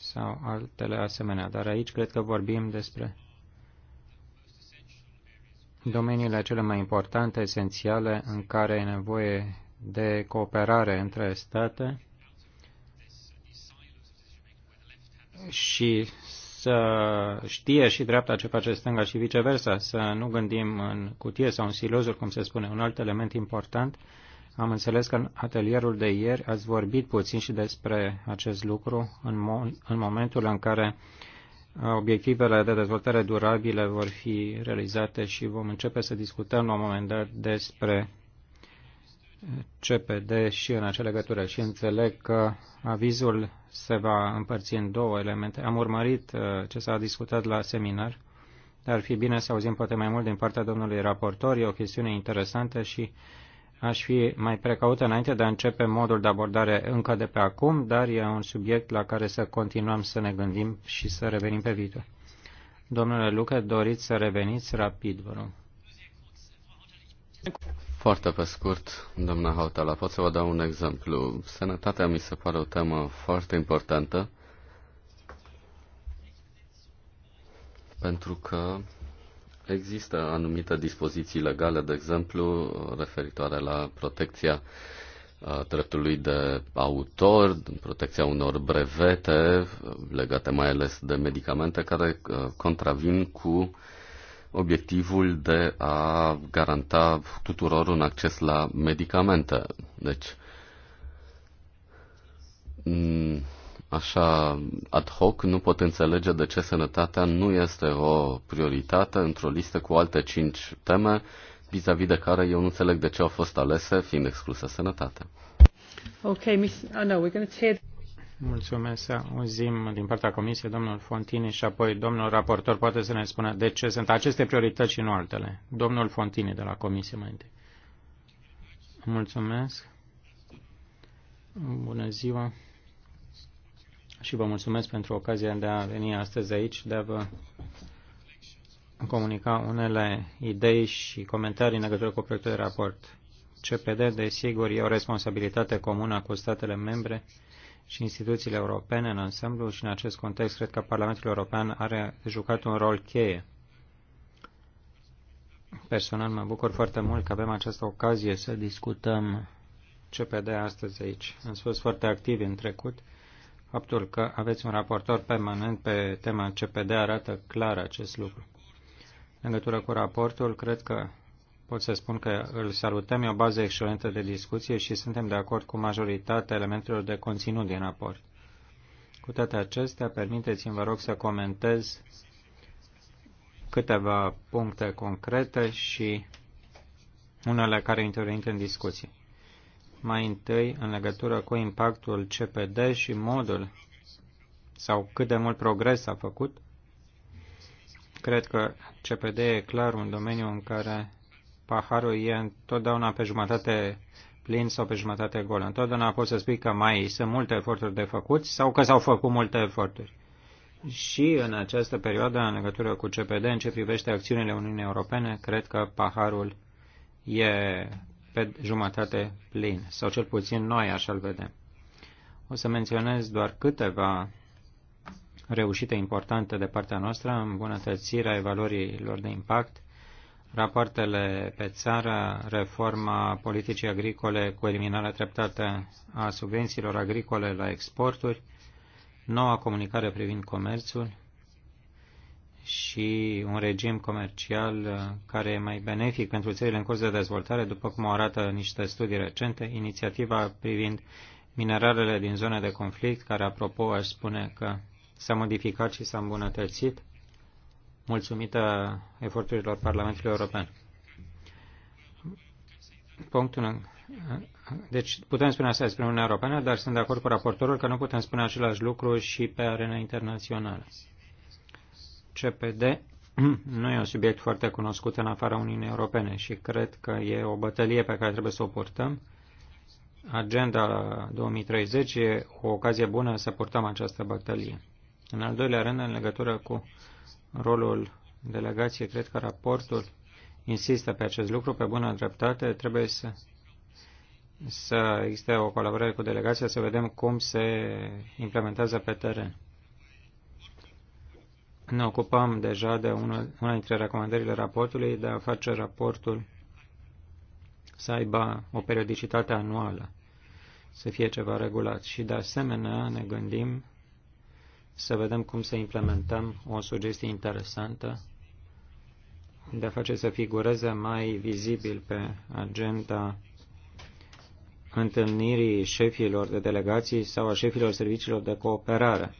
sau altele asemenea. Dar aici cred că vorbim despre domeniile cele mai importante, esențiale, în care e nevoie de cooperare între state și să știe și dreapta ce face stânga și viceversa, să nu gândim în cutie sau în silozuri, cum se spune. Un alt element important am înțeles că în atelierul de ieri ați vorbit puțin și despre acest lucru în, mo- în momentul în care uh, obiectivele de dezvoltare durabile vor fi realizate și vom începe să discutăm la un moment dat despre uh, CPD și în acea legătură și înțeleg că avizul se va împărți în două elemente. Am urmărit uh, ce s-a discutat la seminar, dar ar fi bine să auzim poate mai mult din partea domnului raportor. E o chestiune interesantă și Aș fi mai precaut înainte de a începe modul de abordare încă de pe acum, dar e un subiect la care să continuăm să ne gândim și să revenim pe viitor. Domnule Luca, doriți să reveniți rapid, vă rog. Foarte pe scurt, domnule Hautala, pot să vă dau un exemplu. Sănătatea mi se pare o temă foarte importantă pentru că Există anumite dispoziții legale, de exemplu, referitoare la protecția uh, dreptului de autor, protecția unor brevete uh, legate mai ales de medicamente care uh, contravin cu obiectivul de a garanta tuturor un acces la medicamente. Deci, mm, așa ad hoc, nu pot înțelege de ce sănătatea nu este o prioritate într-o listă cu alte cinci teme vis-a-vis -vis de care eu nu înțeleg de ce au fost alese, fiind exclusă sănătatea. Ok, miss, oh, no, we're going to tear... Mulțumesc. Să auzim din partea Comisiei domnul Fontini și apoi domnul raportor poate să ne spună de ce sunt aceste priorități și nu altele. Domnul Fontini de la Comisie mai întâi. Mulțumesc. Bună ziua și vă mulțumesc pentru ocazia de a veni astăzi aici, de a vă comunica unele idei și comentarii în legătură cu proiectul de raport. CPD, desigur, e o responsabilitate comună cu statele membre și instituțiile europene în ansamblu și în acest context cred că Parlamentul European are jucat un rol cheie. Personal mă bucur foarte mult că avem această ocazie să discutăm CPD astăzi aici. Am fost foarte activ în trecut Faptul că aveți un raportor permanent pe tema CPD arată clar acest lucru. În legătură cu raportul, cred că pot să spun că îl salutăm, e o bază excelentă de discuție și suntem de acord cu majoritatea elementelor de conținut din raport. Cu toate acestea, permiteți-mi, vă rog, să comentez câteva puncte concrete și unele care intervin în discuție mai întâi în legătură cu impactul CPD și modul sau cât de mult progres a făcut. Cred că CPD e clar un domeniu în care paharul e întotdeauna pe jumătate plin sau pe jumătate gol. Întotdeauna pot să spui că mai sunt multe eforturi de făcut sau că s-au făcut multe eforturi. Și în această perioadă, în legătură cu CPD, în ce privește acțiunile Uniunii Europene, cred că paharul e pe jumătate plin, sau cel puțin noi așa l vedem. O să menționez doar câteva reușite importante de partea noastră, îmbunătățirea evaluărilor de impact, rapoartele pe țară, reforma politicii agricole cu eliminarea treptată a subvențiilor agricole la exporturi, noua comunicare privind comerțul, și un regim comercial uh, care e mai benefic pentru țările în curs de dezvoltare, după cum o arată niște studii recente, inițiativa privind mineralele din zone de conflict, care, apropo, aș spune că s-a modificat și s-a îmbunătățit, mulțumită eforturilor Parlamentului European. Punctul deci putem spune asta despre Uniunea Europeană, dar sunt de acord cu raportorul că nu putem spune același lucru și pe arena internațională. CPD nu e un subiect foarte cunoscut în afara Uniunii Europene și cred că e o bătălie pe care trebuie să o purtăm. Agenda 2030 e o ocazie bună să purtăm această bătălie. În al doilea rând, în legătură cu rolul delegației, cred că raportul insistă pe acest lucru, pe bună dreptate, trebuie să, să existe o colaborare cu delegația, să vedem cum se implementează pe teren. Ne ocupăm deja de una, una dintre recomandările raportului de a face raportul să aibă o periodicitate anuală, să fie ceva regulat. Și de asemenea ne gândim să vedem cum să implementăm o sugestie interesantă de a face să figureze mai vizibil pe agenda întâlnirii șefilor de delegații sau a șefilor serviciilor de cooperare.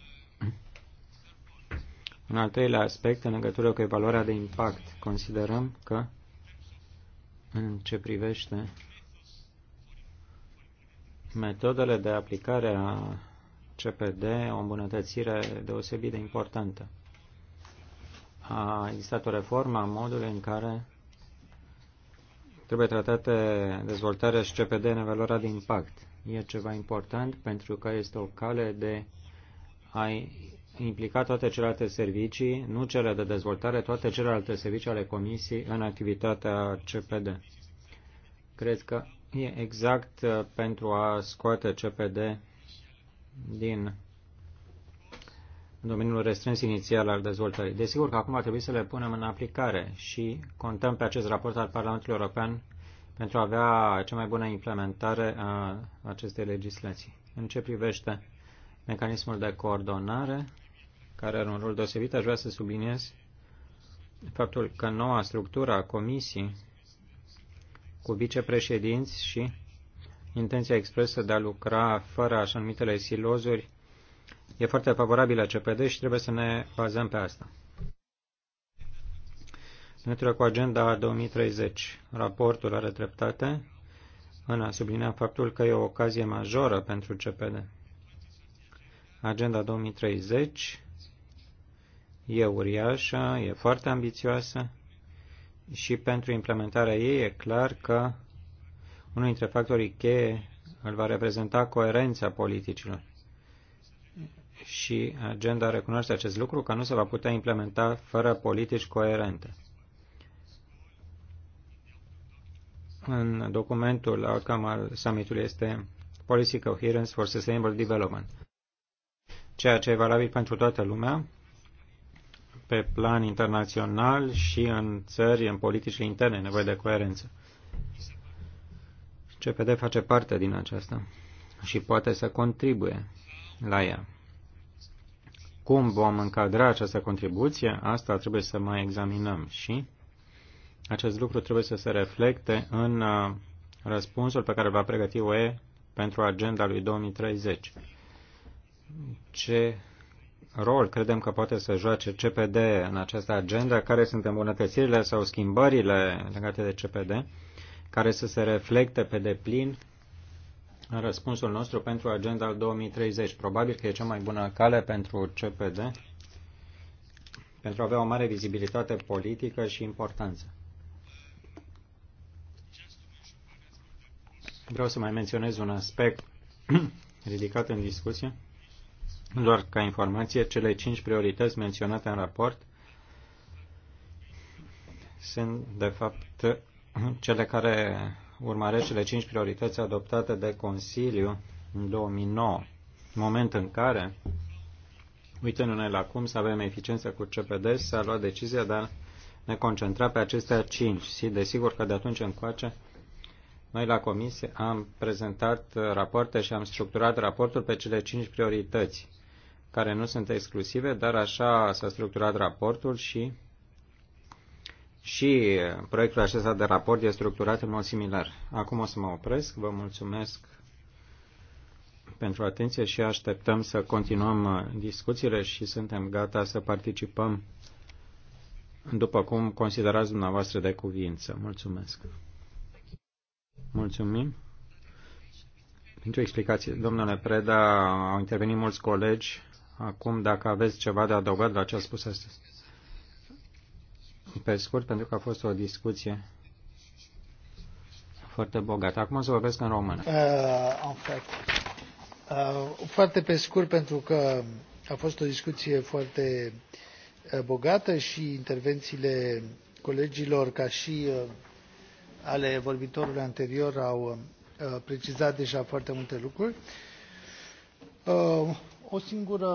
Un al treilea aspect, în legătură cu evaluarea de impact, considerăm că, în ce privește metodele de aplicare a CPD, o îmbunătățire deosebit de importantă. A existat o reformă a modului în care trebuie tratate dezvoltarea și CPD în evaluarea de impact. E ceva important pentru că este o cale de a implica toate celelalte servicii, nu cele de dezvoltare, toate celelalte servicii ale Comisiei în activitatea CPD. Cred că e exact uh, pentru a scoate CPD din domeniul restrâns inițial al dezvoltării. Desigur că acum ar trebui să le punem în aplicare și contăm pe acest raport al Parlamentului European pentru a avea cea mai bună implementare a acestei legislații. În ce privește mecanismul de coordonare, care are un rol deosebit, aș vrea să subliniez faptul că noua structură a comisiei cu vicepreședinți și intenția expresă de a lucra fără așa numitele silozuri e foarte favorabilă CPD și trebuie să ne bazăm pe asta. În legătură cu agenda 2030, raportul are dreptate în a sublinea faptul că e o ocazie majoră pentru CPD. Agenda 2030 e uriașă, e foarte ambițioasă și pentru implementarea ei e clar că unul dintre factorii cheie îl va reprezenta coerența politicilor. Și agenda recunoaște acest lucru că nu se va putea implementa fără politici coerente. În documentul ACAM al summitului este Policy Coherence for Sustainable Development, ceea ce e valabil pentru toată lumea, pe plan internațional și în țări, în politicile interne, nevoie de coerență. CPD face parte din aceasta și poate să contribuie la ea. Cum vom încadra această contribuție, asta trebuie să mai examinăm și acest lucru trebuie să se reflecte în uh, răspunsul pe care va pregăti UE pentru agenda lui 2030. Ce rol credem că poate să joace CPD în această agenda? Care sunt îmbunătățirile sau schimbările legate de CPD care să se reflecte pe deplin în răspunsul nostru pentru agenda al 2030? Probabil că e cea mai bună cale pentru CPD pentru a avea o mare vizibilitate politică și importanță. Vreau să mai menționez un aspect ridicat în discuție doar ca informație, cele cinci priorități menționate în raport sunt, de fapt, cele care urmăresc cele cinci priorități adoptate de Consiliu în 2009, moment în care, uitându-ne la cum să avem eficiență cu CPD, s-a luat decizia de a ne concentra pe acestea cinci. Și desigur că de atunci încoace, noi la comisie am prezentat rapoarte și am structurat raportul pe cele cinci priorități care nu sunt exclusive, dar așa s-a structurat raportul și și proiectul acesta de raport este structurat în mod similar. Acum o să mă opresc, vă mulțumesc pentru atenție și așteptăm să continuăm discuțiile și suntem gata să participăm după cum considerați dumneavoastră de cuvință. Mulțumesc. Mulțumim. Pentru explicație, domnule Preda, au intervenit mulți colegi Acum, dacă aveți ceva de adăugat la ce a spus astăzi. Pe scurt, pentru că a fost o discuție foarte bogată. Acum o să vorbesc în română. Uh, în fapt. Uh, foarte pe scurt, pentru că a fost o discuție foarte uh, bogată și intervențiile colegilor ca și uh, ale vorbitorului anterior au uh, precizat deja foarte multe lucruri. O singură,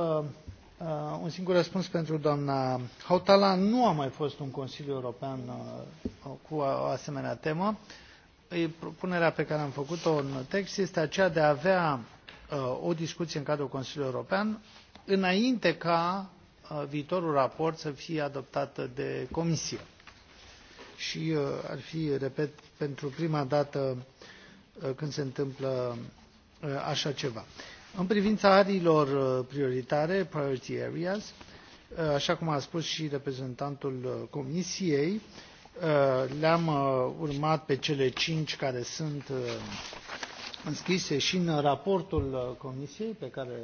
uh, un singur răspuns pentru doamna Hautala. Nu a mai fost un Consiliu European uh, cu o asemenea temă. Propunerea pe care am făcut-o în text este aceea de a avea uh, o discuție în cadrul Consiliului European înainte ca uh, viitorul raport să fie adoptat de Comisie. Și uh, ar fi, repet, pentru prima dată uh, când se întâmplă așa ceva în privința ariilor uh, prioritare priority areas uh, așa cum a spus și reprezentantul uh, comisiei le am urmat pe cele cinci care sunt înscrise și în raportul comisiei pe care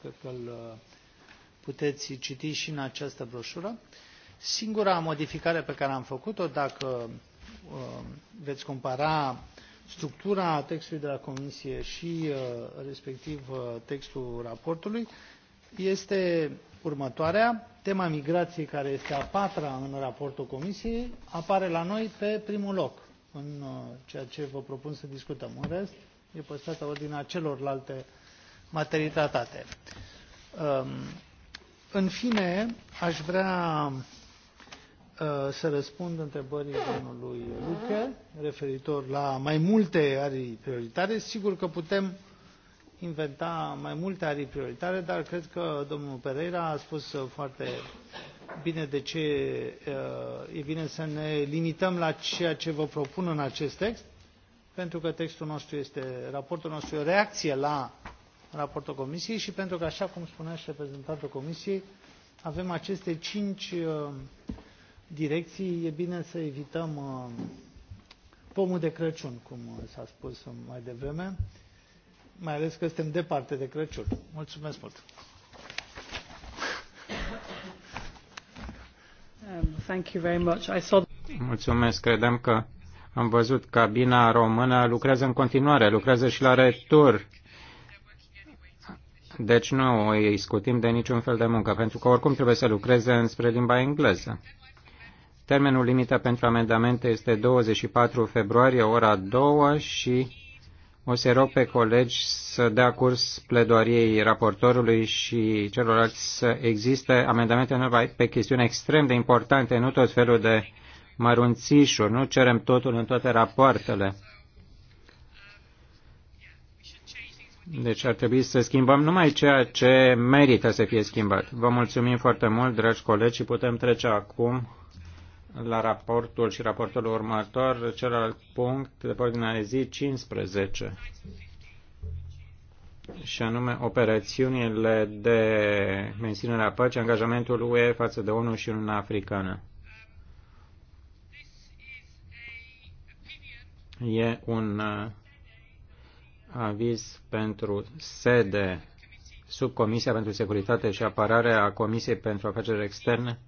cred că îl puteți citi și în această broșură. Singura modificare pe care am făcut-o, dacă veți compara structura textului de la Comisie și uh, respectiv uh, textul raportului este următoarea. Tema migrației, care este a patra în raportul Comisiei, apare la noi pe primul loc în uh, ceea ce vă propun să discutăm. În rest, e păstrată ordinea celorlalte materii tratate. Um, în fine, aș vrea Uh, să răspund întrebării domnului Luche referitor la mai multe arii prioritare. Sigur că putem inventa mai multe arii prioritare, dar cred că domnul Pereira a spus foarte bine de ce uh, e bine să ne limităm la ceea ce vă propun în acest text, pentru că textul nostru este, raportul nostru e o reacție la raportul Comisiei și pentru că, așa cum spunea și reprezentantul Comisiei, avem aceste cinci uh, direcții, e bine să evităm uh, pomul de Crăciun, cum uh, s-a spus mai devreme, mai ales că suntem departe de Crăciun. Mulțumesc mult! Um, thank you very much. I saw... Mulțumesc. Credem că am văzut cabina română lucrează în continuare, lucrează și la retur. Deci nu îi scutim de niciun fel de muncă, pentru că oricum trebuie să lucreze înspre limba engleză. Termenul limită pentru amendamente este 24 februarie, ora 2 și o să rog pe colegi să dea curs pledoariei raportorului și celorlalți să existe amendamente noi pe chestiuni extrem de importante, nu tot felul de mărunțișuri, nu cerem totul în toate rapoartele. Deci ar trebui să schimbăm numai ceea ce merită să fie schimbat. Vă mulțumim foarte mult, dragi colegi, și putem trece acum la raportul și raportul următor, celălalt punct de pe ordinea zi 15, și anume operațiunile de menținere a păcii, angajamentul UE față de ONU și Uniunea Africană. E un uh, aviz pentru sede, sub Comisia pentru securitate și apărare a Comisiei pentru afaceri externe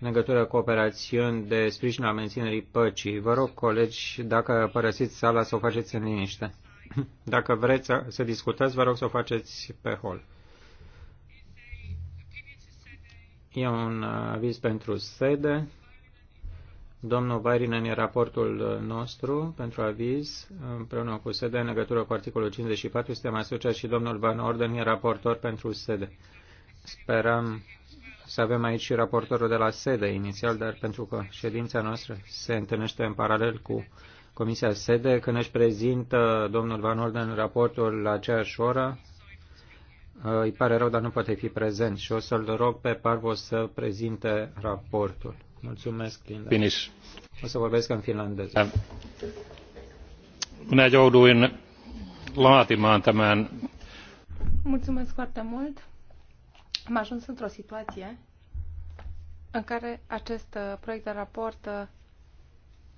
în legătură cu operațiuni de sprijin al menținerii păcii. Vă rog, colegi, dacă părăsiți sala, să o faceți în liniște. Dacă vreți să discutați, vă rog să o faceți pe hol. E un uh, aviz pentru sede. Domnul Bairinen e raportul uh, nostru pentru aviz, împreună cu sede, în legătură cu articolul 54, suntem asociați și domnul Van Orden e raportor pentru sede. Sperăm să avem aici și raportorul de la sede inițial, dar pentru că ședința noastră se întâlnește în paralel cu Comisia Sede, când își prezintă domnul Van Orden raportul la aceeași oră, îi pare rău, dar nu poate fi prezent și o să-l rog pe Parvo să prezinte raportul. Mulțumesc, Linda. Finish. O să vorbesc în finlandeză. Minä jouduin laatimaan tämän. Mulțumesc foarte mult am ajuns într-o situație în care acest uh, proiect de raport uh,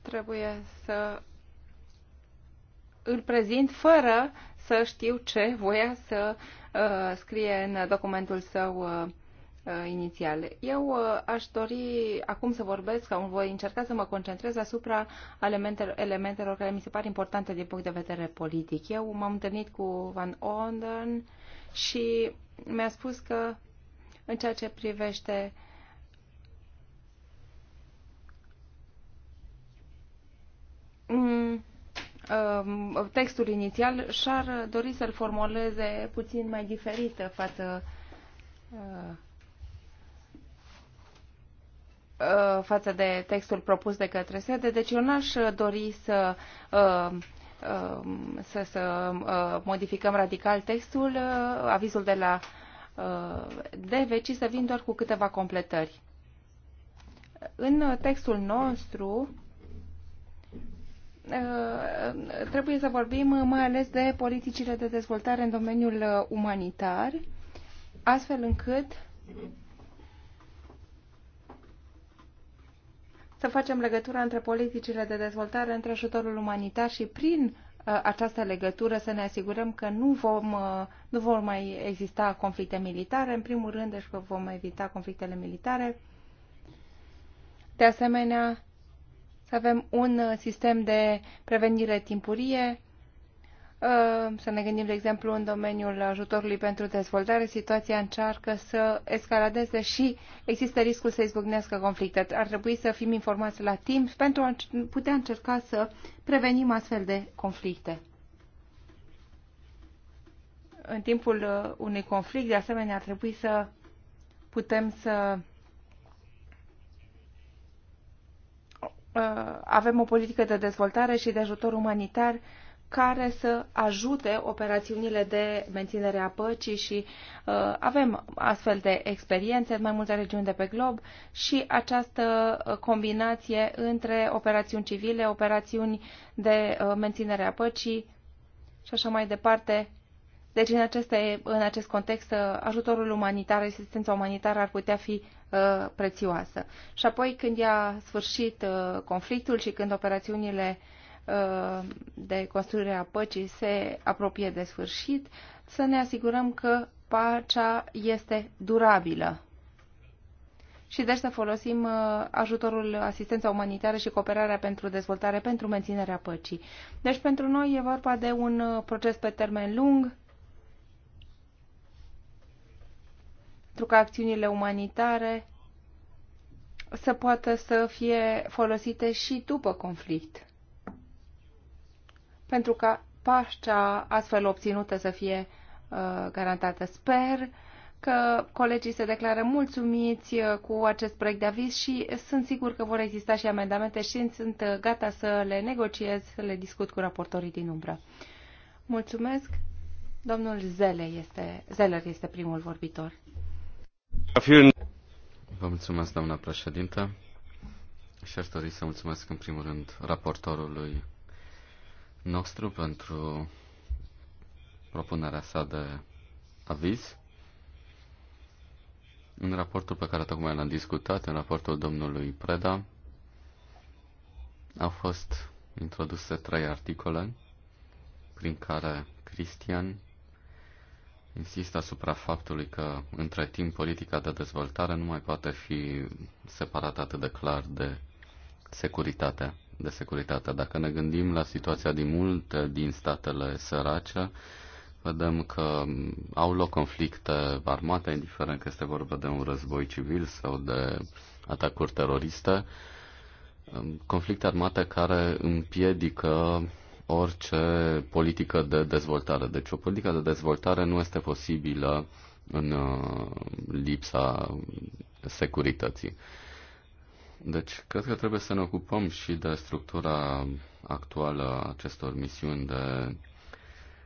trebuie să îl prezint fără să știu ce voia să uh, scrie în documentul său uh, uh inițial. Eu uh, aș dori acum să vorbesc, sau voi încerca să mă concentrez asupra elementelor, elementelor care mi se par importante din punct de vedere politic. Eu m-am întâlnit cu Van Onden și mi-a spus că în ceea ce privește mm, um, textul inițial și-ar dori să-l formuleze puțin mai diferit față uh, față de textul propus de către sede. Deci eu n-aș dori să, uh, um, să, să uh, modificăm radical textul. Avizul de la DV, ci să vin doar cu câteva completări. În textul nostru uh, trebuie să vorbim mai ales de politicile de dezvoltare în domeniul umanitar, astfel încât să facem legătura între politicile de dezvoltare, între ajutorul umanitar și prin Uh, această legătură, să ne asigurăm că nu, vom, uh, nu vor mai exista conflicte militare, în primul rând, deci că vom evita conflictele militare. De asemenea, să avem un uh, sistem de prevenire timpurie Ehm, să ne gândim, de exemplu, în domeniul ajutorului pentru dezvoltare, situația încearcă să escaladeze și există riscul să izbucnească conflicte. Ar trebui să fim informați la timp pentru a putea încerca să prevenim astfel de conflicte. În timpul uh, unui conflict, de asemenea, ar trebui să putem să uh, avem o politică de dezvoltare și de ajutor umanitar care să ajute operațiunile de menținere a păcii și uh, avem astfel de experiențe în mai multe regiuni de pe glob și această uh, combinație între operațiuni civile, operațiuni de uh, menținere a păcii și așa mai departe. Deci în, aceste, în acest context uh, ajutorul umanitar, asistența umanitară ar putea fi uh, prețioasă. Și apoi când i-a sfârșit uh, conflictul și când operațiunile uh, de construire a păcii se apropie de sfârșit, să ne asigurăm că pacea este durabilă. Și deci să folosim uh, ajutorul, asistența umanitară și cooperarea pentru dezvoltare, pentru menținerea păcii. Deci pentru noi e vorba de un uh, proces pe termen lung, pentru că acțiunile umanitare să poată să fie folosite și după conflict pentru ca pașcea astfel obținută să fie uh, garantată. Sper că colegii se declară mulțumiți uh, cu acest proiect de aviz și sunt sigur că vor exista și amendamente și sunt uh, gata să le negociez, să le discut cu raportorii din umbră. Mulțumesc. Domnul Zele este, Zeller este primul vorbitor. Vă mulțumesc, doamna președintă, și aș dori să mulțumesc în primul rând raportorului nostru pentru propunerea sa de aviz. În raportul pe care tocmai l-am discutat, în raportul domnului Preda, au fost introduse trei articole prin care Cristian insistă asupra faptului că între timp politica de dezvoltare nu mai poate fi separată atât de clar de securitatea de securitate. Dacă ne gândim la situația din multe din statele sărace, vedem că au loc conflicte armate, indiferent că este vorba de un război civil sau de atacuri teroriste, conflicte armate care împiedică orice politică de dezvoltare. Deci o politică de dezvoltare nu este posibilă în uh, lipsa securității. Deci, cred că trebuie să ne ocupăm și de structura actuală a acestor misiuni de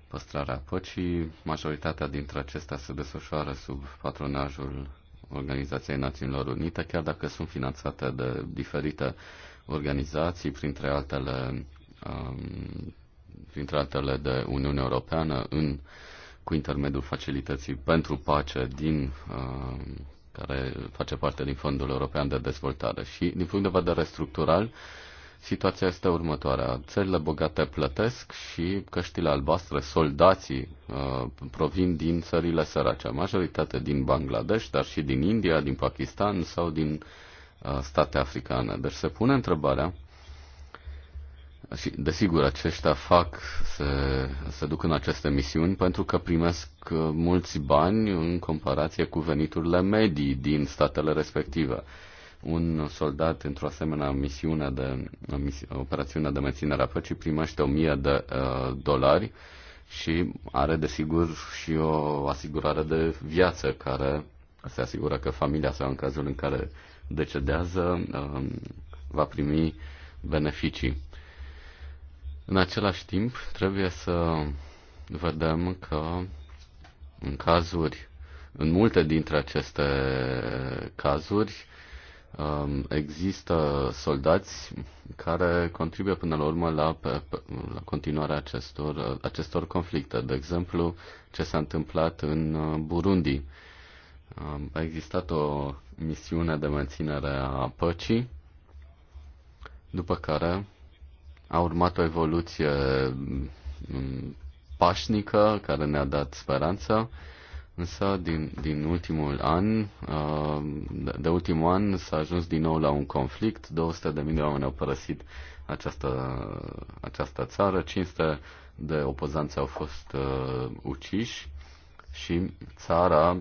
păstrare a păcii. Majoritatea dintre acestea se desfășoară sub patronajul Organizației Națiunilor Unite, chiar dacă sunt finanțate de diferite organizații, printre altele, um, printre altele de Uniunea Europeană, în, cu intermediul Facilității pentru Pace din uh, care face parte din Fondul European de Dezvoltare. Și din punct de vedere structural, situația este următoarea. Țările bogate plătesc și căștile albastre, soldații, uh, provin din țările sărace. Majoritate din Bangladesh, dar și din India, din Pakistan sau din uh, state africane. Deci se pune întrebarea Desigur, aceștia fac, să se duc în aceste misiuni pentru că primesc uh, mulți bani în comparație cu veniturile medii din statele respective. Un soldat într-o asemenea misiune de, uh, operațiune de menținere a păcii primește 1000 de uh, dolari și are desigur și o asigurare de viață care se asigură că familia sau în cazul în care decedează uh, va primi beneficii. În același timp, trebuie să vedem că în cazuri, în multe dintre aceste cazuri, um, există soldați care contribuie până la urmă la, pe, la continuarea acestor, acestor conflicte. De exemplu, ce s-a întâmplat în Burundi. Um, a existat o misiune de menținere a păcii, după care a urmat o evoluție mm, pașnică care ne-a dat speranță, însă din, din ultimul an, uh, de ultimul an s-a ajuns din nou la un conflict, 200 de mii de oameni au părăsit această, această țară, 500 de opozanți au fost uh, uciși și țara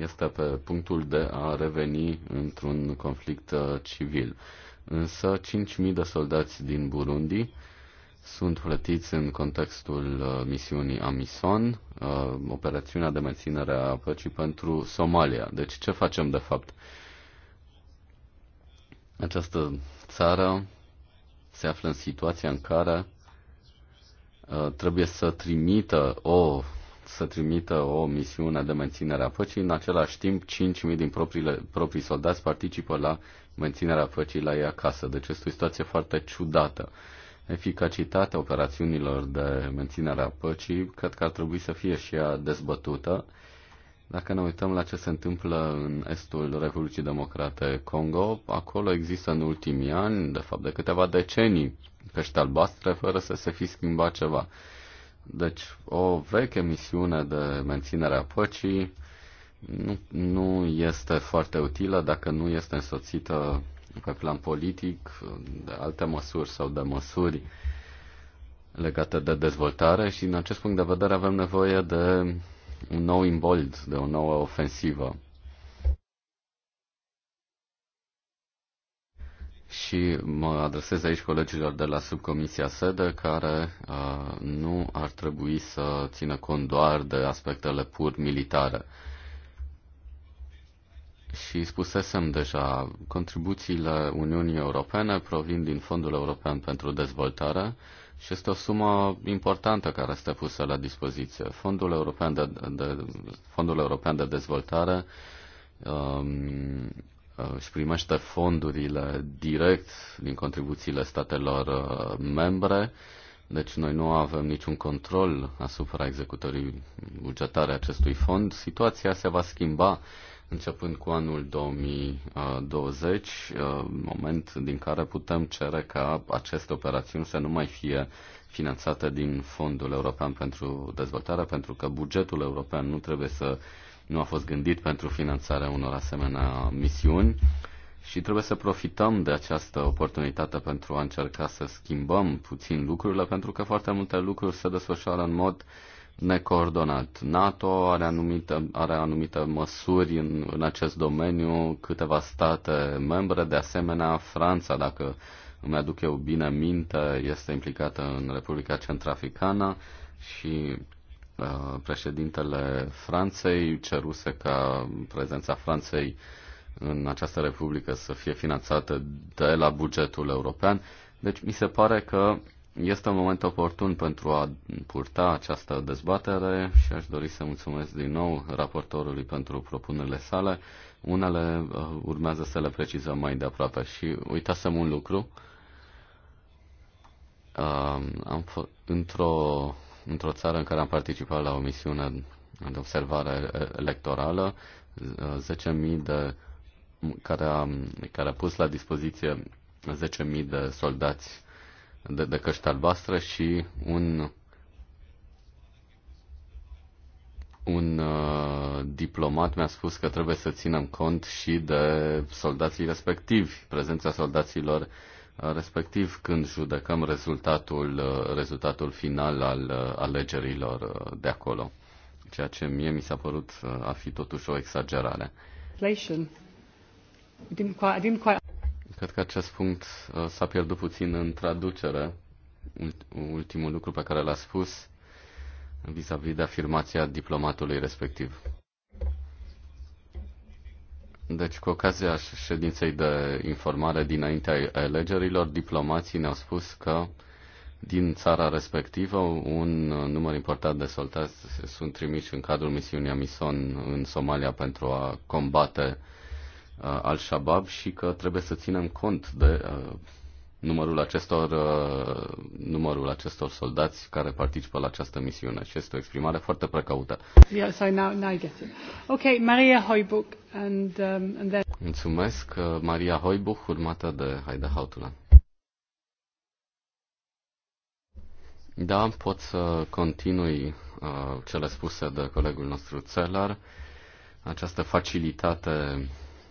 este pe punctul de a reveni într-un conflict uh, civil. Uh, însă 5.000 de soldați din Burundi sunt plătiți în contextul uh, misiunii Amison, uh, operațiunea de menținere a păcii pentru Somalia. Deci ce facem de fapt? Această țară se află în situația în care uh, trebuie să trimită o să trimită o misiune de menținere a păcii, în același timp 5.000 din propriile, proprii soldați participă la menținerea păcii la ei acasă. Deci este o situație foarte ciudată. Eficacitatea operațiunilor de menținere a păcii cred că ar trebui să fie și ea dezbătută. Dacă ne uităm la ce se întâmplă în estul Republicii Democrate Congo, acolo există în ultimii ani, de fapt de câteva decenii, căști albastre fără să se fi schimbat ceva. Deci, o veche misiune de menținere a păcii nu, nu este foarte utilă dacă nu este însoțită pe plan politic de alte măsuri sau de măsuri legate de dezvoltare și, în acest punct de vedere, avem nevoie de un nou imbold, de o nouă ofensivă. și mă adresez aici colegilor de la subcomisia SEDE care uh, nu ar trebui să țină cont doar de aspectele pur militare. Și spusesem deja, contribuțiile Uniunii Europene provin din Fondul European pentru Dezvoltare și este o sumă importantă care este pusă la dispoziție. Fondul European de, de, Fondul European de Dezvoltare um, își uh, primește fondurile direct din contribuțiile statelor uh, membre, deci noi nu avem niciun control asupra executării bugetare acestui fond. Situația se va schimba începând cu anul 2020, uh, moment din care putem cere ca aceste operațiuni să nu mai fie finanțate din Fondul European pentru Dezvoltare, pentru că bugetul european nu trebuie să nu a fost gândit pentru finanțarea unor asemenea misiuni și trebuie să profităm de această oportunitate pentru a încerca să schimbăm puțin lucrurile, pentru că foarte multe lucruri se desfășoară în mod necoordonat. NATO are anumite, are anumite măsuri în, în acest domeniu, câteva state membre, de asemenea Franța, dacă îmi aduc eu bine minte, este implicată în Republica Centrafricană și Uh, președintele Franței ceruse ca prezența Franței în această republică să fie finanțată de la bugetul european. Deci mi se pare că este un moment oportun pentru a purta această dezbatere și aș dori să mulțumesc din nou raportorului pentru propunerile sale. Unele uh, urmează să le precizăm mai de aproape și uitasem un lucru. Um, am într-o într-o țară în care am participat la o misiune de observare electorală, 10.000 de care a, care a pus la dispoziție 10.000 de soldați de, de căști albastră și un un uh, diplomat mi-a spus că trebuie să ținem cont și de soldații respectivi, prezența soldaților respectiv când judecăm rezultatul, rezultatul final al uh, alegerilor uh, de acolo. Ceea ce mie mi s-a părut uh, a fi totuși o exagerare. Cred că acest punct s-a pierdut puțin în traducere. Ultimul lucru pe care l-a spus vis-a-vis -vis de afirmația diplomatului respectiv. Deci, cu ocazia ședinței de informare dinaintea alegerilor, diplomații ne-au spus că din țara respectivă un număr important de soldați sunt trimiși în cadrul misiunii Amison în Somalia pentru a combate uh, al-Shabaab și că trebuie să ținem cont de uh, numărul acestor, uh, numărul acestor soldați care participă la această misiune și este o exprimare foarte precaută. Yeah, sorry, now, now I get it. Ok, Maria Hoibuch and, um, and then... Mulțumesc, uh, Maria Hoibuch, urmată de Haida Hautula. Da, pot să continui uh, cele spuse de colegul nostru Țelar. Această facilitate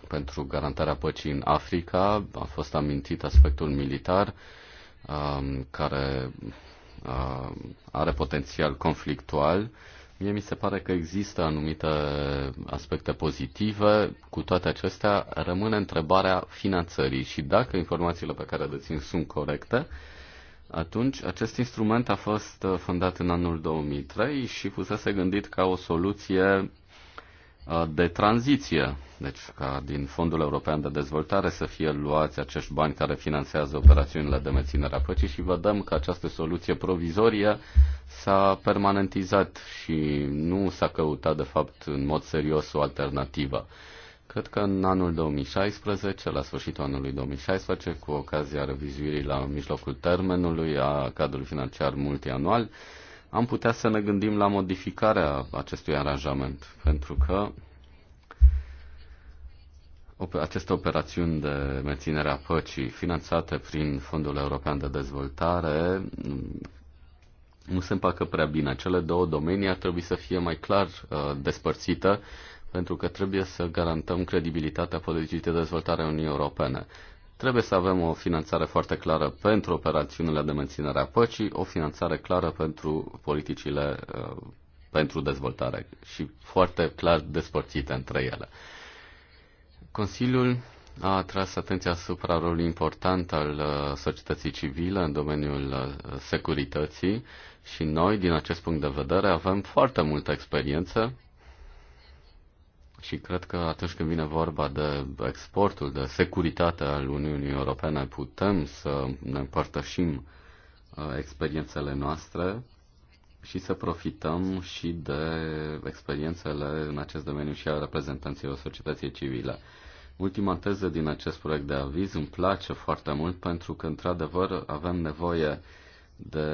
pentru garantarea păcii în Africa. A fost amintit aspectul militar um, care um, are potențial conflictual. Mie mi se pare că există anumite aspecte pozitive. Cu toate acestea, rămâne întrebarea finanțării și dacă informațiile pe care le dețin sunt corecte, atunci acest instrument a fost uh, fondat în anul 2003 și fusese gândit ca o soluție uh, de tranziție deci ca din Fondul European de Dezvoltare să fie luați acești bani care finanțează operațiunile de menținere a păcii și vedem că această soluție provizorie s-a permanentizat și nu s-a căutat de fapt în mod serios o alternativă. Cred că în anul 2016, la sfârșitul anului 2016, cu ocazia revizuirii la mijlocul termenului a cadrului financiar multianual, am putea să ne gândim la modificarea acestui aranjament, pentru că aceste operațiuni de menținere a păcii finanțate prin Fondul European de Dezvoltare nu se împacă prea bine. Cele două domenii ar trebui să fie mai clar uh, despărțite pentru că trebuie să garantăm credibilitatea politicii de dezvoltare a Uniunii Europene. Trebuie să avem o finanțare foarte clară pentru operațiunile de menținere a păcii, o finanțare clară pentru politicile uh, pentru dezvoltare și foarte clar despărțite între ele. Consiliul a atras atenția asupra rolului important al uh, societății civile în domeniul uh, securității și noi, din acest punct de vedere, avem foarte multă experiență și cred că atunci când vine vorba de exportul, de securitate al Uniunii Europene, putem să ne împărtășim uh, experiențele noastre și să profităm și de experiențele în acest domeniu și a reprezentanților societății civile. Ultima teză din acest proiect de aviz îmi place foarte mult pentru că, într-adevăr, avem nevoie de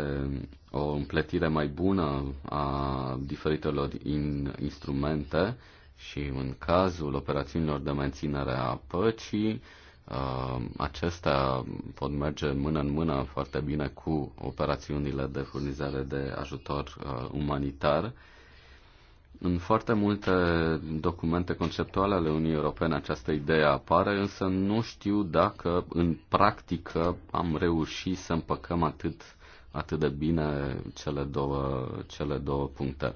o împletire mai bună a diferitelor in- instrumente și, în cazul operațiunilor de menținere a păcii, Uh, acestea pot merge mână în mână foarte bine cu operațiunile de furnizare de ajutor uh, umanitar. În foarte multe documente conceptuale ale Uniunii Europene această idee apare, însă nu știu dacă în practică am reușit să împăcăm atât, atât de bine cele două, cele două puncte.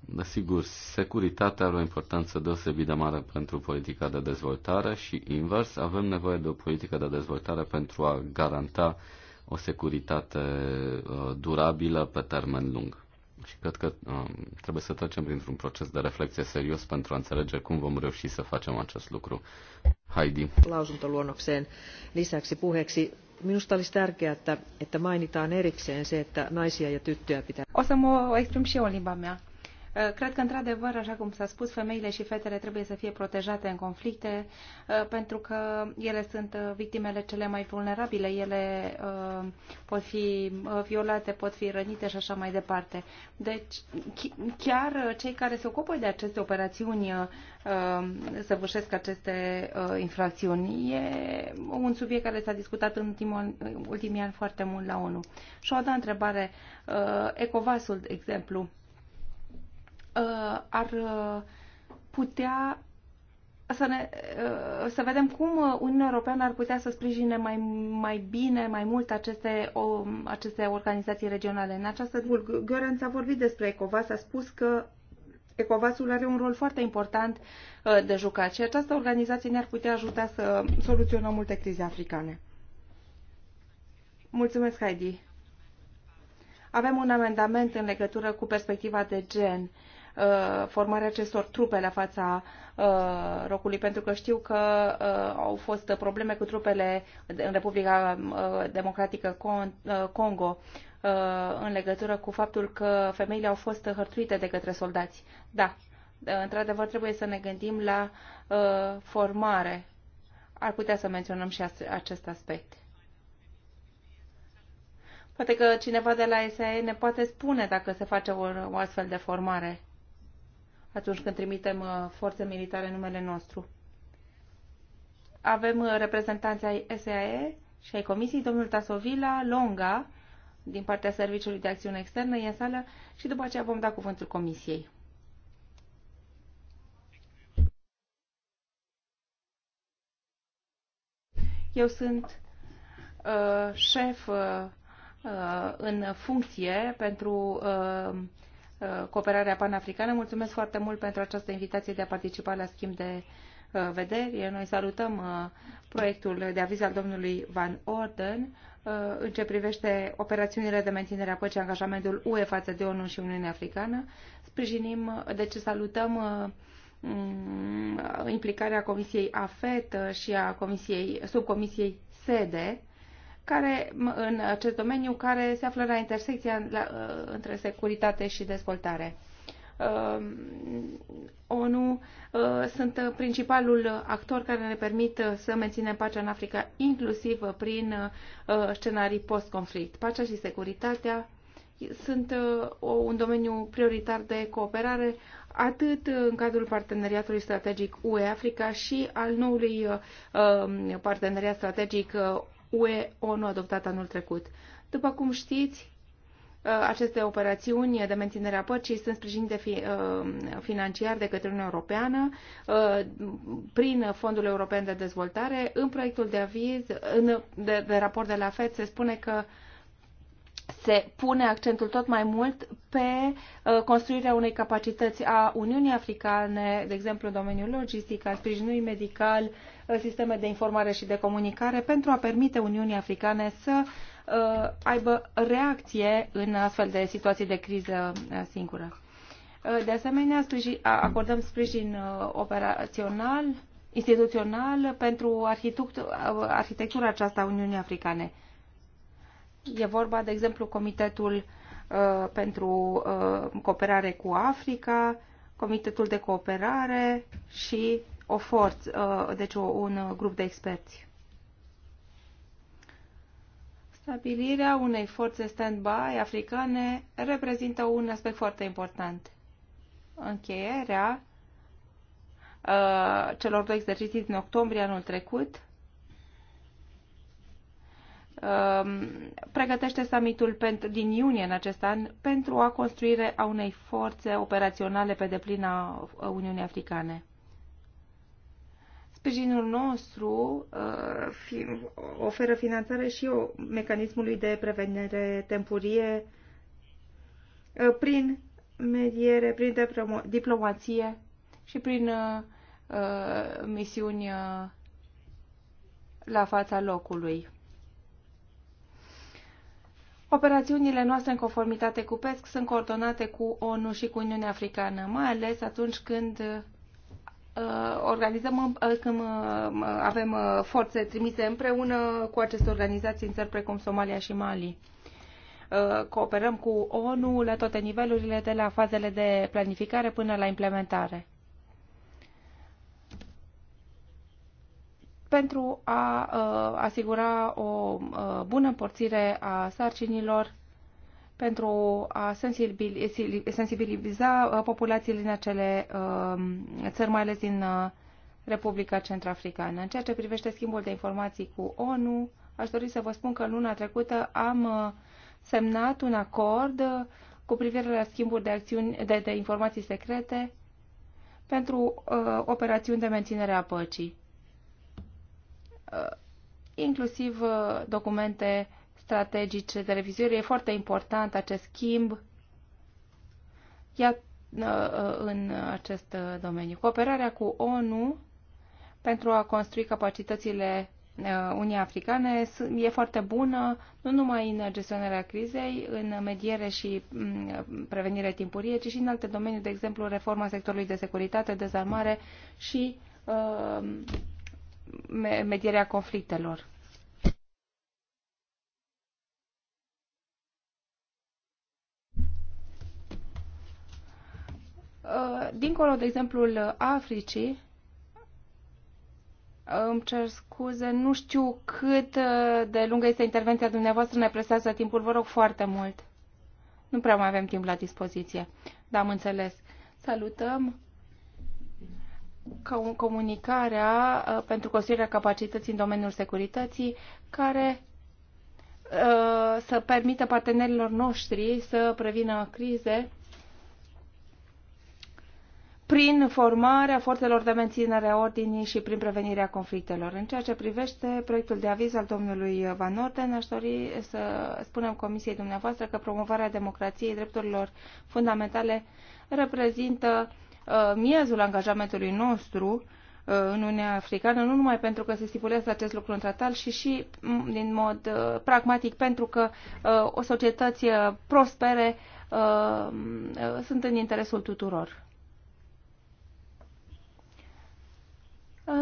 Desigur, securitatea are o importanță deosebit de mare pentru politica de dezvoltare și invers, avem nevoie de o politică de dezvoltare pentru a garanta o securitate uh, durabilă pe termen lung. Și cred că um, trebuie să trecem printr-un proces de reflexie serios pentru a înțelege cum vom reuși să facem acest lucru. Heidi. Lausuntoluonnokseen lisäksi puheeksi minusta olisi tärkeää, että, että mainitaan erikseen se, että naisia ja tyttöjä pitää... Osa mua, eikö exprim și limba mea. Uh, cred că, într-adevăr, așa cum s-a spus, femeile și fetele trebuie să fie protejate în conflicte, uh, pentru că ele sunt uh, victimele cele mai vulnerabile, ele pot fi violate, pot fi rănite și așa mai departe. Deci, chiar cei care se ocupă de aceste operațiuni săvârșesc aceste infracțiuni. E un subiect care s-a discutat în ultimul, ultimii ani foarte mult la ONU. Și o altă întrebare, Ecovasul, de exemplu, uh, ar uh, putea să, ne, uh, să vedem cum uh, Uniunea Europeană ar putea să sprijine mai, mai bine, mai mult aceste, o, aceste organizații regionale. În această Gărenț a vorbit despre ECOVAS, a spus că Ecovasul are un rol foarte important uh, de jucat și această organizație ne-ar putea ajuta să soluționăm multe crize africane. Mulțumesc, Heidi. Avem un amendament în legătură cu perspectiva de gen Uh, formarea acestor trupe la fața rocului, uh, pentru că știu că uh, au fost probleme cu trupele în Republica Democratică Congo în legătură cu faptul că femeile au fost hărțuite de către soldați. Da, într-adevăr trebuie să ne gândim la formare. Ar putea să menționăm și acest aspect. Poate că cineva de la SAE ne poate spune dacă se face o, o astfel de formare atunci când trimitem uh, forțe militare în numele nostru. Avem uh, reprezentanții ai SAE și ai Comisiei, domnul Tasovila Longa, din partea Serviciului de Acțiune Externă, e în sală și după aceea vom da cuvântul Comisiei. Eu sunt uh, șef uh, uh în funcție pentru uh, Uh, cooperarea panafricană. Mulțumesc foarte mult pentru această invitație de a participa la schimb de uh, vederi. Noi salutăm uh, proiectul de aviz al domnului Van Orden în ce privește operațiunile de menținere a păcii, angajamentul UE față de ONU și Uniunea Africană. Sprijinim, deci salutăm mm, implicarea Comisiei AFET și a Comisiei, subcomisiei SEDE care, în acest domeniu care se află la intersecția la, ă, între securitate și dezvoltare. Ă, ONU ă, sunt principalul actor care ne permit să menținem pacea în Africa, inclusiv prin scenarii post-conflict. Pacea și securitatea sunt un domeniu prioritar de cooperare atât în cadrul parteneriatului strategic UE-Africa și al noului parteneriat strategic UE ONU adoptat anul trecut. După cum știți, uh, aceste operațiuni de menținere a păcii sunt sprijinite uh, financiar de către Uniunea Europeană uh, prin Fondul European de Dezvoltare. În proiectul de aviz, în, de, de raport de la FED, se spune că uh, se pune accentul tot mai mult pe uh, construirea unei capacități a Uniunii Africane, de exemplu în domeniul logistic, al sprijinului medical, uh, sisteme de informare și de comunicare, pentru a permite Uniunii Africane să uh, aibă reacție în astfel de situații de criză singură. De asemenea, sprijin, acordăm sprijin operațional, instituțional pentru arhitectura aceasta a Uniunii Africane E vorba, de exemplu, Comitetul uh, pentru uh, Cooperare cu Africa, Comitetul de Cooperare și o forță, uh, deci o, un grup de experți. Stabilirea unei forțe stand-by africane reprezintă un aspect foarte important. Încheierea uh, celor două exerciții din octombrie anul trecut Um, pregătește summitul pentru, din iunie în acest an pentru a construire a unei forțe operaționale pe deplin a Uniunii Africane. Sprijinul nostru uh, oferă finanțare și o mecanismului de prevenire temporie uh, prin mediere, prin diplomație și prin uh, misiuni la fața locului. Operațiunile noastre în conformitate cu PESC sunt coordonate cu ONU și cu Uniunea Africană, mai ales atunci când uh, organizăm, uh, când uh, avem forțe trimise împreună cu aceste organizații în țări precum Somalia și Mali. Cooperăm cu ONU la toate nivelurile, de la fazele de planificare până la implementare. pentru a uh, asigura o uh, bună împărțire a sarcinilor, pentru a sensibiliza uh, populațiile în acele uh, țări, mai ales din uh, Republica Centrafricană. În ceea ce privește schimbul de informații cu ONU, aș dori să vă spun că luna trecută am uh, semnat un acord uh, cu privire la schimbul de, acțiuni, de, de informații secrete pentru uh, operațiuni de menținere a păcii Uh, inclusiv uh, documente strategice de revizuire. E foarte important acest schimb uh, în acest domeniu. Cooperarea cu ONU pentru a construi capacitățile Unii Africane e foarte bună, nu numai în gestionarea crizei, în mediere și mm, prevenire timpurie, ci și în alte domenii, de exemplu, reforma sectorului de securitate, dezarmare și uh, medierea conflictelor. Uh, dincolo de exemplul Africii, îmi cer scuze, nu știu cât uh, de lungă este intervenția dumneavoastră, ne presează timpul, vă rog foarte mult. Nu prea mai avem timp la dispoziție. Da, am înțeles. Salutăm comunicarea uh, pentru construirea capacității în domeniul securității, care uh, să permită partenerilor noștri să prevină crize prin formarea forțelor de menținere a ordinii și prin prevenirea conflictelor. În ceea ce privește proiectul de aviz al domnului Van Orden, aș dori să spunem comisiei dumneavoastră că promovarea democrației drepturilor fundamentale reprezintă uh, Uh, miezul angajamentului nostru uh, în Uniunea Africană, nu numai pentru că se stipulează acest lucru în tratat, și și mm, din mod uh, pragmatic pentru că o societate prospere sunt în interesul tuturor.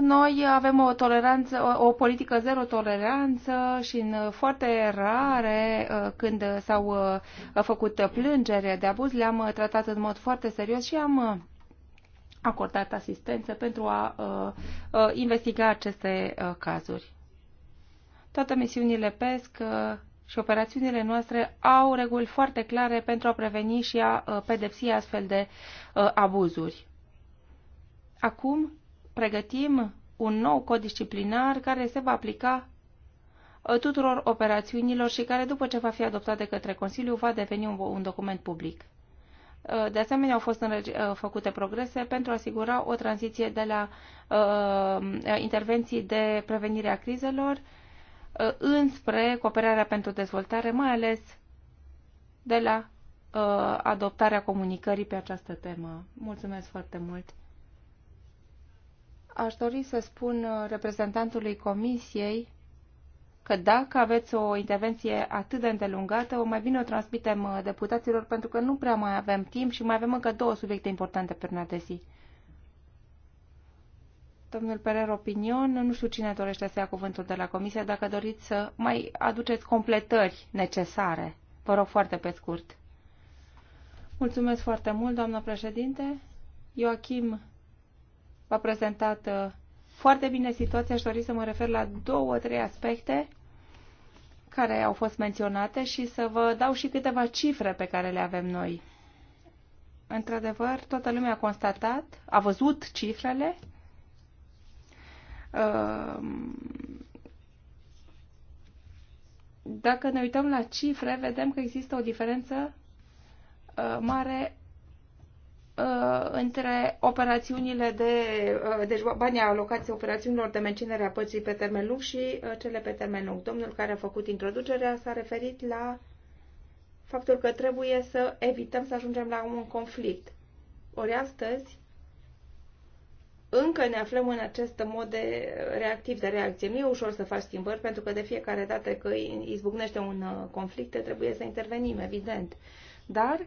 Noi avem o toleranță, o, o politică zero toleranță și în foarte rare când s-au făcut plângere de abuz le-am tratat în mod foarte serios și am acordat asistență pentru a uh, uh, investiga aceste uh, cazuri. Toate misiunile PESC și operațiunile noastre au reguli foarte clare pentru a preveni și a pedepsi astfel de abuzuri. Acum pregătim un nou cod disciplinar care se va aplica tuturor operațiunilor și care, după ce va fi adoptat de către Consiliu, va deveni un, un document public. Uh, de asemenea, au fost uh, făcute progrese pentru a asigura o tranziție de la uh, intervenții de prevenire a crizelor uh, înspre cooperarea pentru dezvoltare, mai ales de la uh, adoptarea comunicării pe această temă. Mulțumesc foarte mult! Aș dori să spun uh, reprezentantului Comisiei că dacă aveți o intervenție atât de îndelungată, o mai bine o transmitem uh, deputaților, pentru că nu prea mai avem timp și mai avem încă două subiecte importante pe urmă de zi. Domnul Perer Opinion, nu știu cine dorește să ia cuvântul de la comisie, dacă doriți să mai aduceți completări necesare. Vă rog foarte pe scurt. Mulțumesc foarte mult, doamnă președinte. Joachim v-a prezentat uh, foarte bine situația, aș dori să mă refer la două, trei aspecte care au fost menționate și să vă dau și câteva cifre pe care le avem noi. Într-adevăr, toată lumea a constatat, a văzut cifrele. Ehm, dacă ne uităm la cifre, vedem că există o diferență eh, mare Uh, între operațiunile de, uh, deci banii alocați operațiunilor de menținere a păcii pe termen lung și uh, cele pe termen lung. Domnul care a făcut introducerea s-a referit la faptul că trebuie să evităm să ajungem la un conflict. Ori astăzi încă ne aflăm în acest mod de reactiv de reacție. Nu e ușor să faci schimbări pentru că de fiecare dată că izbucnește un conflict trebuie să intervenim, evident. Dar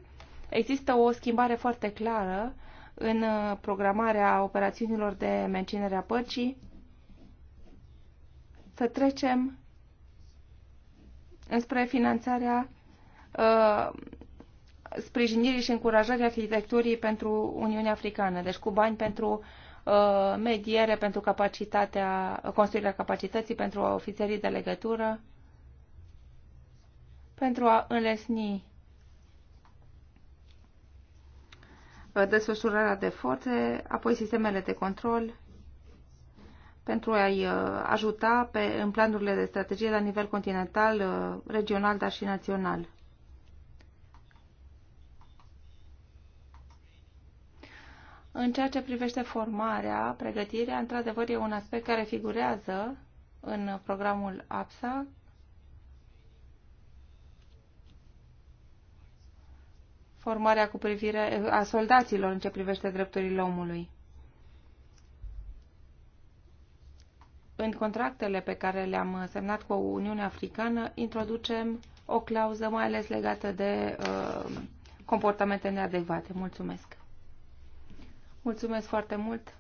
Există o schimbare foarte clară în uh, programarea operațiunilor de menținere a păcii. Să trecem înspre finanțarea uh, sprijinirii și încurajării arhitecturii pentru Uniunea Africană, deci cu bani pentru uh, mediere, pentru capacitatea, construirea capacității pentru ofițerii de legătură, pentru a înlesni desfășurarea de forțe, apoi sistemele de control pentru a-i uh, ajuta pe, în planurile de strategie la nivel continental, uh, regional, dar și național. În ceea ce privește formarea, pregătirea, într-adevăr e un aspect care figurează în programul APSA, formarea cu privire a soldaților în ce privește drepturile omului. În contractele pe care le-am semnat cu Uniunea Africană, introducem o clauză mai ales legată de uh, comportamente neadecvate. Mulțumesc! Mulțumesc foarte mult!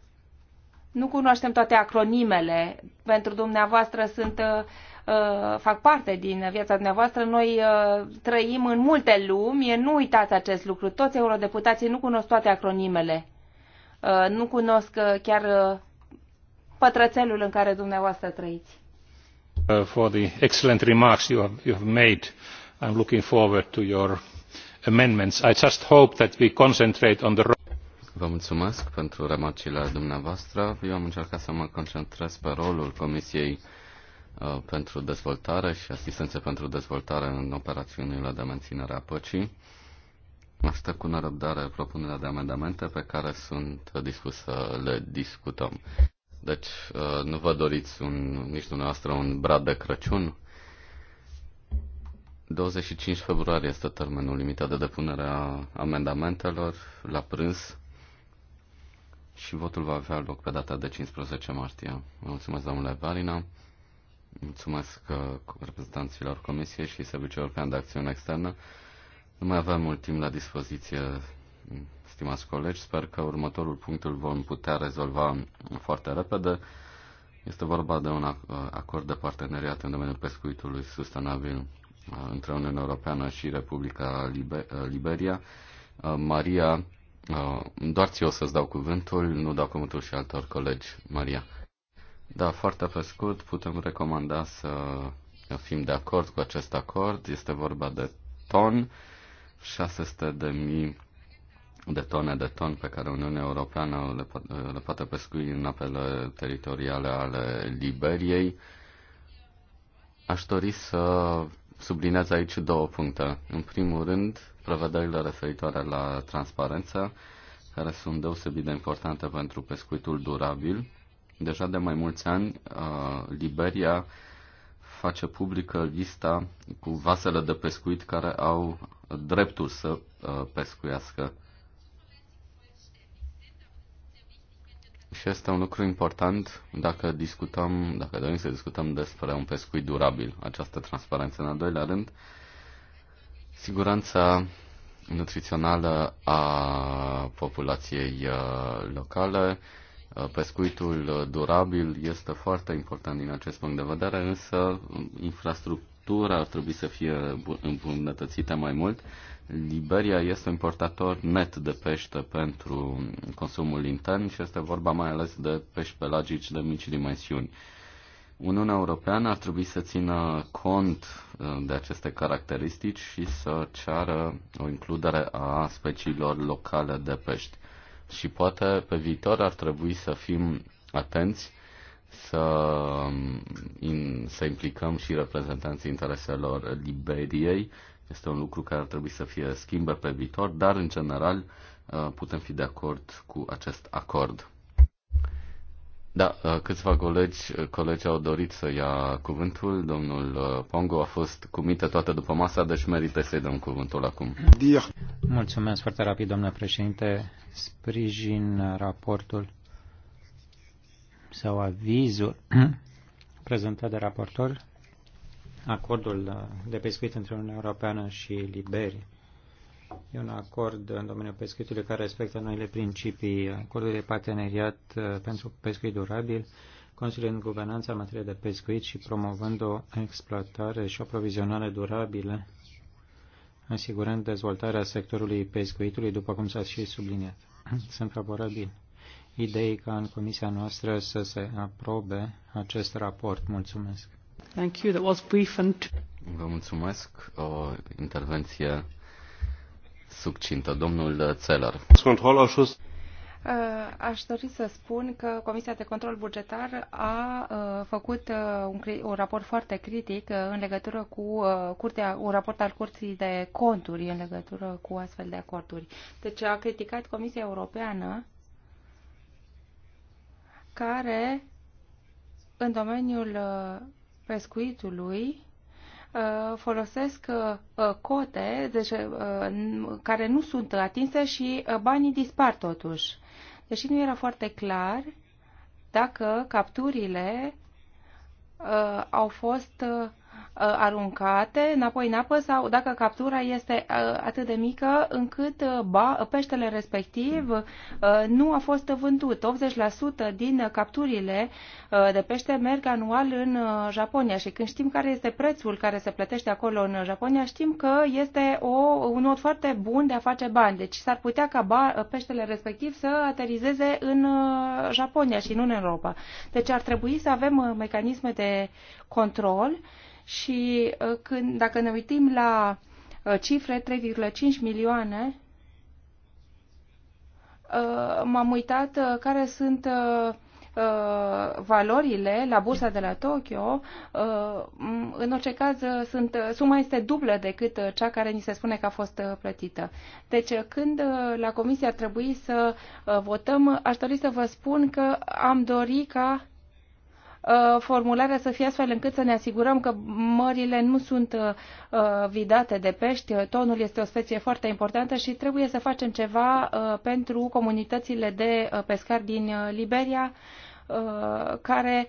Nu cunoaștem toate acronimele. Pentru dumneavoastră sunt uh, Uh, fac parte din viața dumneavoastră. Noi uh, trăim în multe lumi, nu uitați acest lucru. Toți eurodeputații nu cunosc toate acronimele. Uh, nu cunosc chiar pătrățelul în care dumneavoastră trăiți. Uh, for the excellent remarks you have, you have made. I'm looking forward to your amendments. I just hope that we concentrate on the Vă mulțumesc pentru remarcile dumneavoastră. Eu am încercat să mă concentrez pe rolul Comisiei Uh, pentru dezvoltare și asistență pentru dezvoltare în operațiunile de menținere a păcii. Aștept cu nerăbdare propunerea de amendamente pe care sunt dispus să le discutăm. Deci uh, nu vă doriți un, nici dumneavoastră un brad de Crăciun? 25 februarie este termenul limitat de depunere a amendamentelor la prânz și votul va avea loc pe data de 15 martie. Mulțumesc, domnule Varina. Mulțumesc uh, reprezentanților Comisiei și Serviciul European de Acțiune Externă. Nu mai avem mult timp la dispoziție, stimați colegi. Sper că următorul punct îl vom putea rezolva foarte repede. Este vorba de un acord de parteneriat în domeniul pescuitului sustenabil uh, între Uniunea Europeană și Republica uh, Liberia. Maria, doar ți o să-ți dau cuvântul, nu dau cuvântul și altor colegi. Maria. Da, foarte pe scurt, putem recomanda să fim de acord cu acest acord. Este vorba de ton, 600 de mii de tone de ton pe care Uniunea Europeană le, po- le poate pescui în apele teritoriale ale Liberiei. Aș dori să subliniez aici două puncte. În primul rând, prevederile referitoare la transparență, care sunt deosebit de importante pentru pescuitul durabil Deja de mai mulți ani, uh, Liberia face publică lista cu vasele de pescuit care au dreptul să uh, pescuiască. Și este un lucru important dacă discutăm, dacă dorim să discutăm despre un pescuit durabil, această transparență. În al doilea rând, siguranța nutrițională a populației uh, locale, Uh, pescuitul uh, durabil este foarte important din acest punct de vedere, însă um, infrastructura ar trebui să fie îmbunătățită mai mult. Liberia este un importator net de pește pentru consumul intern și este vorba mai ales de pești pelagici de mici dimensiuni. Uniunea Europeană ar trebui să țină cont uh, de aceste caracteristici și să ceară o includere a speciilor locale de pești și poate pe viitor ar trebui să fim atenți să, in, să implicăm și reprezentanții intereselor Liberiei. Este un lucru care ar trebui să fie schimbat pe viitor, dar în general uh, putem fi de acord cu acest acord. Da, uh, câțiva colegi, uh, colegi au dorit să ia cuvântul. Domnul uh, Pongo a fost cu minte toată după masa, deci merită să-i dăm cuvântul acum. Mulțumesc foarte rapid, domnule președinte. Sprijin raportul sau avizul prezentat de raportor, acordul de pescuit între Uniunea Europeană și Liberia E un acord în domeniul pescuitului care respectă noile principii, acordului de parteneriat uh, pentru pescuit durabil, consiliind guvernanța în materie de pescuit și promovând o exploatare și o provizionare durabilă, asigurând dezvoltarea sectorului pescuitului, după cum s-a și subliniat. Sunt favorabil idei ca în comisia noastră să se aprobe acest raport. Mulțumesc. Thank you. That was brief and... Vă mulțumesc. O intervenție succintă. Domnul Țeler. Uh, aș dori să spun că Comisia de Control Bugetar a uh, făcut uh, un, un raport foarte critic în legătură cu curtea, un raport al Curții de Conturi în legătură cu astfel de acorduri. Deci a criticat Comisia Europeană care în domeniul pescuitului Uh, folosesc uh, uh, cote deci, care nu sunt atinse și banii dispar totuși. Deși nu era foarte clar dacă capturile au fost Uh, aruncate înapoi în apă sau dacă captura este uh, atât de mică încât uh, ba, peștele respectiv nu a fost vândut. 80% din capturile de pește merg anual în Japonia și când știm care este prețul care se plătește acolo în Japonia, știm că este o, un mod foarte bun de a face bani. Deci s-ar putea ca ba, peștele respectiv să aterizeze în Japonia și nu în Europa. Deci ar trebui să avem mecanisme de control uh, și uh, când, dacă ne uităm la uh, cifre, 3,5 milioane, uh, m-am uitat care sunt valorile la bursa de la Tokyo, în orice caz, sunt, suma este dublă decât cea care ni se spune că a fost plătită. Deci, când la comisie ar trebui să votăm, aș dori să vă spun că am dorit ca Uh, formularea să fie astfel încât să ne asigurăm că mările nu sunt uh, vidate de pești. Tonul este o specie foarte importantă și trebuie să facem ceva uh, pentru comunitățile de pescari din Liberia care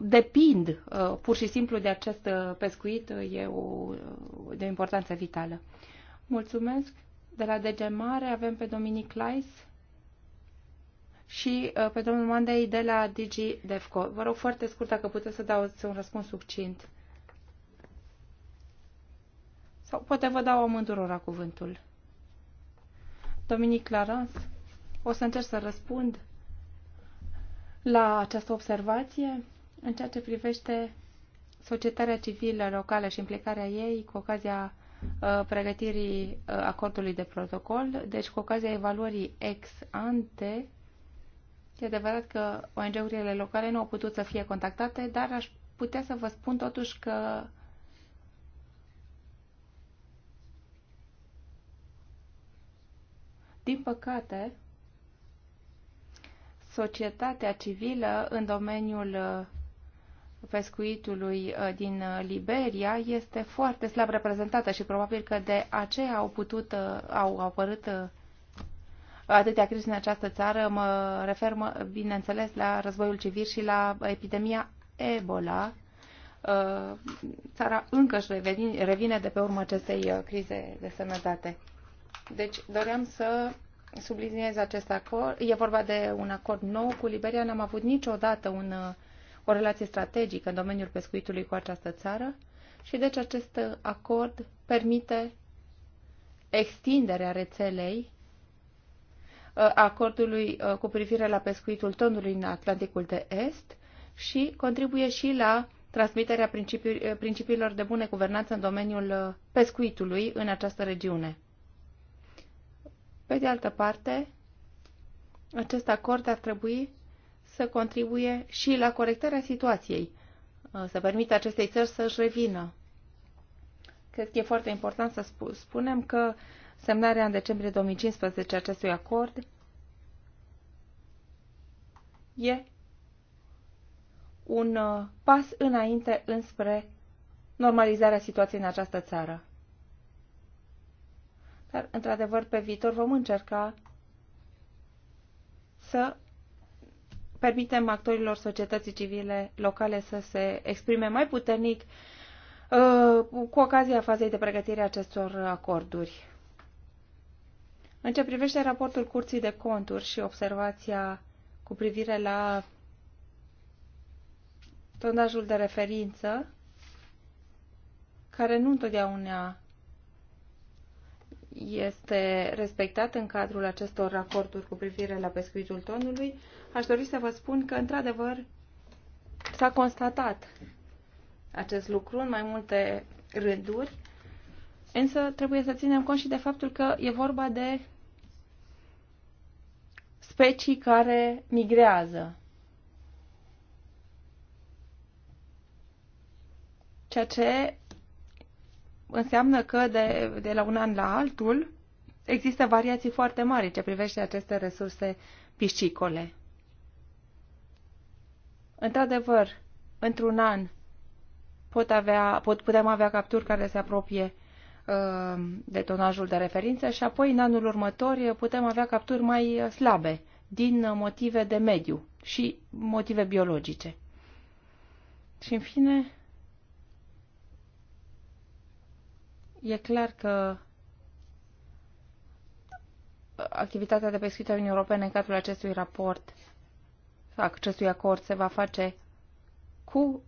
depind pur și simplu de acest pescuit, e o, de o importanță vitală. Mulțumesc! De la DG Mare avem pe Dominic Lais și uh, pe domnul Mandei de la Digi Defco. Vă rog foarte scurt dacă puteți să dați un răspuns succint. Sau poate vă dau amândurora cuvântul. Dominic Larans, o să încerc să răspund la această observație în ceea ce privește societatea civilă locală și implicarea ei cu ocazia uh, pregătirii uh, acordului de protocol, deci cu ocazia evaluării ex ante E adevărat că ONG-urile locale nu au putut să fie contactate, dar aș putea să vă spun totuși că din păcate, societatea civilă în domeniul uh, pescuitului uh, din uh, Liberia este foarte slab reprezentată și probabil că de aceea au putut, au apărut atâtea crize în această țară, mă refer, mă, bineînțeles, la războiul civil și la epidemia Ebola. Țara încă își revine de pe urmă acestei uh, crize de sănătate. Deci doream să subliniez acest acord. E vorba de un acord nou cu Liberia. N-am avut niciodată un, uh, o relație strategică în domeniul pescuitului cu această țară și deci acest uh, acord permite extinderea rețelei Uh, acordului uh, cu privire la pescuitul tonului în Atlanticul de Est și contribuie și la transmiterea uh, principiilor de bună guvernanță în domeniul pescuitului în această regiune. Pe de altă parte, acest acord ar trebui să contribuie și la corectarea situației, să permită acestei țări să-și revină. Cred că e foarte important să spunem că semnarea în decembrie 2015 acestui acord e un uh, pas înainte înspre normalizarea situației în această țară. Dar, într-adevăr, pe viitor vom încerca să permitem actorilor societății civile locale să se exprime mai puternic uh, cu ocazia fazei de pregătire a acestor acorduri. În ce privește raportul Curții de Conturi și observația cu privire la sondajul de referință, care nu întotdeauna este respectat în cadrul acestor raporturi cu privire la pescuitul tonului, aș dori să vă spun că, într-adevăr, s-a constatat acest lucru în mai multe rânduri Însă trebuie să ținem cont și de faptul că e vorba de specii care migrează. Ceea ce înseamnă că de, de la un an la altul există variații foarte mari ce privește aceste resurse piscicole. Într-adevăr, într-un an pot avea, pot, putem avea capturi care se apropie Uh, de tonajul de referință și apoi în anul următor putem avea capturi mai slabe din motive de mediu și motive biologice. Și în fine, e clar că activitatea de pescuit a Uniunii Europene în cadrul acestui raport, acestui acord, se va face cu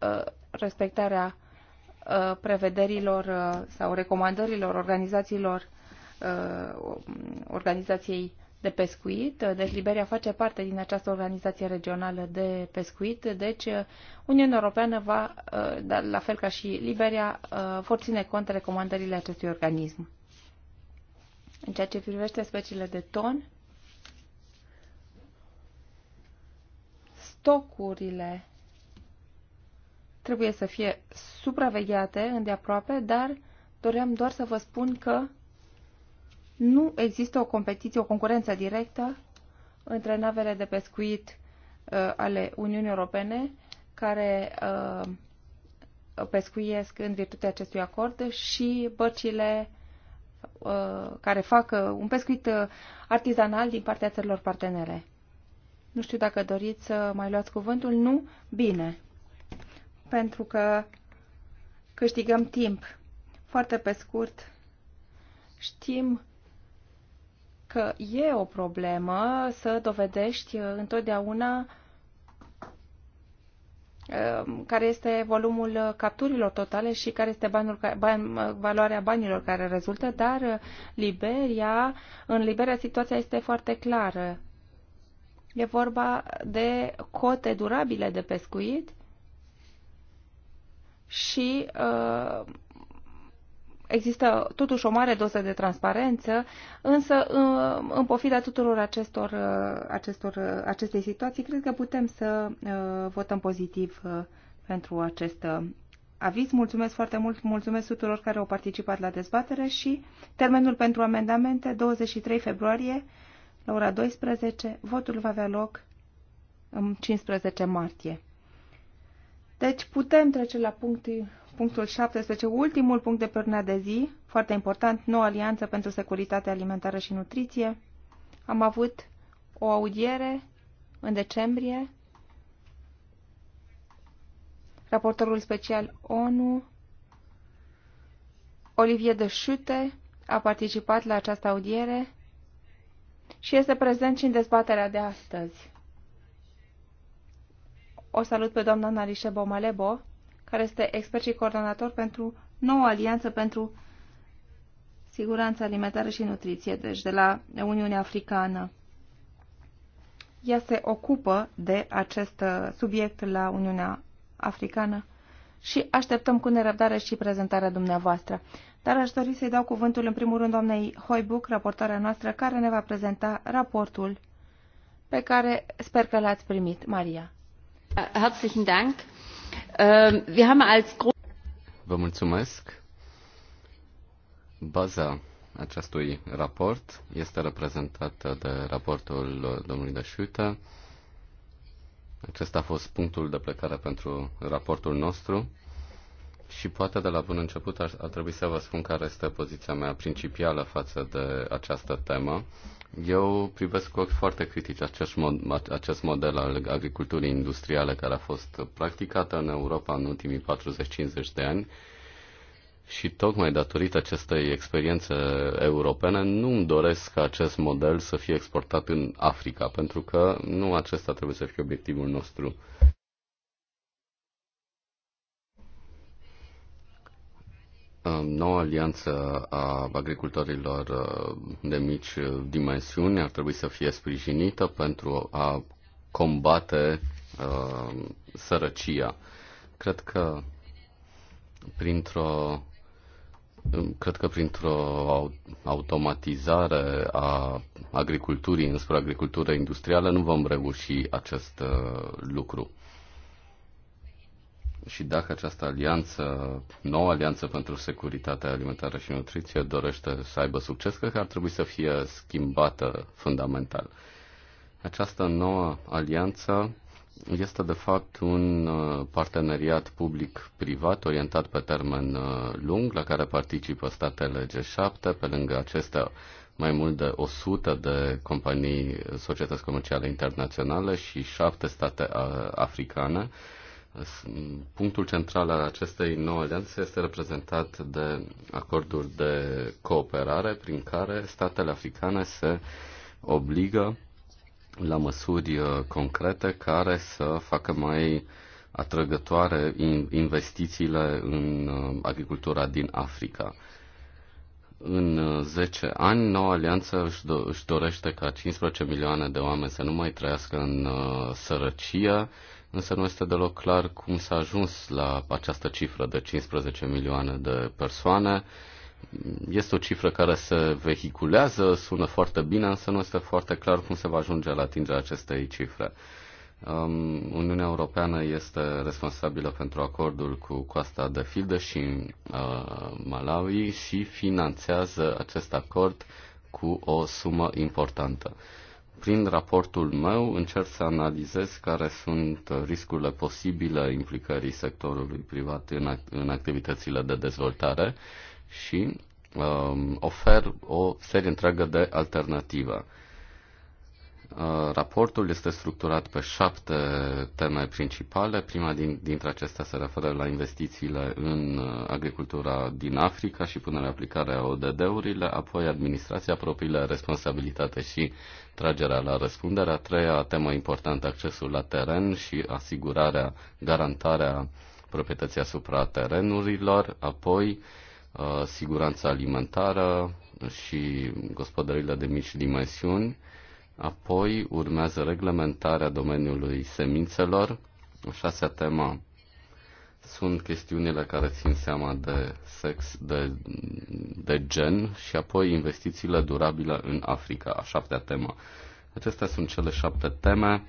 uh, respectarea Uh, prevederilor uh, sau recomandărilor organizațiilor uh, organizației de pescuit, deci Liberia face parte din această organizație regională de pescuit, deci Uniunea Europeană va, da, la fel ca și Liberia, vor ține cont recomandările acestui organism. În ceea ce privește speciile de ton, stocurile trebuie să fie supravegheate îndeaproape, dar doream doar să vă spun că nu există o competiție, o concurență directă între navele de pescuit uh, ale Uniunii Europene care uh, pescuiesc în virtutea acestui acord și bărcile uh, care fac uh, un pescuit uh, artizanal din partea țărilor partenere. Nu știu dacă doriți să mai luați cuvântul. Nu? Bine pentru că câștigăm timp. Foarte pe scurt, știm că e o problemă să dovedești întotdeauna um, care este volumul capturilor totale și care este banul, ban, valoarea banilor care rezultă, dar Liberia, în Liberia situația este foarte clară. E vorba de cote durabile de pescuit și uh, există totuși o mare doză de transparență, însă uh, în pofida tuturor acestor, uh, acestor, uh, acestei situații, cred că putem să votăm pozitiv pentru acest aviz. Mulțumesc foarte mult, mulțumesc tuturor care au participat la dezbatere și termenul pentru amendamente 23 februarie la ora 12, votul va avea loc în 15 martie. Deci putem trece la punctul, punctul 17, ultimul punct de pârnă de zi, foarte important, noua alianță pentru securitate alimentară și nutriție. Am avut o audiere în decembrie. Raportorul special ONU, Olivier de Șute, a participat la această audiere și este prezent și în dezbaterea de astăzi. O salut pe doamna Narișe Bomalebo, care este expert și coordonator pentru noua alianță pentru siguranță alimentară și nutriție, deci de la Uniunea Africană. Ea se ocupă de acest uh, subiect la Uniunea Africană și așteptăm cu nerăbdare și prezentarea dumneavoastră. Dar aș dori să-i dau cuvântul în primul rând doamnei Hoibuc, raportoarea noastră, care ne va prezenta raportul pe care sper că l-ați primit, Maria. Herzlichen Dank. Ähm, wir haben als Vă mulțumesc. Baza acestui raport este reprezentată de raportul domnului de Șută. Acesta a fost punctul de plecare pentru raportul nostru și poate de la bun început ar, ar trebui să vă spun care este poziția mea principială față de această temă. Eu privesc cu ochi foarte critici acest, mod, acest model al agriculturii industriale care a fost practicată în Europa în ultimii 40-50 de ani și tocmai datorită acestei experiențe europene nu îmi doresc ca acest model să fie exportat în Africa, pentru că nu acesta trebuie să fie obiectivul nostru. Um, noua alianță a agricultorilor uh, de mici uh, dimensiuni ar trebui să fie sprijinită pentru a combate uh, sărăcia. Cred că printr-o um, cred că printr-o automatizare a agriculturii înspre agricultură industrială nu vom reuși acest uh, lucru și dacă această alianță, nouă alianță pentru securitatea alimentară și nutriție dorește să aibă succes, cred că ar trebui să fie schimbată fundamental. Această nouă alianță este de fapt un uh, parteneriat public-privat orientat pe termen uh, lung, la care participă statele G7, pe lângă acestea mai mult de 100 de companii, uh, societăți comerciale internaționale și 7 state africane Punctul central al acestei noi alianțe este reprezentat de acorduri de cooperare prin care statele africane se obligă la măsuri uh, concrete care să facă mai atrăgătoare investițiile în uh, agricultura din Africa. În 10 uh, ani, noua alianță își, dorește ca 15 milioane de oameni să nu mai trăiască în sărăcie, însă nu este deloc clar cum s-a ajuns la această cifră de 15 milioane de persoane. Este o cifră care se vehiculează, sună foarte bine, însă nu este foarte clar cum se va ajunge la atingerea acestei cifre. Um, Uniunea Europeană este responsabilă pentru acordul cu Coasta de Filde și uh, Malawi și finanțează acest acord cu o sumă importantă. Uh, prin raportul meu încerc să analizez care sunt riscurile posibile implicării sectorului privat în, în activitățile de dezvoltare și um, ofer o serie întreagă de alternative. Uh, raportul este structurat pe șapte teme principale. Prima din, dintre acestea se referă la investițiile în uh, agricultura din Africa și punerea aplicare a ODD-urile, apoi administrația propriile responsabilitate și tragerea la răspundere. A treia temă importantă, accesul la teren și asigurarea, garantarea proprietății asupra terenurilor, apoi uh, siguranța alimentară și gospodările de mici dimensiuni, Apoi urmează reglementarea domeniului semințelor. O șasea temă sunt chestiunile care țin seama de sex, de, de gen și apoi investițiile durabile în Africa, a șaptea temă. Acestea sunt cele șapte teme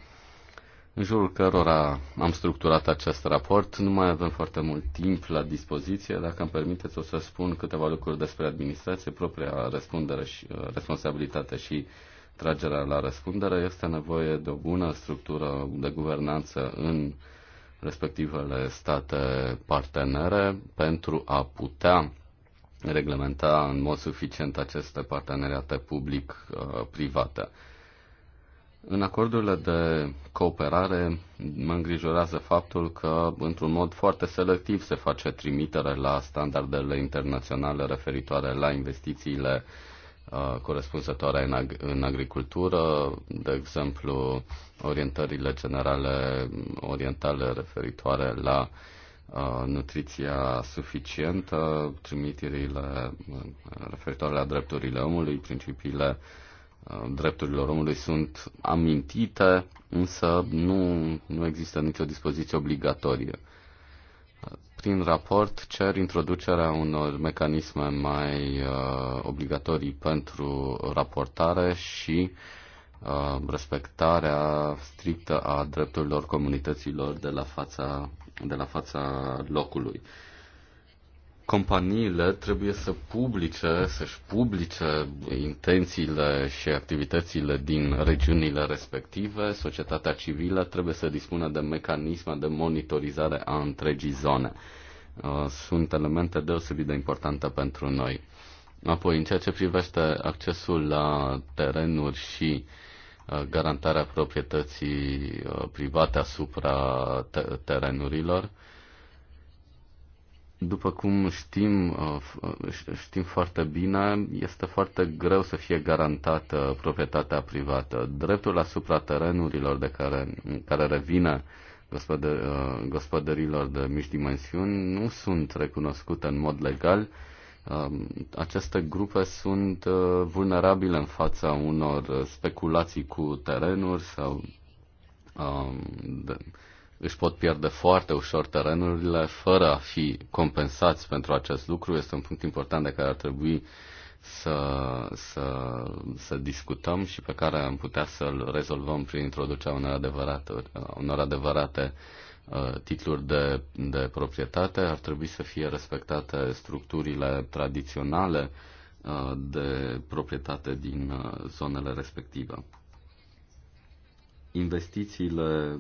în jurul cărora am structurat acest raport. Nu mai avem foarte mult timp la dispoziție. Dacă îmi permiteți, o să spun câteva lucruri despre administrație, propria răspundere și uh, responsabilitate și uh, tragerea la răspundere, este nevoie de o bună structură de guvernanță în respectivele state partenere pentru a putea reglementa în mod suficient aceste parteneriate public-private. În acordurile de cooperare mă îngrijorează faptul că, într-un mod foarte selectiv, se face trimitere la standardele internaționale referitoare la investițiile uh, Uh, corespunzătoare în, ag- în agricultură, de exemplu orientările generale orientale referitoare la uh, nutriția suficientă, trimitirile uh, referitoare la drepturile omului, principiile uh, drepturilor omului sunt amintite, însă nu, nu există nicio dispoziție obligatorie prin raport cer introducerea unor mecanisme mai uh, obligatorii pentru raportare și uh, respectarea strictă a drepturilor comunităților de la fața, de la fața locului. Uh, companiile trebuie să publice, să-și publice intențiile și activitățile din regiunile respective, societatea civilă trebuie să dispună de mecanisme de monitorizare a întregii zone. Uh, sunt elemente deosebit de importante pentru noi. Apoi, în ceea ce privește accesul la terenuri și uh, garantarea proprietății uh, private asupra terenurilor, după cum știm, uh, uh, știm foarte bine, este foarte greu să fie garantată proprietatea privată. Dreptul asupra terenurilor de care, care revine uh, gospodărilor de mici dimensiuni nu sunt recunoscute în mod legal. Um, aceste grupe sunt vulnerabile în fața unor speculații cu terenuri sau um, de, își pot pierde foarte ușor terenurile fără a fi compensați pentru acest lucru. Este un punct important de care ar trebui să, să, să discutăm și pe care am putea să-l rezolvăm prin introducerea unor adevărate, unor adevărate uh, titluri de, de proprietate. Ar trebui să fie respectate structurile tradiționale uh, de proprietate din uh, zonele respective investițiile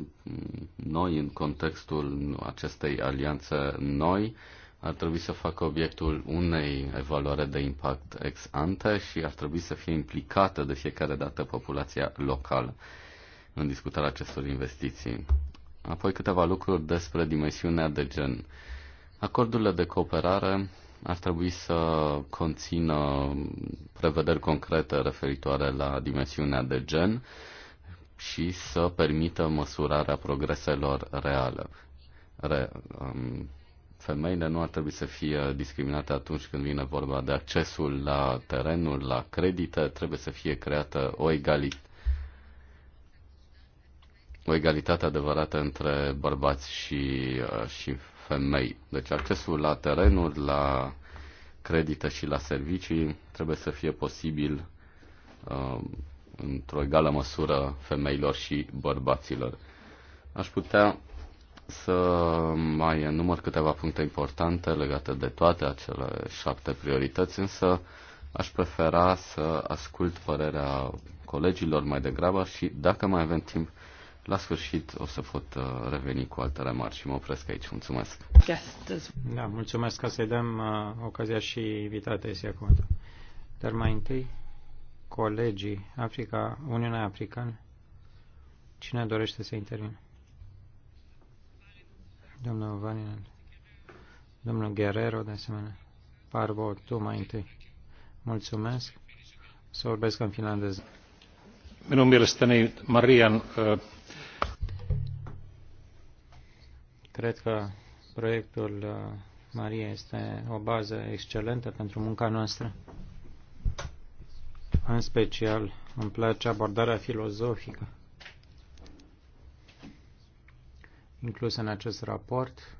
noi în contextul acestei alianțe noi ar trebui să facă obiectul unei evaluări de impact ex ante și ar trebui să fie implicată de fiecare dată populația locală în discutarea acestor investiții. Apoi câteva lucruri despre dimensiunea de gen. Acordurile de cooperare ar trebui să conțină prevederi concrete referitoare la dimensiunea de gen, și să permită măsurarea progreselor reale. Re, um, femeile nu ar trebui să fie discriminate atunci când vine vorba de accesul la terenul, la credite, trebuie să fie creată o egali- o egalitate adevărată între bărbați și, uh, și femei. Deci accesul la terenul, la credite și la servicii trebuie să fie posibil uh, într-o egală măsură femeilor și bărbaților. Aș putea să mai enumăr câteva puncte importante legate de toate acele șapte priorități, însă aș prefera să ascult părerea colegilor mai degrabă și dacă mai avem timp, la sfârșit o să pot uh, reveni cu alte remarci și mă opresc aici. Mulțumesc! Da, mulțumesc ca să-i dăm uh, ocazia și invitatei să ia Dar mai întâi colegii Africa, Uniunea Africană. Cine dorește să intervină? Domnul Vanin, domnul Guerrero, de asemenea. Parvo, tu mai întâi. Mulțumesc. Să vorbesc în finlandeză. Minun mielestäni Marian... Cred că proiectul Maria este o bază excelentă pentru munca noastră. În special îmi place abordarea filozofică inclusă în acest raport.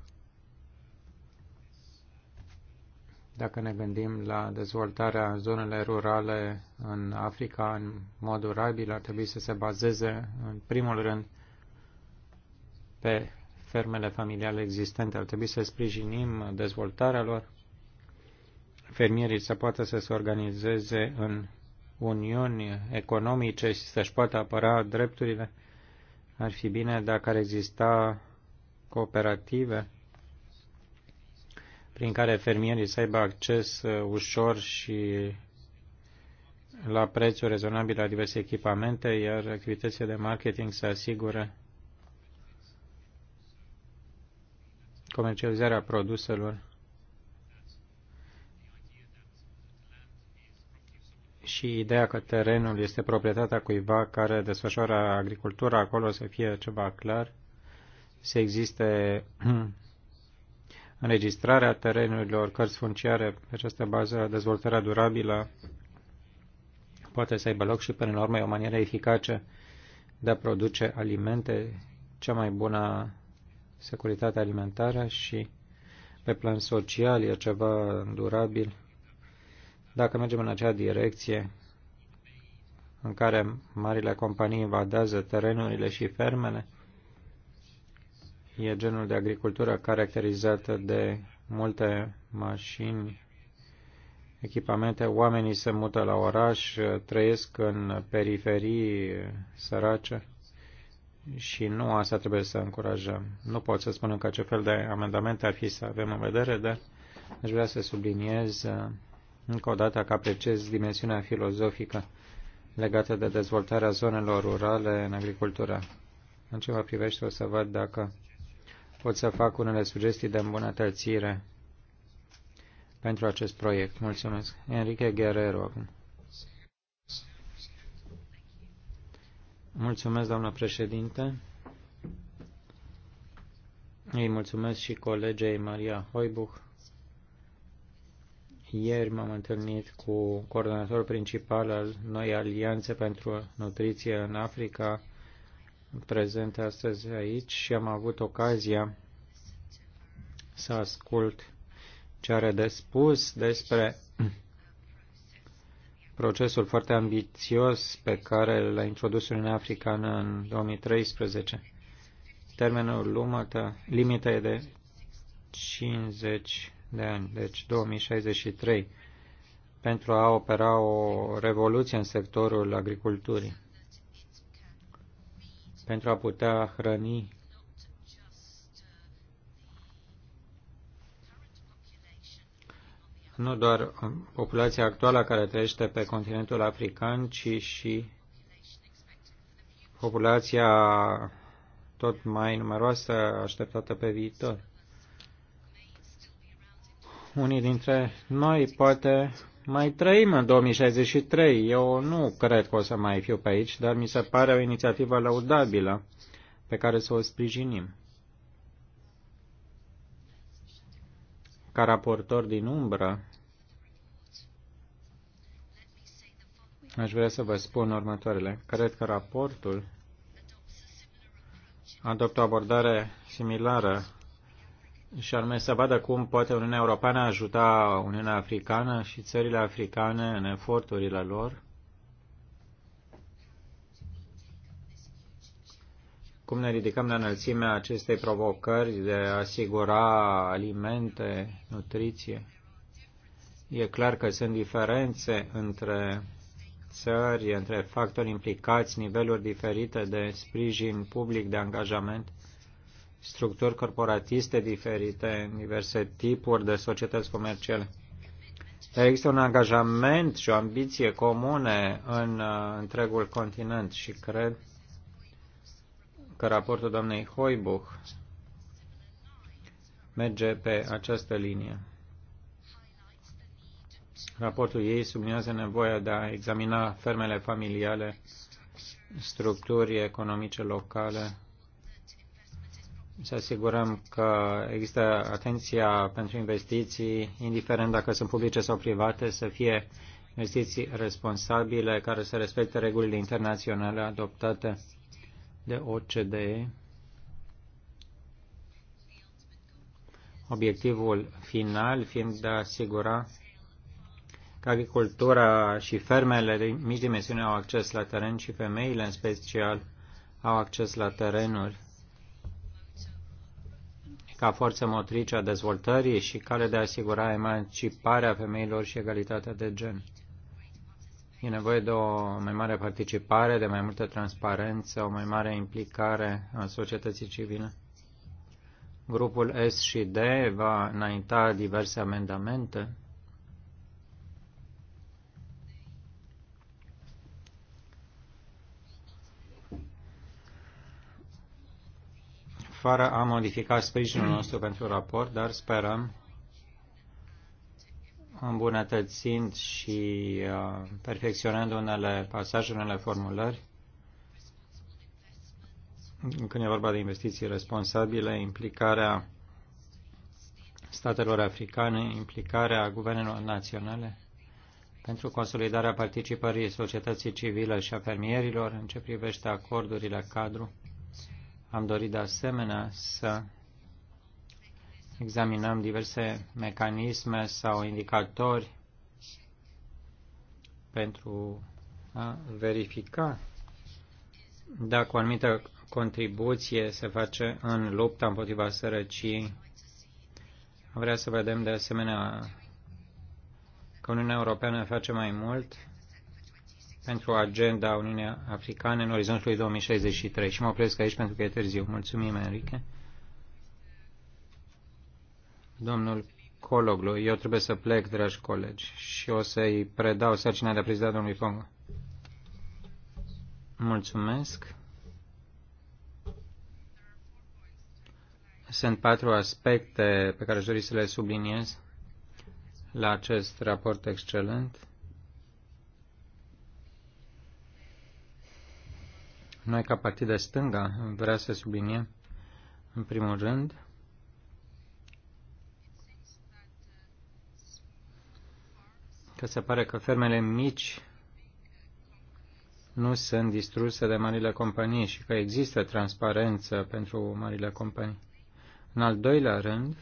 Dacă ne gândim la dezvoltarea zonele rurale în Africa în mod durabil, ar trebui să se bazeze în primul rând pe fermele familiale existente. Ar trebui să sprijinim dezvoltarea lor. Fermierii să poată să se organizeze în uniuni economice și să-și poată apăra drepturile, ar fi bine dacă ar exista cooperative prin care fermierii să aibă acces uh, ușor și la prețuri rezonabile la diverse echipamente, iar activitățile de marketing să asigure comercializarea produselor și ideea că terenul este proprietatea cuiva care desfășoară agricultura acolo să fie ceva clar, să existe înregistrarea terenurilor, cărți funciare, pe această bază dezvoltarea durabilă poate să aibă loc și până la urmă e o manieră eficace de a produce alimente, cea mai bună securitate alimentară și pe plan social e ceva durabil dacă mergem în acea direcție în care marile companii invadează terenurile și fermele, e genul de agricultură caracterizată de multe mașini, echipamente, oamenii se mută la oraș, trăiesc în periferii sărace și nu asta trebuie să încurajăm. Nu pot să spun încă ce fel de amendamente ar fi să avem în vedere, dar aș vrea să subliniez încă o dată, ca apreciez dimensiunea filozofică legată de dezvoltarea zonelor rurale în agricultură. În ce mă privește, o să văd dacă pot să fac unele sugestii de îmbunătățire pentru acest proiect. Mulțumesc. Enrique Guerrero acum. Mulțumesc, doamnă președinte. Îi mulțumesc și colegei Maria Hoibuch ieri m-am întâlnit cu coordonatorul principal al noi alianțe pentru nutriție în Africa, prezent astăzi aici și am avut ocazia să ascult ce are de spus despre procesul foarte ambițios pe care l-a introdus Uniunea Africană în 2013. Termenul limită e de 50 de ani, deci 2063, pentru a opera o revoluție în sectorul agriculturii, pentru a putea hrăni nu doar populația actuală care trăiește pe continentul african, ci și populația tot mai numeroasă așteptată pe viitor unii dintre noi poate mai trăim în 2063. Eu nu cred că o să mai fiu pe aici, dar mi se pare o inițiativă laudabilă pe care să o sprijinim. Ca raportor din umbră, aș vrea să vă spun următoarele. Cred că raportul adoptă o abordare similară și anume să vadă cum poate Uniunea Europeană ajuta Uniunea Africană și țările africane în eforturile lor. Cum ne ridicăm la înălțimea acestei provocări de a asigura alimente, nutriție? E clar că sunt diferențe între țări, între factori implicați, niveluri diferite de sprijin public, de angajament structuri corporatiste diferite, diverse tipuri de societăți comerciale. Dar există un angajament și o ambiție comune în uh, întregul continent și cred că raportul doamnei Hoibuch merge pe această linie. Raportul ei subliniază nevoia de a examina fermele familiale, structuri economice locale, să asigurăm că există atenția pentru investiții, indiferent dacă sunt publice sau private, să fie investiții responsabile care să respecte regulile internaționale adoptate de OCDE. Obiectivul final fiind de a asigura că agricultura și fermele de mici dimensiuni au acces la teren și femeile în special au acces la terenuri ca forță motrice a dezvoltării și cale de a asigura emanciparea femeilor și egalitatea de gen. E nevoie de o mai mare participare, de mai multă transparență, o mai mare implicare a societății civile. Grupul S și D va înainta diverse amendamente fără a modifica sprijinul nostru pentru raport, dar sperăm, îmbunătățind și uh, perfecționând unele pasaje, unele formulări, când e vorba de investiții responsabile, implicarea statelor africane, implicarea guvernelor naționale pentru consolidarea participării societății civile și a fermierilor în ce privește acordurile cadru am dorit de asemenea să examinăm diverse mecanisme sau indicatori pentru a verifica dacă o anumită contribuție se face în lupta împotriva sărăciei. Am să vedem de asemenea că Uniunea Europeană face mai mult pentru agenda Uniunii Africane în orizontul 2063. Și mă opresc aici pentru că e târziu. Mulțumim, Enrique. Domnul Cologlu, eu trebuie să plec, dragi colegi, și o să-i predau sarcina de a prezida domnului Pongo. Mulțumesc. Sunt patru aspecte pe care aș dori să le subliniez la acest raport excelent. Noi, ca partid de stânga, vrea să subliniem, în primul rând, că se pare că fermele mici nu sunt distruse de marile companii și că există transparență pentru marile companii. În al doilea rând,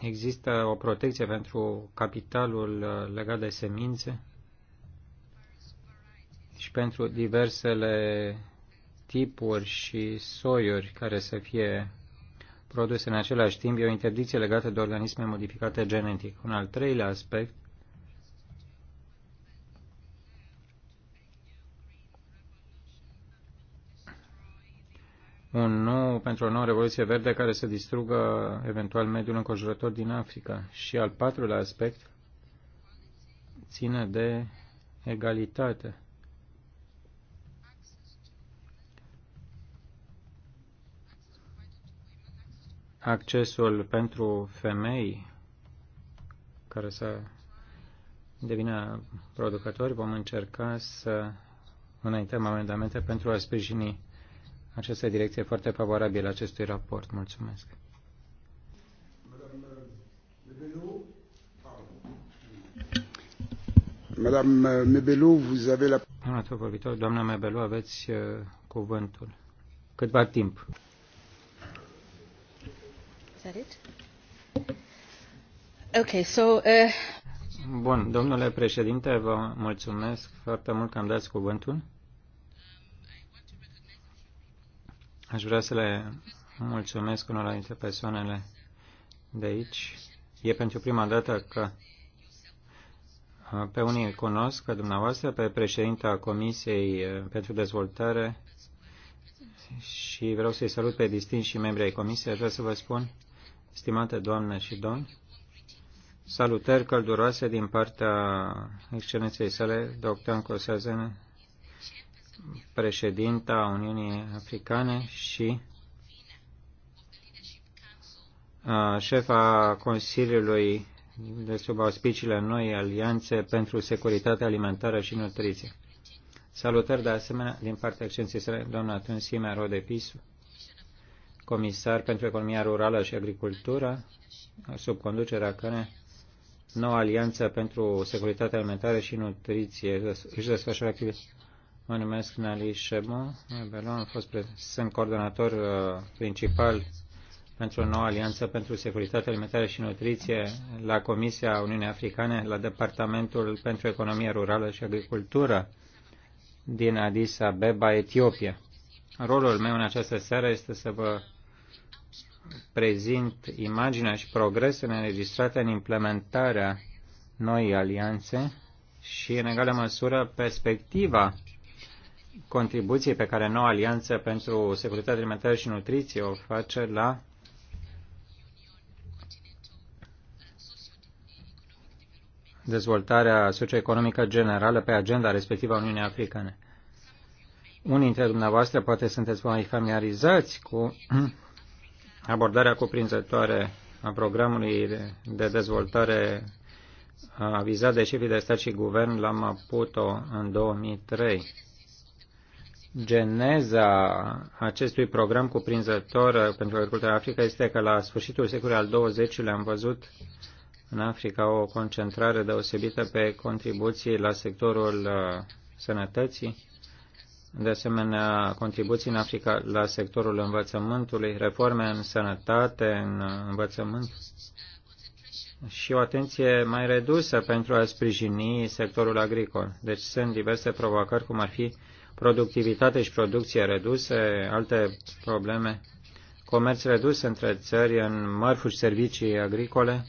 Există o protecție pentru capitalul uh, legat de semințe și pentru diversele tipuri și soiuri care să fie produse în același timp. E o interdicție legată de organisme modificate genetic. Un al treilea aspect un nou, pentru o nouă revoluție verde care să distrugă eventual mediul înconjurător din Africa. Și al patrulea aspect ține de egalitate. Accesul pentru femei care să devină producători, vom încerca să înaintăm amendamente pentru a sprijini această direcție foarte favorabilă acestui raport. Mulțumesc. Madame euh, Mebelou, vous avez la... Doamna vorbitor, doamna Mebelou, aveți uh, cuvântul. Cât va timp? Okay, so, uh... Bun, domnule președinte, vă mulțumesc foarte mult că am dat cuvântul. Aș vrea să le mulțumesc unora dintre persoanele de aici. E pentru prima dată că uh, pe unii îl cunosc, pe dumneavoastră, pe președinta Comisiei uh, pentru Dezvoltare și vreau să-i salut pe distinși membri ai Comisiei. Aș vrea să vă spun, stimate doamne și domni, salutări călduroase din partea excelenței sale, dr. Ancosazene, președinta Uniunii Africane și șefa Consiliului de sub auspiciile noi Alianțe pentru Securitate Alimentară și Nutriție. Salutări de asemenea din partea excelenței sale, doamna Tunsime Rodepisu, comisar pentru economia rurală și agricultură, sub conducerea care noua alianță pentru securitate alimentară și nutriție își desfășoară activitatea. Mă numesc Nali Belon am fost sunt coordonator uh, principal pentru o nouă alianță pentru securitate alimentară și nutriție la Comisia Uniunii Africane, la Departamentul pentru Economie Rurală și Agricultură din Addis Abeba, Etiopia. Rolul meu în această seară este să vă prezint imaginea și progresele înregistrate în implementarea noii alianțe și, în egală măsură, perspectiva contribuție pe care noua alianță pentru securitate alimentară și nutriție o face la dezvoltarea socioeconomică generală pe agenda respectivă a Uniunii Africane. Unii dintre dumneavoastră poate sunteți mai familiarizați cu abordarea cuprinzătoare a programului de dezvoltare avizat de șefii de stat și guvern la Maputo în 2003 geneza acestui program cuprinzător pentru agricultura Africa este că la sfârșitul secolului al XX-lea am văzut în Africa o concentrare deosebită pe contribuții la sectorul uh, sănătății, de asemenea contribuții în Africa la sectorul învățământului, reforme în sănătate, în uh, învățământ și o atenție mai redusă pentru a sprijini sectorul agricol. Deci sunt diverse provocări, cum ar fi productivitate și producție reduse, alte probleme, comerț redus între țări în mărfuri și servicii agricole,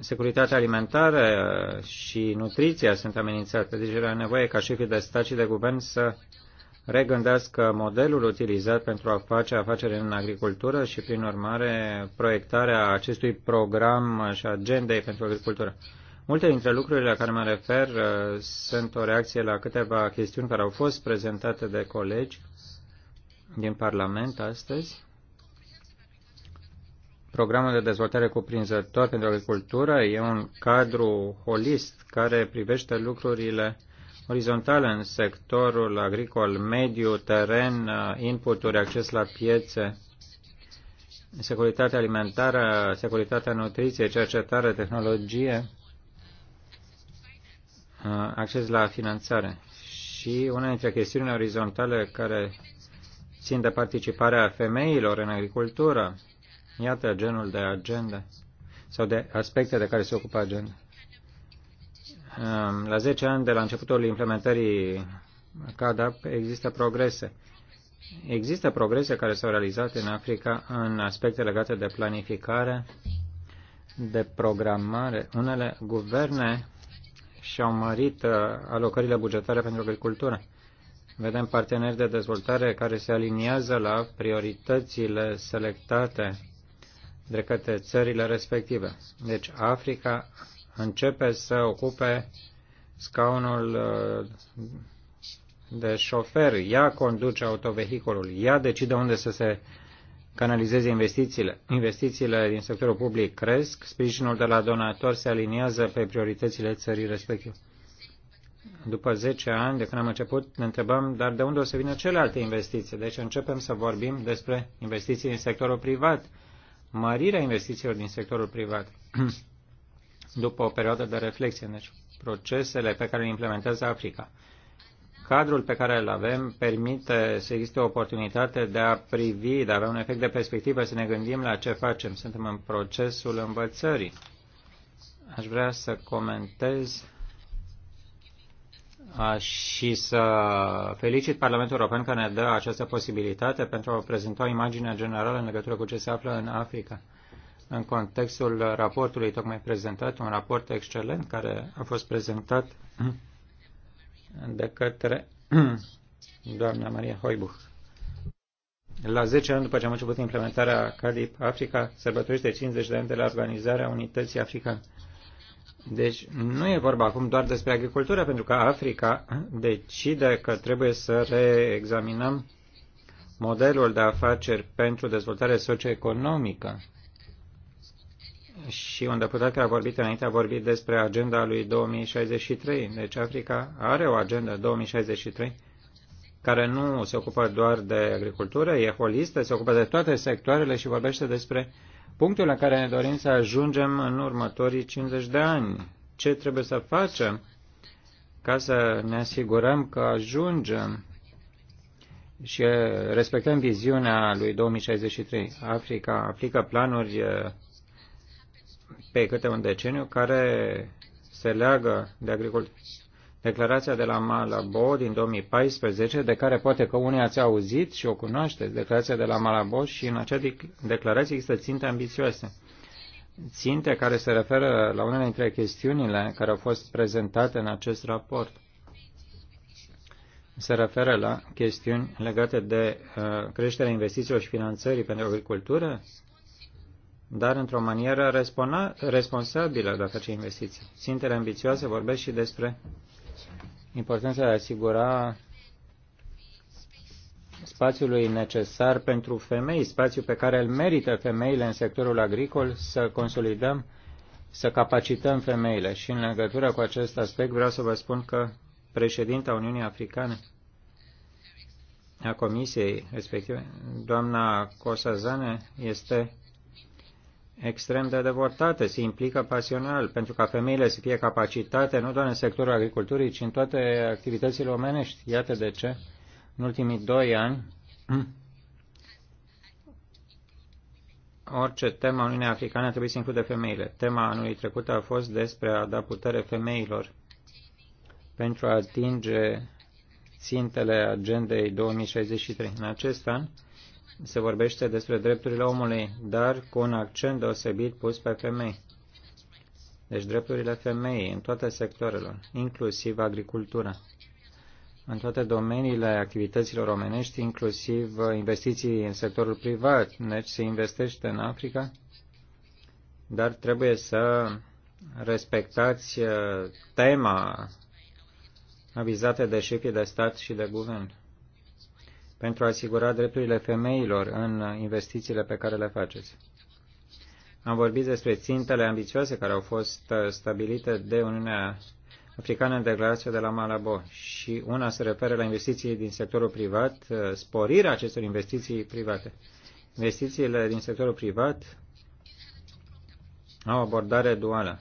securitatea alimentară și nutriția sunt amenințate. Deci era nevoie ca șefii de stat și de guvern să regândească modelul utilizat pentru a face afaceri în agricultură și, prin urmare, proiectarea acestui program și agendei pentru agricultură. Multe dintre lucrurile la care mă refer uh, sunt o reacție la câteva chestiuni care au fost prezentate de colegi din Parlament astăzi. Programul de dezvoltare cuprinzător pentru agricultură e un cadru holist care privește lucrurile orizontale în sectorul agricol, mediu, teren, uh, inputuri, acces la piețe, securitatea alimentară, securitatea nutriției, cercetare, tehnologie, Uh, acces la finanțare. Și una dintre chestiunile orizontale care țin de participarea femeilor în agricultură, iată genul de agenda sau de aspecte de care se ocupă agenda. Um, la 10 ani de la începutul implementării CADAP există progrese. Există progrese care s-au realizat în Africa în aspecte legate de planificare, de programare. Unele guverne și au mărit uh, alocările bugetare pentru agricultură. Vedem parteneri de dezvoltare care se aliniază la prioritățile selectate de către țările respective. Deci Africa începe să ocupe scaunul uh, de șofer. Ea conduce autovehiculul, ea decide unde să se canalizeze investițiile. Investițiile din sectorul public cresc, sprijinul de la donatori se aliniază pe prioritățile țării respective. După 10 ani de când am început, ne întrebăm, dar de unde o să vină celelalte investiții? Deci începem să vorbim despre investiții din sectorul privat, mărirea investițiilor din sectorul privat, după o perioadă de reflexie, deci procesele pe care le implementează Africa. Cadrul pe care îl avem permite să existe o oportunitate de a privi, de a avea un efect de perspectivă, să ne gândim la ce facem. Suntem în procesul învățării. Aș vrea să comentez și să felicit Parlamentul European că ne dă această posibilitate pentru a prezenta o imagine generală în legătură cu ce se află în Africa. În contextul raportului tocmai prezentat, un raport excelent care a fost prezentat de către doamna Maria Hoibuch. La 10 ani după ce am început implementarea CADIP, Africa sărbătorește 50 de ani de la organizarea unității africane. Deci nu e vorba acum doar despre agricultură, pentru că Africa decide că trebuie să reexaminăm modelul de afaceri pentru dezvoltare socioeconomică și un deputat care a vorbit înainte a vorbit despre agenda lui 2063. Deci Africa are o agenda 2063 care nu se ocupă doar de agricultură, e holistă, se ocupă de toate sectoarele și vorbește despre punctul la care ne dorim să ajungem în următorii 50 de ani. Ce trebuie să facem ca să ne asigurăm că ajungem și respectăm viziunea lui 2063. Africa aplică planuri pe câte un deceniu care se leagă de agricultură. Declarația de la Malabo din 2014, de care poate că unii ați auzit și o cunoașteți, declarația de la Malabo și în acea declarație există ținte ambițioase. Ținte care se referă la unele dintre chestiunile care au fost prezentate în acest raport. Se referă la chestiuni legate de uh, creșterea investițiilor și finanțării pentru agricultură, dar într-o manieră responsabilă de a face investiții. Țintele ambițioase vorbesc și despre importanța de a asigura spațiului necesar pentru femei, spațiu pe care îl merită femeile în sectorul agricol, să consolidăm, să capacităm femeile. Și în legătură cu acest aspect vreau să vă spun că președinta Uniunii Africane a Comisiei, respective, doamna Cosazane, este extrem de devotate, se implică pasional pentru ca femeile să fie capacitate nu doar în sectorul agriculturii, ci în toate activitățile omenești. Iată de ce în ultimii doi ani orice tema Uniunii Africane trebuie să include femeile. Tema anului trecut a fost despre a da putere femeilor pentru a atinge țintele agendei 2063. În acest an se vorbește despre drepturile omului, dar cu un accent deosebit pus pe femei. Deci drepturile femeii în toate sectoarele, inclusiv agricultura, în toate domeniile activităților omenești, inclusiv investiții în sectorul privat. Deci se investește în Africa, dar trebuie să respectați uh, tema avizate de șefii de stat și de guvern pentru a asigura drepturile femeilor în investițiile pe care le faceți. Am vorbit despre țintele ambițioase care au fost uh, stabilite de Uniunea Africană în declarația de la Malabo și una se referă la investiții din sectorul privat, uh, sporirea acestor investiții private. Investițiile din sectorul privat au abordare duală.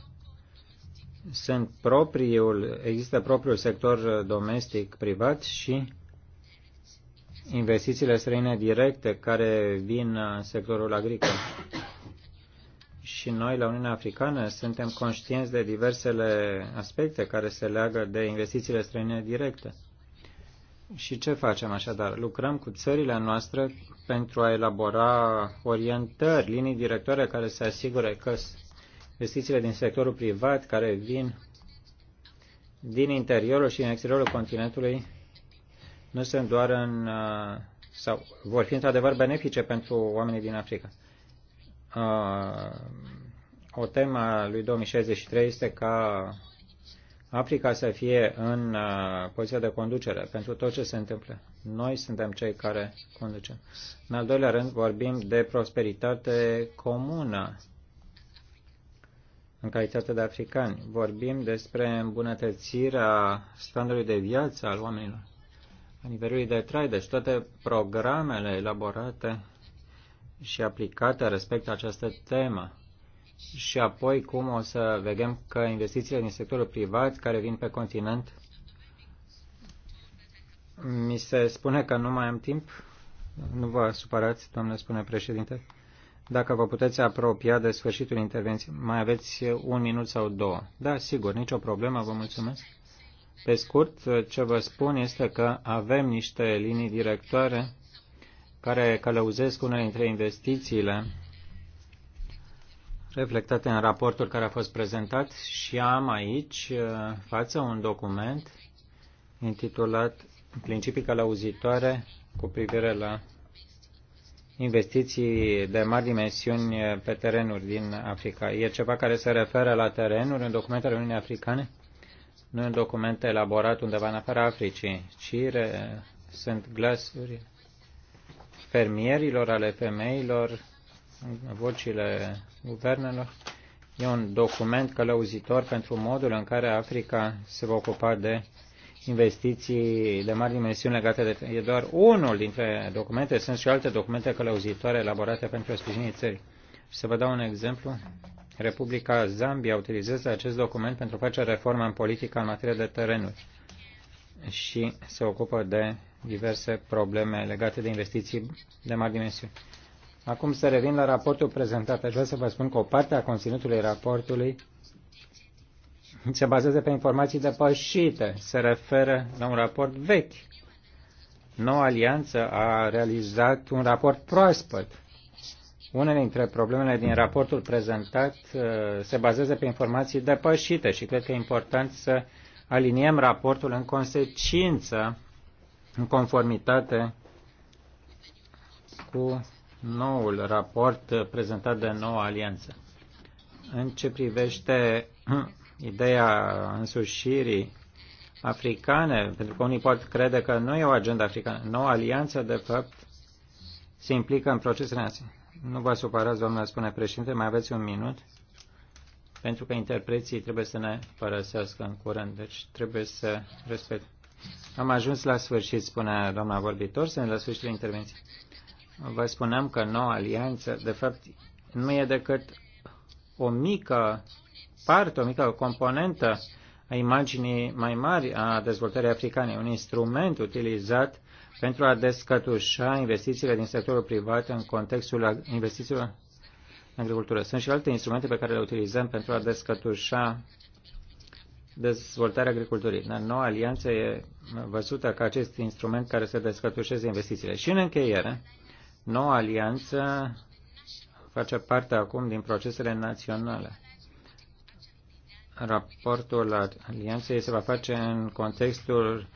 Sunt propriul, există propriul sector uh, domestic privat și investițiile străine directe care vin în sectorul agricol. Și noi, la Uniunea Africană, suntem conștienți de diversele aspecte care se leagă de investițiile străine directe. Și ce facem așadar? Lucrăm cu țările noastre pentru a elabora orientări, linii directoare care să asigure că investițiile din sectorul privat care vin din interiorul și din exteriorul continentului nu sunt doar în, uh, sau vor fi într-adevăr benefice pentru oamenii din Africa. Uh, o temă a lui 2063 este ca Africa să fie în uh, poziția de conducere pentru tot ce se întâmplă. Noi suntem cei care conducem. În al doilea rând, vorbim de prosperitate comună în calitate de africani. Vorbim despre îmbunătățirea standardului de viață al oamenilor a nivelului de trai. Deci toate programele elaborate și aplicate respectă această temă. Și apoi cum o să vedem că investițiile din sectorul privat care vin pe continent mi se spune că nu mai am timp. Nu vă supărați, domnule spune președinte. Dacă vă puteți apropia de sfârșitul intervenției, mai aveți un minut sau două. Da, sigur, nicio problemă, vă mulțumesc. Pe scurt, ce vă spun este că avem niște linii directoare care călăuzesc una dintre investițiile reflectate în raportul care a fost prezentat și am aici uh, față un document intitulat Principii călăuzitoare cu privire la investiții de mari dimensiuni pe terenuri din Africa. E ceva care se referă la terenuri în documentele Uniunii Africane? nu e un document elaborat undeva în afara Africii, ci sunt glasuri fermierilor, ale femeilor, vocile guvernelor. E un document călăuzitor pentru modul în care Africa se va ocupa de investiții de mari dimensiuni legate de... E doar unul dintre documente, sunt și alte documente călăuzitoare elaborate pentru sprijinii țării. Să vă dau un exemplu. Republica Zambia utilizează acest document pentru a face reforme în politica în materie de terenuri și se ocupă de diverse probleme legate de investiții de mari dimensiuni. Acum să revin la raportul prezentat. Aș vrea să vă spun că o parte a conținutului raportului se bazează pe informații depășite, se referă la un raport vechi. Noua alianță a realizat un raport proaspăt unele dintre problemele din raportul prezentat uh, se bazează pe informații depășite și cred că e important să aliniem raportul în consecință, în conformitate cu noul raport prezentat de noua alianță. În ce privește ideea însușirii africane, pentru că unii pot crede că nu e o agenda africană, noua alianță, de fapt, se implică în procesele naționale nu vă supărați, domnule, spune președinte, mai aveți un minut, pentru că interpreții trebuie să ne părăsească în curând, deci trebuie să respect. Am ajuns la sfârșit, spune doamna vorbitor, ne la sfârșitul intervenției. Vă spuneam că noua alianță, de fapt, nu e decât o mică parte, o mică componentă a imaginii mai mari a dezvoltării africane, un instrument utilizat pentru a descătușa investițiile din sectorul privat în contextul investițiilor în agricultură. Sunt și alte instrumente pe care le utilizăm pentru a descătușa dezvoltarea agriculturii. Dar noua alianță e văzută ca acest instrument care să descătușeze investițiile. Și în încheiere, noua alianță face parte acum din procesele naționale. Raportul la alianță se va face în contextul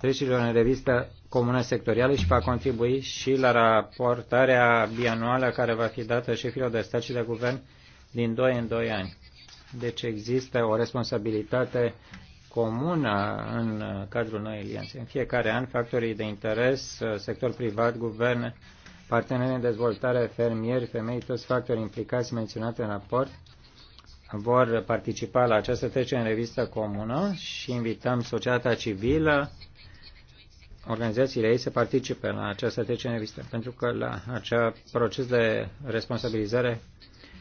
trecerilor în revistă comună sectorială și va contribui și la raportarea bianuală care va fi dată șefilor de stat și de guvern din 2 în 2 ani. Deci există o responsabilitate comună în cadrul noi alianțe. În fiecare an, factorii de interes, sector privat, guvern, parteneri în dezvoltare, fermieri, femei, toți factorii implicați menționate în raport, vor participa la această trecere în revistă comună și invităm societatea civilă, organizațiile ei să participe la această trecere în revistă, pentru că la acea proces de responsabilizare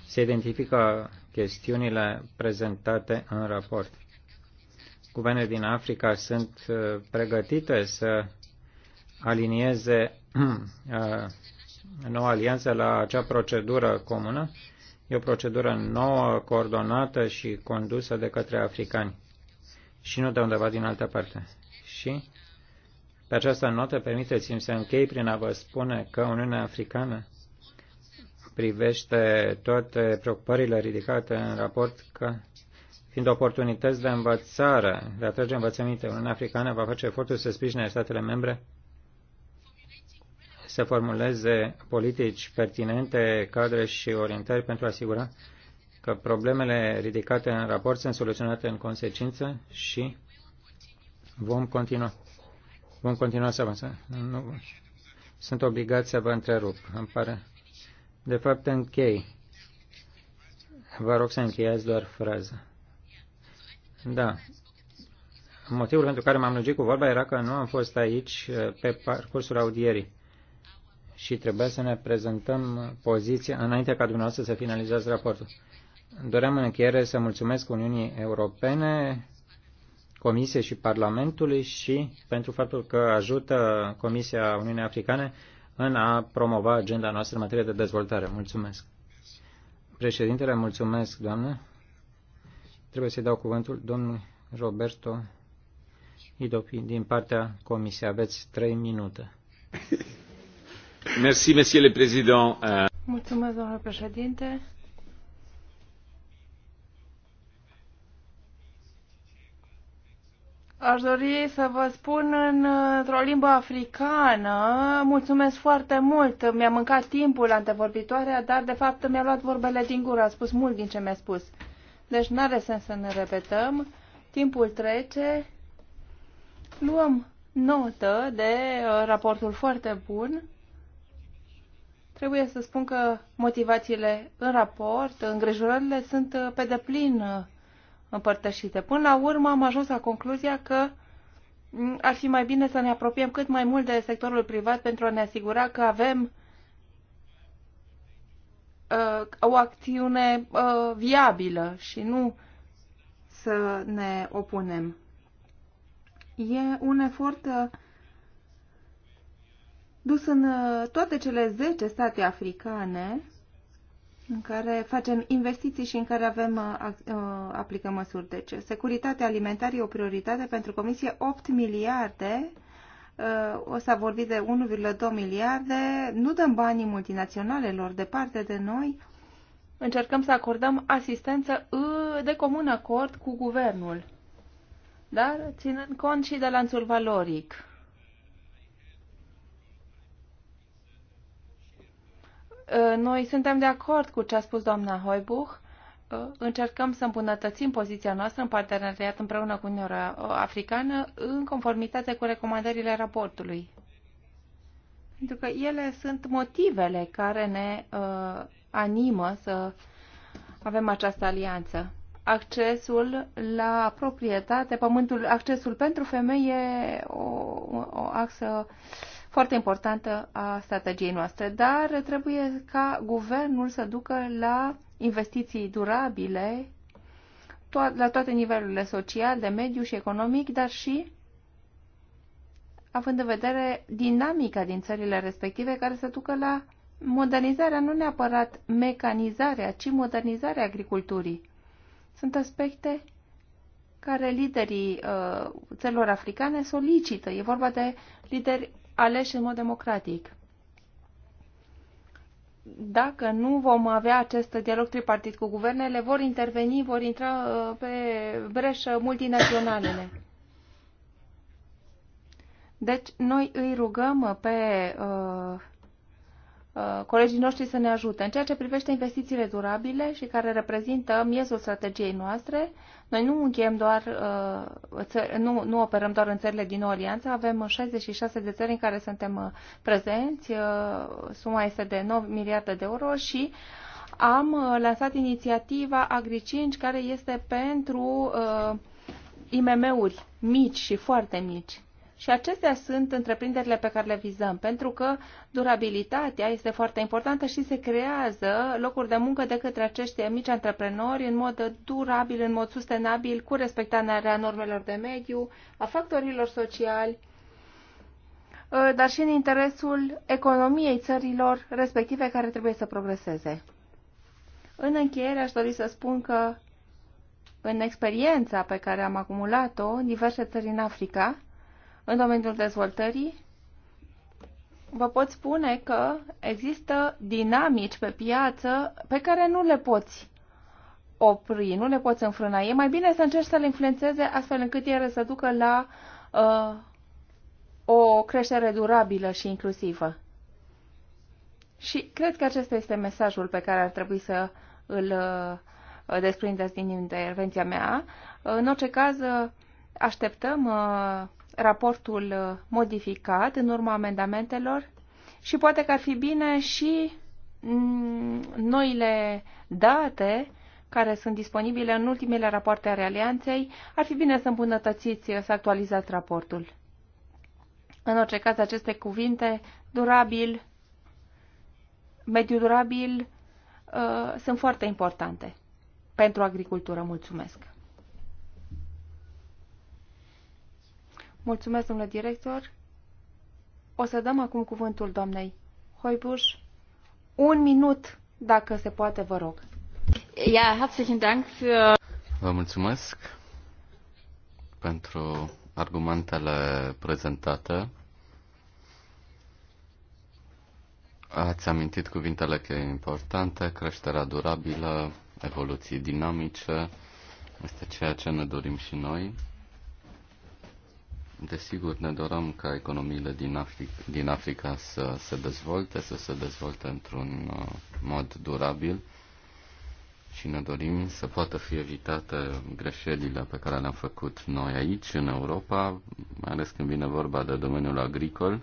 se identifică chestiunile prezentate în raport. Guvernele din Africa sunt uh, pregătite să alinieze uh, noua alianță la acea procedură comună. E o procedură nouă, coordonată și condusă de către africani și nu de undeva din altă parte. Și pe această notă, permiteți-mi să închei prin a vă spune că Uniunea Africană privește toate preocupările ridicate în raport că fiind oportunități de învățare, de a trage învățăminte. Uniunea Africană va face efortul să sprijine statele membre să formuleze politici pertinente, cadre și orientări pentru a asigura că problemele ridicate în raport sunt soluționate în consecință și vom continua Vom continua să avansăm. Nu. Sunt obligat să vă întrerup. Îmi pare. De fapt, închei. Vă rog să încheiați doar fraza. Da. Motivul pentru care m-am lungit cu vorba era că nu am fost aici eh, pe parcursul audierii și trebuia să ne prezentăm poziția înainte ca dumneavoastră să finalizați raportul. Doream în încheiere să mulțumesc Uniunii Europene Comisiei și Parlamentului și pentru faptul că ajută Comisia Uniunii Africane în a promova agenda noastră în materie de dezvoltare. Mulțumesc. Președintele, mulțumesc, doamnă. Trebuie să-i dau cuvântul domnului Roberto Idopi din partea Comisiei. Aveți trei minute. Merci, monsieur le président. Mulțumesc, domnule președinte. Aș dori să vă spun într-o limbă africană, mulțumesc foarte mult, mi-a mâncat timpul antevorbitoarea, dar de fapt mi-a luat vorbele din gură, a spus mult din ce mi-a spus. Deci n are sens să ne repetăm, timpul trece, luăm notă de uh, raportul foarte bun. Trebuie să spun că motivațiile în raport, îngrijorările sunt uh, pe deplin uh, împărtășite. Până la urmă am ajuns la concluzia că ar fi mai bine să ne apropiem cât mai mult de sectorul privat pentru a ne asigura că avem uh, o acțiune uh, viabilă și nu să ne opunem. E un efort uh, dus în uh, toate cele 10 state africane în care facem investiții și în care avem uh, uh, aplicăm măsuri. Deci, securitatea alimentară e o prioritate pentru Comisie, 8 miliarde uh, o să vorbi de 1,2 miliarde, nu dăm banii multinaționalelor departe de noi, încercăm să acordăm asistență de comun acord cu guvernul, dar ținând cont și de lanțul valoric Uh, noi suntem de acord cu ce a spus doamna Hoibuch. Uh, încercăm să îmbunătățim poziția noastră în parteneriat împreună cu Uniunea uh, Africană în conformitate cu recomandările raportului. Pentru că ele sunt motivele care ne uh, animă să avem această alianță. Accesul la proprietate, pământul, accesul pentru femei e o, o axă uh, foarte importantă a strategiei noastre, dar trebuie ca guvernul să ducă la investiții durabile to- la toate nivelurile social, de mediu și economic, dar și având în vedere dinamica din țările respective care să ducă la modernizarea, nu neapărat mecanizarea, ci modernizarea agriculturii. Sunt aspecte care liderii uh, țărilor africane solicită. E vorba de lideri aleși în mod democratic. Dacă nu vom avea acest dialog tripartit cu guvernele, vor interveni, vor intra uh, pe breșă multinaționalele. Deci, noi îi rugăm pe uh, uh, colegii noștri să ne ajute. În ceea ce privește investițiile durabile și care reprezintă miezul strategiei noastre, noi nu încheiem doar, uh, nu, nu operăm doar în țările din Alianță, avem 66 uh, de țări în care suntem uh, prezenți, suma este de 9 miliarde de euro și am lansat inițiativa Agri5 care este pentru IMM-uri mici și foarte mici. Și acestea sunt întreprinderile pe care le vizăm, pentru că durabilitatea este foarte importantă și se creează locuri de muncă de către acești mici antreprenori în mod durabil, în mod sustenabil, cu respectarea normelor de mediu, a factorilor sociali, ă, dar și în interesul economiei țărilor respective care trebuie să progreseze. În încheiere aș dori să spun că în experiența pe care am acumulat-o în diverse țări în Africa, în domeniul dezvoltării, vă pot spune că există dinamici pe piață pe care nu le poți opri, nu le poți înfrâna. E mai bine să încerci să le influențeze astfel încât ele să ducă la uh, o creștere durabilă și inclusivă. Și cred că acesta este mesajul pe care ar trebui să îl uh, desprindeți din intervenția mea. Uh, în orice caz, uh, așteptăm uh, raportul uh, modificat în urma amendamentelor și poate că ar fi bine și mm, noile date care sunt disponibile în ultimele rapoarte ale Alianței, ar fi bine să îmbunătățiți, uh, să actualizați raportul. În orice caz, aceste cuvinte, durabil, mediu durabil, uh, sunt foarte importante pentru agricultură. Mulțumesc! Mulțumesc, domnule director. O să dăm acum cuvântul doamnei Hoibuș. Un minut, dacă se poate, vă rog. Ja, herzlichen Dank für... Vă mulțumesc pentru argumentele prezentate. Ați amintit cuvintele că e importante, creșterea durabilă, evoluții dinamice, este ceea ce ne dorim și noi Desigur, ne dorăm ca economiile din, Africa, din Africa să se dezvolte, să se dezvolte într-un uh, mod durabil și ne dorim să poată fi evitate greșelile pe care le-am făcut noi aici, în Europa, mai ales când vine vorba de domeniul agricol.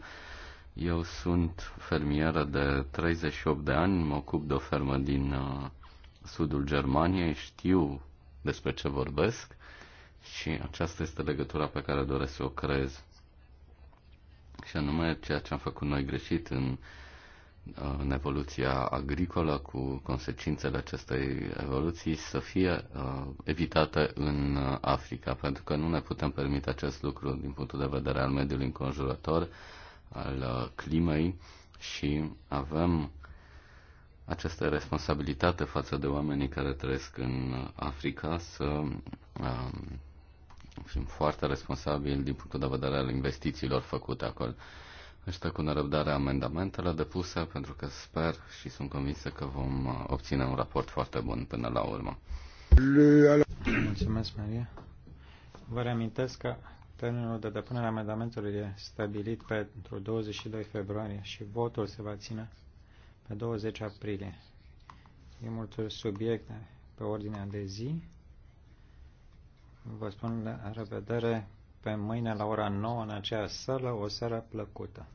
Eu sunt fermieră de 38 de ani, mă ocup de o fermă din uh, sudul Germaniei, știu despre ce vorbesc și aceasta este legătura pe care doresc să o creez. Și anume ceea ce am făcut noi greșit în, în evoluția agricolă cu consecințele acestei evoluții să fie uh, evitate în Africa, pentru că nu ne putem permite acest lucru din punctul de vedere al mediului înconjurător, al uh, climei și avem această responsabilitate față de oamenii care trăiesc în Africa să Uh, și foarte responsabil din punctul de vedere al investițiilor făcute acolo. Aștept cu nerăbdare amendamentele depuse pentru că sper și sunt convinsă că vom uh, obține un raport foarte bun până la urmă. Mulțumesc, Maria. Vă reamintesc că termenul de depunere a amendamentului e stabilit pentru 22 februarie și votul se va ține pe 20 aprilie. E multe subiecte pe ordinea de zi. Vă spun la revedere pe mâine la ora 9 în aceeași sală, o seară plăcută.